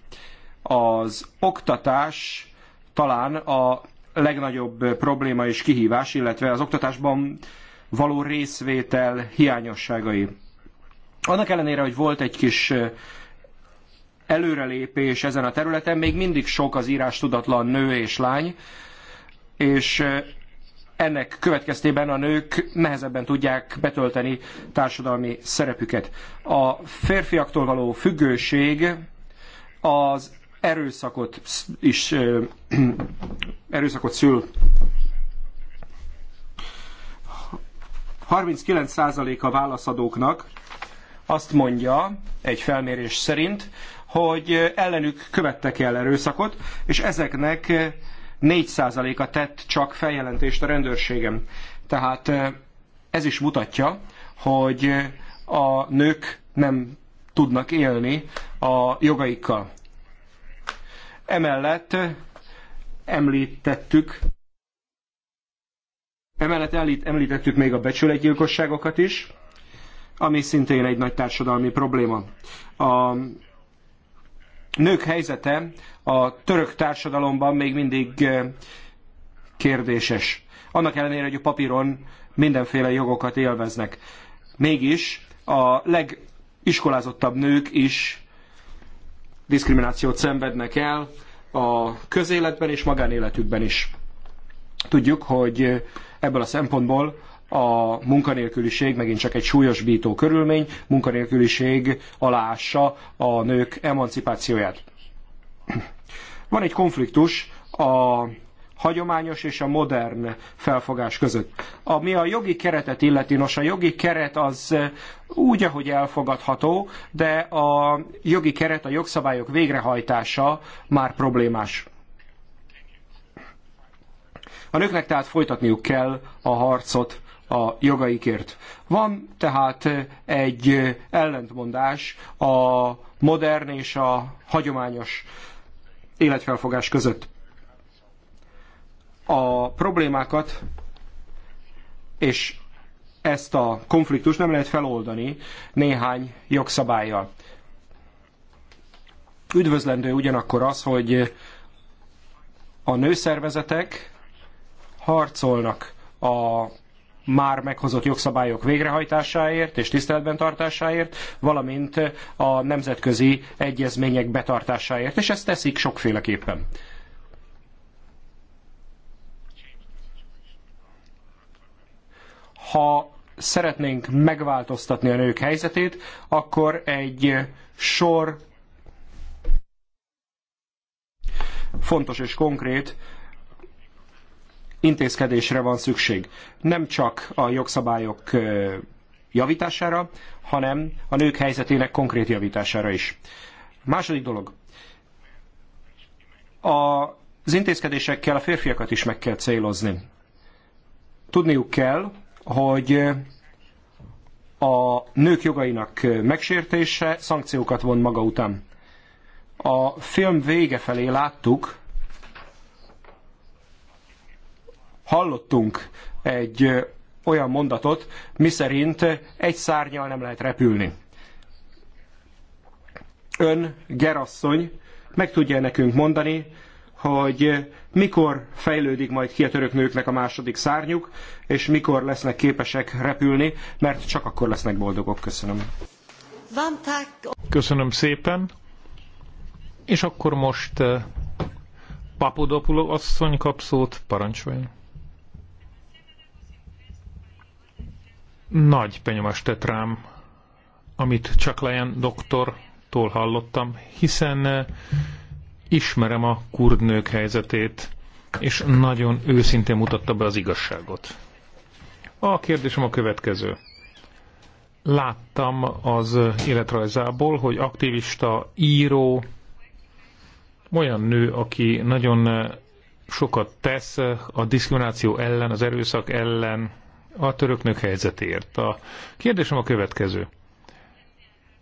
Az oktatás talán a legnagyobb probléma és kihívás, illetve az oktatásban való részvétel hiányosságai. Annak ellenére, hogy volt egy kis előrelépés ezen a területen, még mindig sok az írás tudatlan nő és lány, és ennek következtében a nők nehezebben tudják betölteni társadalmi szerepüket. A férfiaktól való függőség az erőszakot is (clears throat) erőszakot szül. 39% a válaszadóknak azt mondja egy felmérés szerint, hogy ellenük követtek el erőszakot, és ezeknek 4%-a tett csak feljelentést a rendőrségem. Tehát eh, ez is mutatja, hogy a nők nem tudnak élni a jogaikkal. Emellett eh, említettük Emellett említettük még a becsületgyilkosságokat is, ami szintén egy nagy társadalmi probléma. A nők helyzete a török társadalomban még mindig eh, kérdéses. Annak ellenére, hogy a papíron mindenféle jogokat élveznek. Mégis a legiskolázottabb nők is diszkriminációt szenvednek el a közéletben és magánéletükben is. Tudjuk, hogy ebből a szempontból a munkanélküliség megint csak egy bító körülmény, munkanélküliség aláássa a nők emancipációját. Van egy konfliktus a hagyományos és a modern felfogás között. Ami a jogi keretet illeti, nos a jogi keret az úgy, ahogy elfogadható, de a jogi keret, a jogszabályok végrehajtása már problémás. A nőknek tehát folytatniuk kell a harcot a jogaikért. Van tehát egy ellentmondás a modern és a hagyományos életfelfogás között. A problémákat és ezt a konfliktust nem lehet feloldani néhány jogszabályjal. Üdvözlendő ugyanakkor az, hogy a nőszervezetek harcolnak a már meghozott jogszabályok végrehajtásáért és tiszteletben tartásáért, valamint a nemzetközi egyezmények betartásáért, és ezt teszik sokféleképpen. Ha szeretnénk megváltoztatni a nők helyzetét, akkor egy sor fontos és konkrét intézkedésre van szükség. Nem csak a jogszabályok javítására, hanem a nők helyzetének konkrét javítására is. Második dolog. Az intézkedésekkel a férfiakat is meg kell célozni. Tudniuk kell, hogy a nők jogainak megsértése szankciókat von maga után. A film vége felé láttuk, hallottunk egy olyan mondatot, miszerint egy szárnyal nem lehet repülni. Ön, Gerasszony, meg tudja nekünk mondani, hogy mikor fejlődik majd ki a török nőknek a második szárnyuk, és mikor lesznek képesek repülni, mert csak akkor lesznek boldogok. Köszönöm. Köszönöm szépen. És akkor most Papadopulo asszony kap szót, parancsoljon. Nagy benyomást tett rám, amit csak Lejen doktortól hallottam, hiszen eh, ismerem a kurd nők helyzetét, és nagyon őszintén mutatta be az igazságot. A kérdésem a következő. Láttam az eh, életrajzából, hogy aktivista, író, olyan nő, aki nagyon eh, sokat tesz a diszkrimináció ellen, az erőszak ellen, a török nők helyzetéért. A kérdésem a következő.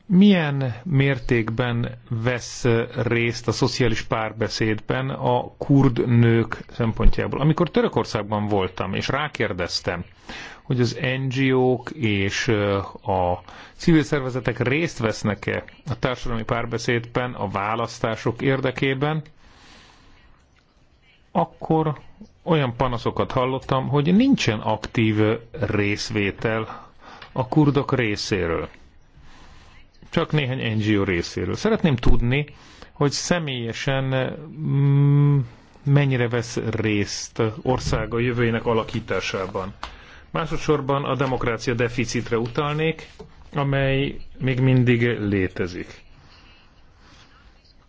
Milyen mértékben vesz részt a szociális párbeszédben a kurd nők szempontjából? Amikor Törökországban voltam, és rákérdeztem, hogy az NGO-k és a civil szervezetek részt vesznek-e a társadalmi párbeszédben a választások érdekében, akkor olyan panaszokat hallottam, hogy nincsen aktív részvétel a kurdok részéről. Csak néhány NGO részéről. Szeretném tudni, hogy személyesen mm, mennyire vesz részt országa jövőjének alakításában. Másodszorban a demokrácia deficitre utalnék, amely még mindig létezik.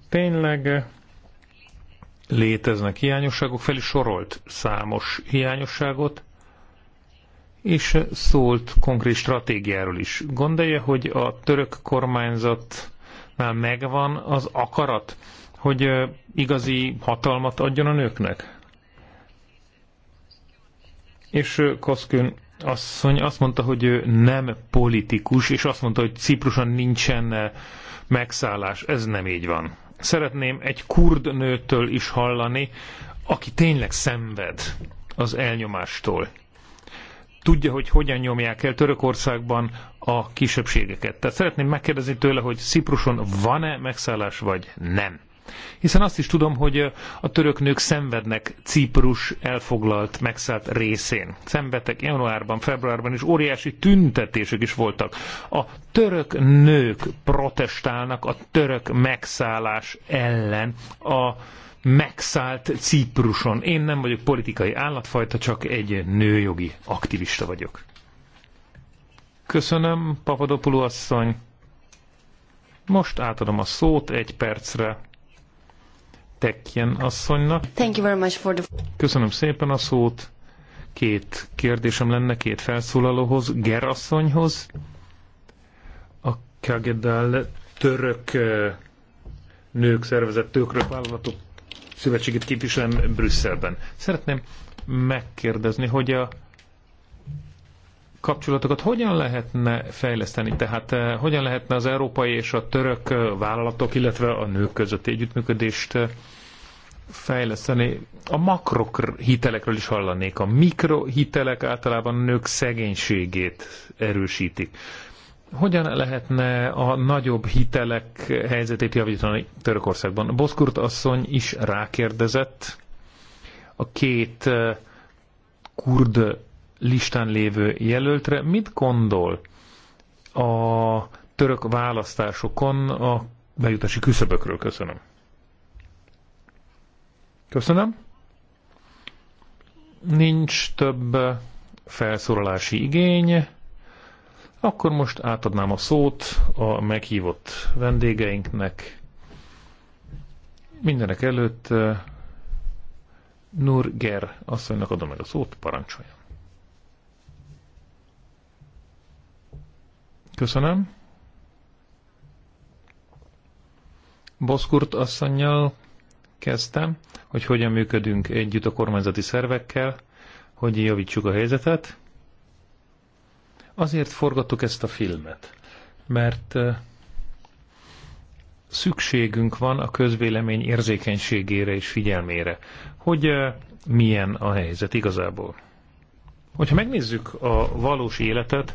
Tényleg léteznek hiányosságok, fel is sorolt számos hiányosságot, és szólt konkrét stratégiáról is. Gondolja, hogy a török kormányzatnál megvan az akarat, hogy igazi hatalmat adjon a nőknek? És Koszkön asszony azt mondta, hogy ő nem politikus, és azt mondta, hogy Cipruson nincsen megszállás. Ez nem így van szeretném egy kurd nőtől is hallani, aki tényleg szenved az elnyomástól. Tudja, hogy hogyan nyomják el Törökországban a kisebbségeket. Tehát szeretném megkérdezni tőle, hogy Cipruson van-e megszállás, vagy nem. Hiszen azt is tudom, hogy a török nők szenvednek Ciprus elfoglalt, megszállt részén. Szenvedtek januárban, februárban is óriási tüntetések is voltak. A török nők protestálnak a török megszállás ellen a megszállt Cipruson. Én nem vagyok politikai állatfajta, csak egy nőjogi aktivista vagyok. Köszönöm, Papadopoulou asszony. Most átadom a szót egy percre Tekjen asszonynak. Thank you very much for the... Köszönöm szépen a szót. Két kérdésem lenne két felszólalóhoz, Ger asszonyhoz, a Kagedal török eh, nők szervezett török vállalatok szövetségét képviselem Brüsszelben. Szeretném megkérdezni, hogy a kapcsolatokat hogyan lehetne fejleszteni? Tehát eh, hogyan lehetne az európai és a török eh, vállalatok, illetve a nők közötti együttműködést eh, fejleszteni? A makrohitelekről is hallanék. A mikrohitelek általában a nők szegénységét erősítik. Hogyan lehetne a nagyobb hitelek helyzetét javítani Törökországban? Boszkurt asszony is rákérdezett a két kurd listán lévő jelöltre. Mit gondol a török választásokon a bejutási küszöbökről? Köszönöm. Köszönöm. Nincs több felszólalási igény. Akkor most átadnám a szót a meghívott vendégeinknek. Mindenek előtt eh, Nurger, asszonynak adom meg a szót, parancsolja. Köszönöm. Boszkurt asszonynal kezdtem, hogy hogyan működünk együtt a kormányzati szervekkel, hogy javítsuk a helyzetet. Azért forgattuk ezt a filmet, mert szükségünk van a közvélemény érzékenységére és figyelmére, hogy milyen a helyzet igazából. Hogyha megnézzük a valós életet,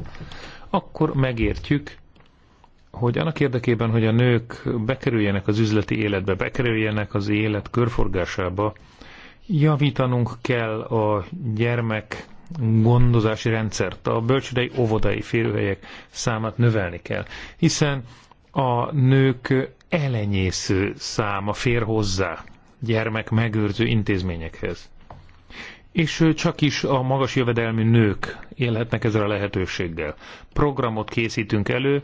akkor megértjük, hogy annak érdekében, hogy a nők bekerüljenek az üzleti életbe, bekerüljenek az élet körforgásába, javítanunk kell a gyermek gondozási rendszert, a bölcsődei óvodai férőhelyek számát növelni kell, hiszen a nők elenyésző száma fér hozzá gyermek megőrző intézményekhez és csak is a magas jövedelmű nők élhetnek ezzel a lehetőséggel. Programot készítünk elő,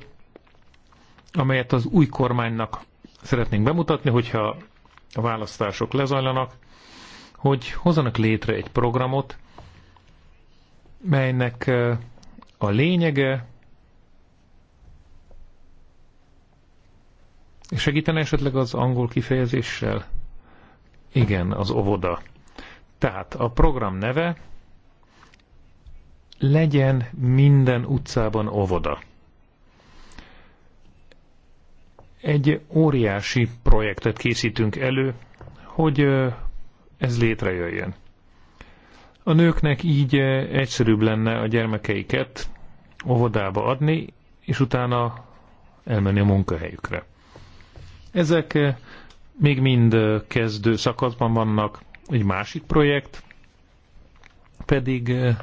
amelyet az új kormánynak szeretnénk bemutatni, hogyha a választások lezajlanak, hogy hozzanak létre egy programot, melynek a lényege segítene esetleg az angol kifejezéssel? Igen, az óvoda. Tehát a program neve legyen minden utcában óvoda. Egy óriási projektet készítünk elő, hogy ez létrejöjjön. A nőknek így egyszerűbb lenne a gyermekeiket óvodába adni, és utána elmenni a munkahelyükre. Ezek még mind kezdő szakaszban vannak, egy másik projekt pedig eh,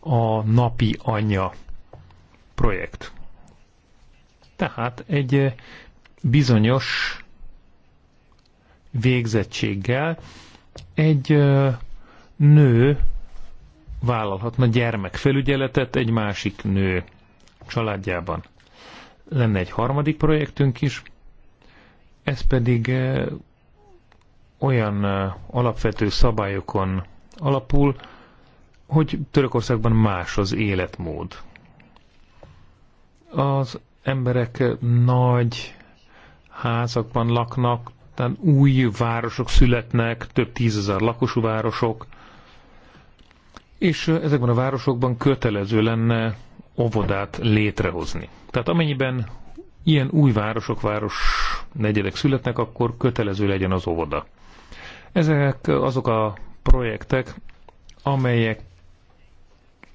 a napi anya projekt. Tehát egy eh, bizonyos végzettséggel egy eh, nő vállalhatna gyermekfelügyeletet egy másik nő családjában. Lenne egy harmadik projektünk is, ez pedig olyan alapvető szabályokon alapul, hogy Törökországban más az életmód. Az emberek nagy házakban laknak, tehát új városok születnek, több tízezer lakosú városok, és ezekben a városokban kötelező lenne óvodát létrehozni. Tehát amennyiben ilyen új városok, város negyedek születnek, akkor kötelező legyen az óvoda. Ezek azok a projektek, amelyek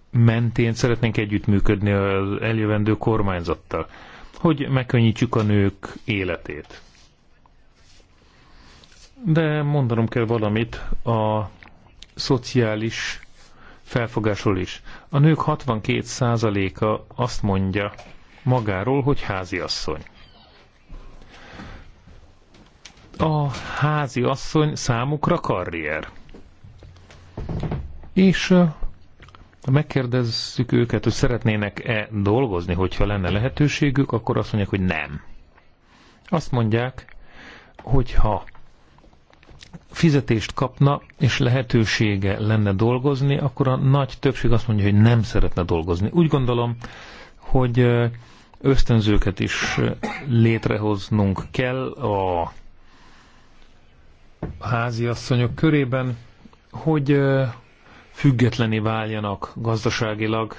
mentén szeretnénk együttműködni az eljövendő kormányzattal, hogy megkönnyítsük a nők életét. De mondanom kell valamit a szociális felfogásról is. A nők 62%-a azt mondja magáról, hogy háziasszony a házi asszony számukra karrier. És megkérdezzük őket, hogy szeretnének-e dolgozni, hogyha lenne lehetőségük, akkor azt mondják, hogy nem. Azt mondják, hogyha fizetést kapna, és lehetősége lenne dolgozni, akkor a nagy többség azt mondja, hogy nem szeretne dolgozni. Úgy gondolom, hogy ösztönzőket is létrehoznunk kell a háziasszonyok körében, hogy függetlené váljanak gazdaságilag,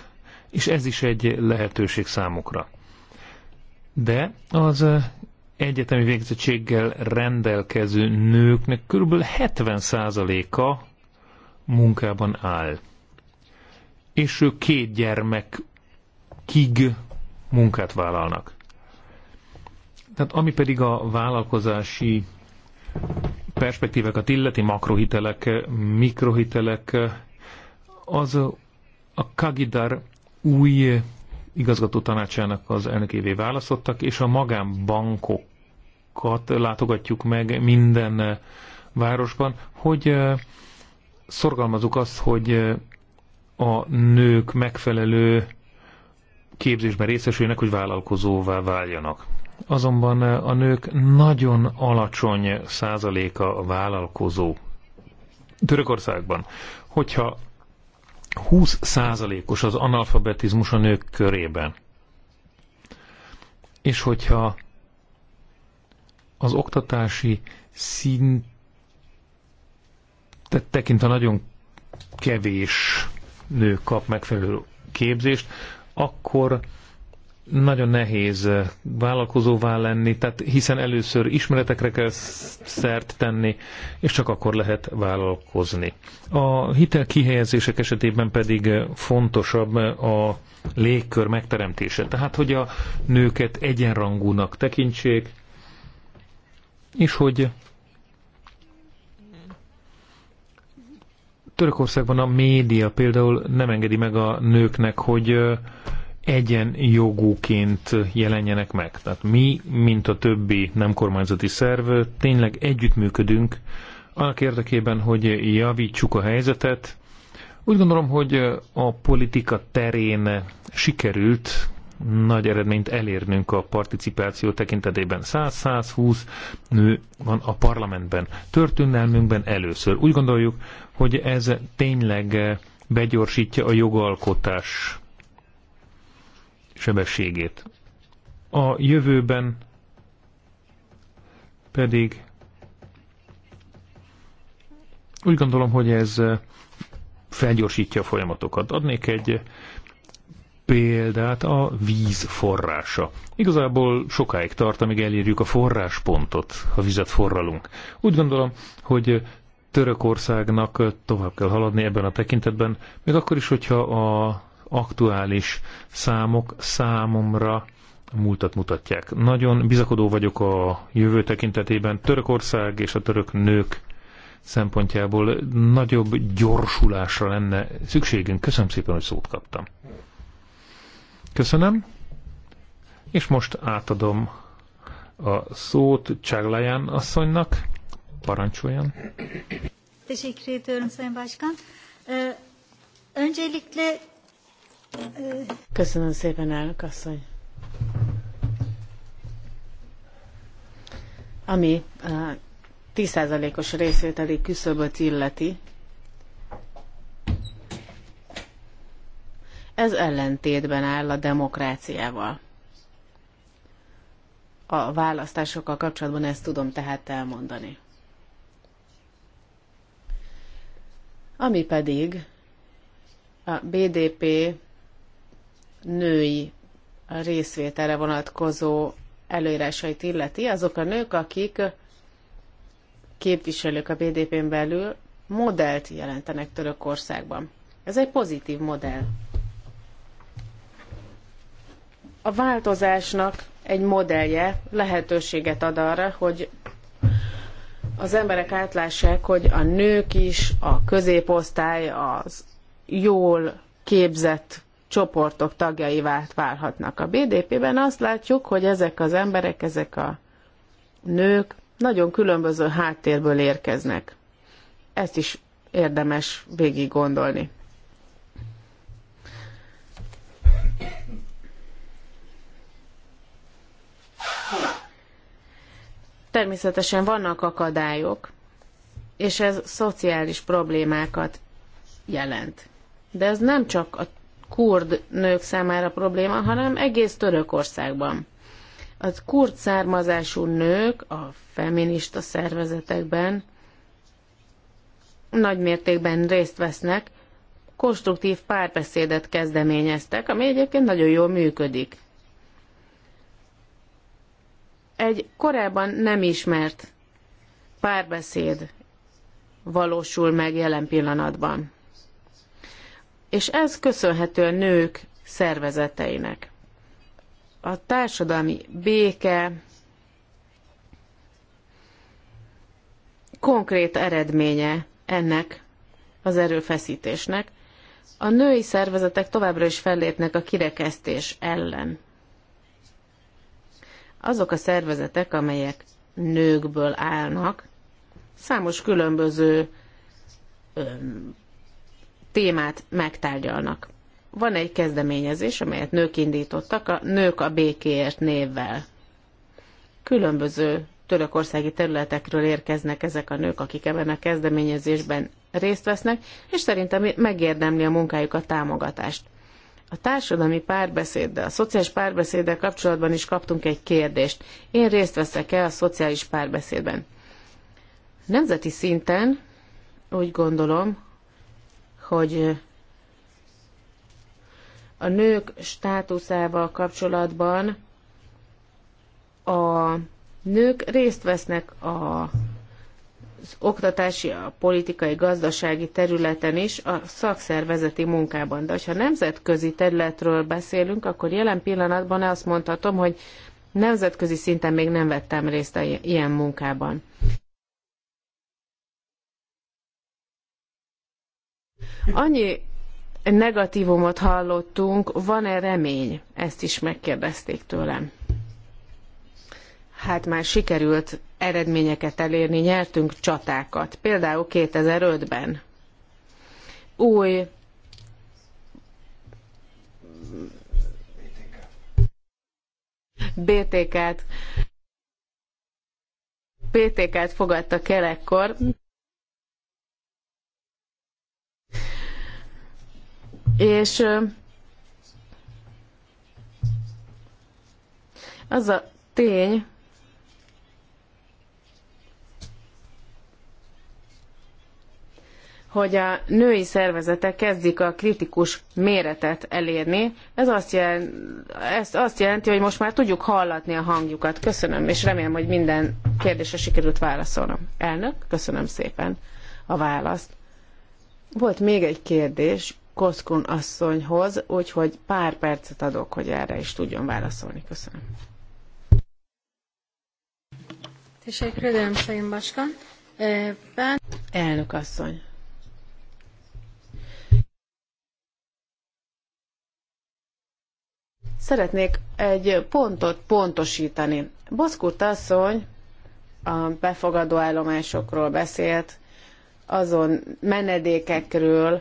és ez is egy lehetőség számukra. De az egyetemi végzettséggel rendelkező nőknek kb. 70%-a munkában áll. És ők két gyermek kig munkát vállalnak. Tehát ami pedig a vállalkozási perspektívákat illeti, makrohitelek, mikrohitelek, az a Kagidar új igazgató tanácsának az elnökévé választottak, és a magánbankokat látogatjuk meg minden városban, hogy szorgalmazunk azt, hogy a nők megfelelő képzésben részesüljenek, hogy vállalkozóvá váljanak azonban eh, a nők nagyon alacsony százaléka a vállalkozó. Törökországban, hogyha 20 százalékos az analfabetizmus a nők körében, és hogyha az oktatási szintet tekintve nagyon kevés nő kap megfelelő képzést, akkor nagyon nehéz eh, vállalkozóvá lenni, tehát hiszen először ismeretekre kell szert tenni, és csak akkor lehet vállalkozni. A hitel kihelyezések esetében pedig eh, fontosabb eh, a légkör megteremtése, tehát hogy a nőket egyenrangúnak tekintsék, és hogy Törökországban a média például nem engedi meg a nőknek, hogy egyenjogúként jelenjenek meg. Tehát mi, mint a többi nem kormányzati szerv, tényleg együttműködünk annak érdekében, hogy javítsuk a helyzetet. Úgy gondolom, hogy a politika terén sikerült nagy eredményt elérnünk a participáció tekintetében. 100-120 nő van a parlamentben. Történelmünkben először. Úgy gondoljuk, hogy ez tényleg begyorsítja a jogalkotás sebességét. A jövőben pedig úgy gondolom, hogy ez eh, felgyorsítja a folyamatokat. Adnék egy példát a víz forrása. Igazából sokáig tart, amíg elérjük a forráspontot, ha vizet forralunk. Úgy gondolom, hogy Törökországnak tovább kell haladni ebben a tekintetben, még akkor is, hogyha a aktuális számok számomra múltat mutatják. Nagyon bizakodó vagyok a jövő tekintetében. Törökország és a török nők szempontjából nagyobb gyorsulásra lenne szükségünk. Köszönöm szépen, hogy szót kaptam. Köszönöm. És most átadom a szót Cságlaján asszonynak. Parancsoljon. Köszönöm szépen, Öncelikle Köszönöm szépen, elnök asszony. Ami a 10%-os részvételi küszöböt illeti, ez ellentétben áll a demokráciával. A választásokkal kapcsolatban ezt tudom tehát elmondani. Ami pedig a BDP női részvételre vonatkozó előírásait illeti, azok a nők, akik képviselők a BDP-n belül modellt jelentenek Törökországban. Ez egy pozitív modell. A változásnak egy modellje lehetőséget ad arra, hogy az emberek átlássák, hogy a nők is, a középosztály, az jól képzett csoportok tagjaivá válhatnak. A BDP-ben azt látjuk, hogy ezek az emberek, ezek a nők nagyon különböző háttérből érkeznek. Ezt is érdemes végig gondolni. Természetesen vannak akadályok, és ez szociális problémákat jelent. De ez nem csak a kurd nők számára probléma, hanem egész Törökországban. A kurd származású nők a feminista szervezetekben nagy mértékben részt vesznek, konstruktív párbeszédet kezdeményeztek, ami egyébként nagyon jól működik. Egy korábban nem ismert párbeszéd valósul meg jelen pillanatban és ez köszönhető a nők szervezeteinek. A társadalmi béke konkrét eredménye ennek az erőfeszítésnek. A női szervezetek továbbra is fellépnek a kirekesztés ellen. Azok a szervezetek, amelyek nőkből állnak, számos különböző témát megtárgyalnak. Van egy kezdeményezés, amelyet nők indítottak, a Nők a Békéért névvel. Különböző törökországi területekről érkeznek ezek a nők, akik ebben a kezdeményezésben részt vesznek, és szerintem megérdemli a munkájuk a támogatást. A társadalmi párbeszéddel, a szociális párbeszéddel kapcsolatban is kaptunk egy kérdést. Én részt veszek-e a szociális párbeszédben? Nemzeti szinten úgy gondolom, hogy a nők státuszával kapcsolatban a nők részt vesznek a az oktatási, a politikai, gazdasági területen is a szakszervezeti munkában. De ha nemzetközi területről beszélünk, akkor jelen pillanatban azt mondhatom, hogy nemzetközi szinten még nem vettem részt a ilyen munkában. Annyi negatívumot hallottunk, van-e remény? Ezt is megkérdezték tőlem. Hát már sikerült eredményeket elérni, nyertünk csatákat. Például 2005-ben új BTK-t BTK-t fogadtak el ekkor, És az a tény, hogy a női szervezetek kezdik a kritikus méretet elérni. Ez azt, jel, ez azt jelenti, hogy most már tudjuk hallatni a hangjukat. Köszönöm, és remélem, hogy minden kérdésre sikerült válaszolnom. Elnök, köszönöm szépen a választ. Volt még egy kérdés, Koszkun asszonyhoz, úgyhogy pár percet adok, hogy erre is tudjon válaszolni. Köszönöm. Elnök asszony. Szeretnék egy pontot pontosítani. Boszkurt asszony a befogadó állomásokról beszélt, azon menedékekről,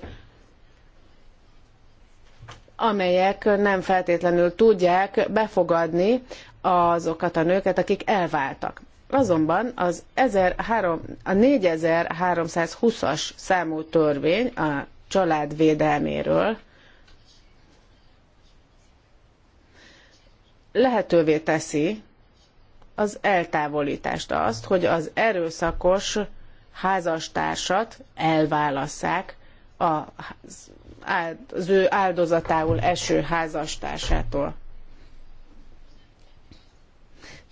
amelyek nem feltétlenül tudják befogadni azokat a nőket, akik elváltak. Azonban az 1003, 4320-as számú törvény a család védelméről lehetővé teszi az eltávolítást, azt, hogy az erőszakos házastársat elválasszák a az ő áldozatául eső házastársától.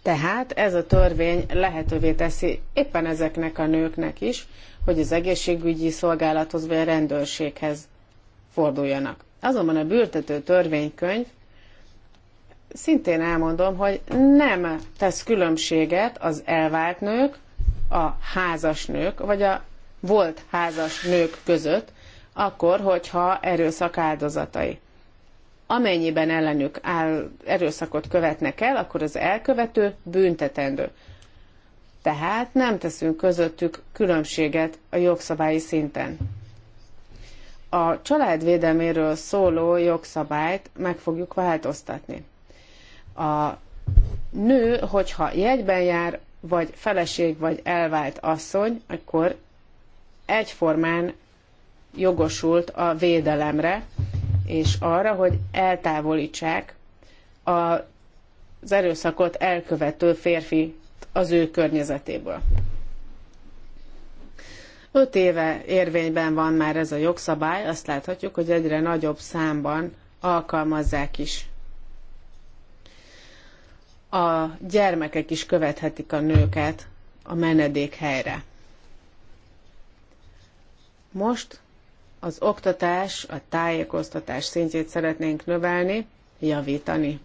Tehát ez a törvény lehetővé teszi éppen ezeknek a nőknek is, hogy az egészségügyi szolgálathoz vagy a rendőrséghez forduljanak. Azonban a büntető törvénykönyv szintén elmondom, hogy nem tesz különbséget az elvált nők, a házas nők, vagy a volt házas nők között, akkor, hogyha erőszak áldozatai. Amennyiben ellenük áll, erőszakot követnek el, akkor az elkövető büntetendő. Tehát nem teszünk közöttük különbséget a jogszabályi szinten. A családvédelméről szóló jogszabályt meg fogjuk változtatni. A nő, hogyha jegyben jár, vagy feleség, vagy elvált asszony, akkor egyformán jogosult a védelemre, és arra, hogy eltávolítsák az erőszakot elkövető férfi az ő környezetéből. Öt éve érvényben van már ez a jogszabály, azt láthatjuk, hogy egyre nagyobb számban alkalmazzák is. A gyermekek is követhetik a nőket a helyre. Most az oktatás, a tájékoztatás szintjét szeretnénk növelni, javítani.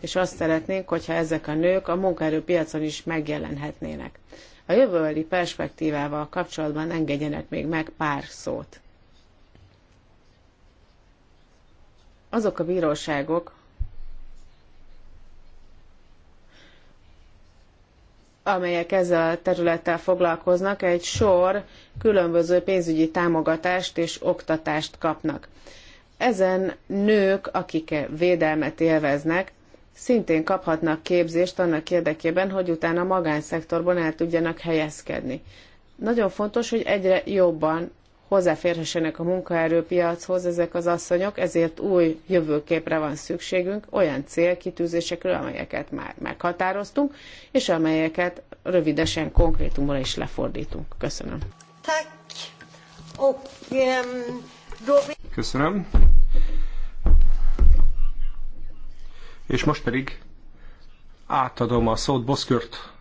És azt szeretnénk, hogyha ezek a nők a munkaerőpiacon is megjelenhetnének. A jövőbeli perspektívával kapcsolatban engedjenek még meg pár szót. Azok a bíróságok, amelyek ezzel a területtel foglalkoznak, egy sor különböző pénzügyi támogatást és oktatást kapnak. Ezen nők, akik védelmet élveznek, szintén kaphatnak képzést annak érdekében, hogy utána a magánszektorban el tudjanak helyezkedni. Nagyon fontos, hogy egyre jobban hozzáférhessenek a munkaerőpiachoz ezek az asszonyok, ezért új jövőképre van szükségünk, olyan célkitűzésekről, amelyeket már meghatároztunk, és amelyeket rövidesen konkrétumra is lefordítunk. Köszönöm. Köszönöm. És most pedig átadom a szót Boszkört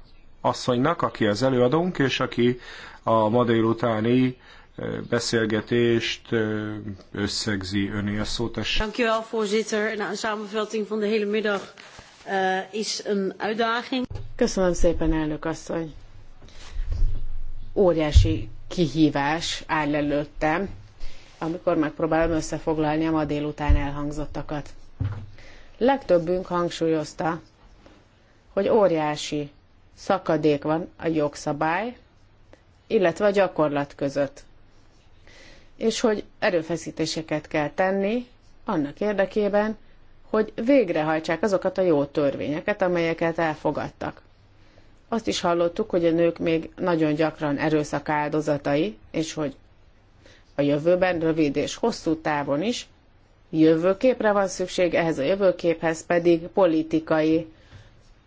asszonynak, aki az előadónk, és aki a ma délutáni beszélgetést. Összegzi öné a szót. Dank u wel, voorzitter. Nou, een samenvatting van de hele middag eh, is een uitdaging. Köszönöm szépen, elnök asszony. Óriási kihívás áll előttem, amikor megpróbálom összefoglalni a ma délután elhangzottakat. Legtöbbünk hangsúlyozta, hogy óriási szakadék van a jogszabály, illetve a gyakorlat között és hogy erőfeszítéseket kell tenni annak érdekében, hogy végrehajtsák azokat a jó törvényeket, amelyeket elfogadtak. Azt is hallottuk, hogy a nők még nagyon gyakran erőszak áldozatai, és hogy a jövőben rövid és hosszú távon is jövőképre van szükség, ehhez a jövőképhez pedig politikai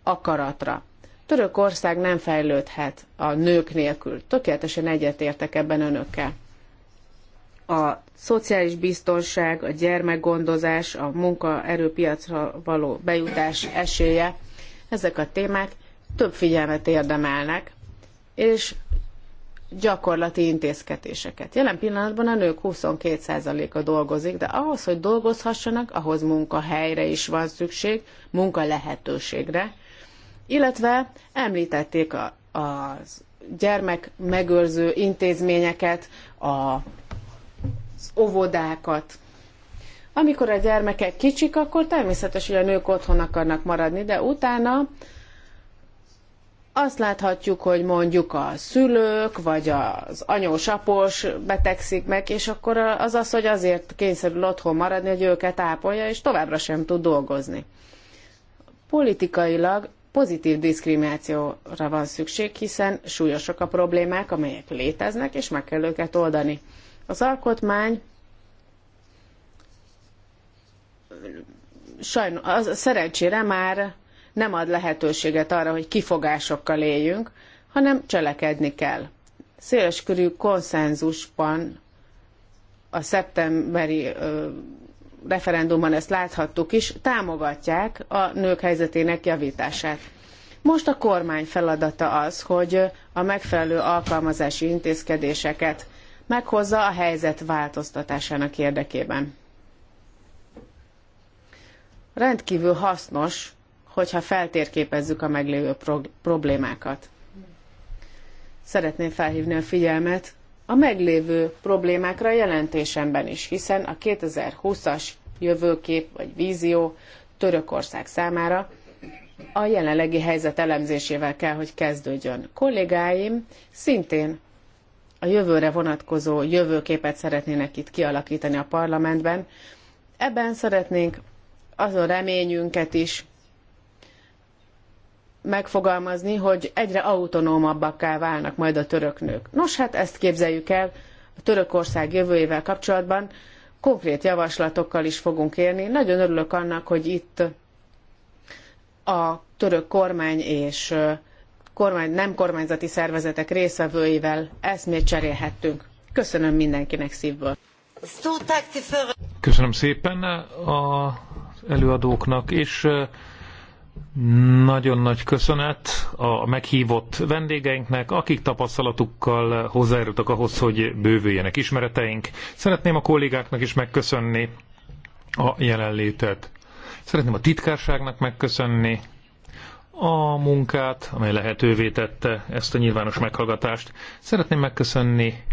akaratra. Törökország nem fejlődhet a nők nélkül. Tökéletesen egyetértek ebben önökkel a szociális biztonság, a gyermekgondozás, a munkaerőpiacra való bejutás esélye, ezek a témák több figyelmet érdemelnek, és gyakorlati intézkedéseket. Jelen pillanatban a nők 22%-a dolgozik, de ahhoz, hogy dolgozhassanak, ahhoz munkahelyre is van szükség, munka lehetőségre. Illetve említették a, a gyermek megőrző intézményeket, a óvodákat. Amikor a gyermekek kicsik, akkor természetes, hogy a nők otthon akarnak maradni, de utána azt láthatjuk, hogy mondjuk a szülők, vagy az anyós apos betegszik meg, és akkor az az, hogy azért kényszerül otthon maradni, hogy őket ápolja, és továbbra sem tud dolgozni. Politikailag pozitív diszkriminációra van szükség, hiszen súlyosak a problémák, amelyek léteznek, és meg kell őket oldani. Az alkotmány sajnos, az, szerencsére már nem ad lehetőséget arra, hogy kifogásokkal éljünk, hanem cselekedni kell. Széleskörű konszenzusban a szeptemberi ö, referendumban ezt láthattuk is, támogatják a nők helyzetének javítását. Most a kormány feladata az, hogy a megfelelő alkalmazási intézkedéseket meghozza a helyzet változtatásának érdekében. Rendkívül hasznos, hogyha feltérképezzük a meglévő problémákat. Szeretném felhívni a figyelmet a meglévő problémákra a jelentésemben is, hiszen a 2020-as jövőkép vagy vízió Törökország számára a jelenlegi helyzet elemzésével kell, hogy kezdődjön. Kollégáim szintén a jövőre vonatkozó jövőképet szeretnének itt kialakítani a parlamentben. Ebben szeretnénk azon reményünket is megfogalmazni, hogy egyre autonómabbakká válnak majd a török nők. Nos, hát ezt képzeljük el a Törökország jövőjével kapcsolatban. Konkrét javaslatokkal is fogunk élni. Nagyon örülök annak, hogy itt a török kormány és kormány, nem kormányzati szervezetek részvevőivel eszmét cserélhettünk. Köszönöm mindenkinek szívből. Köszönöm szépen az előadóknak, és nagyon nagy köszönet a meghívott vendégeinknek, akik tapasztalatukkal hozzájárultak ahhoz, hogy bővüljenek ismereteink. Szeretném a kollégáknak is megköszönni a jelenlétet. Szeretném a titkárságnak megköszönni, a munkát, amely lehetővé tette ezt a nyilvános meghallgatást. Szeretném megköszönni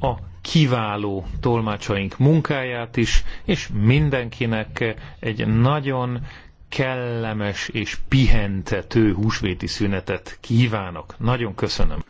a kiváló tolmácsaink munkáját is, és mindenkinek egy nagyon kellemes és pihentető húsvéti szünetet kívánok. Nagyon köszönöm.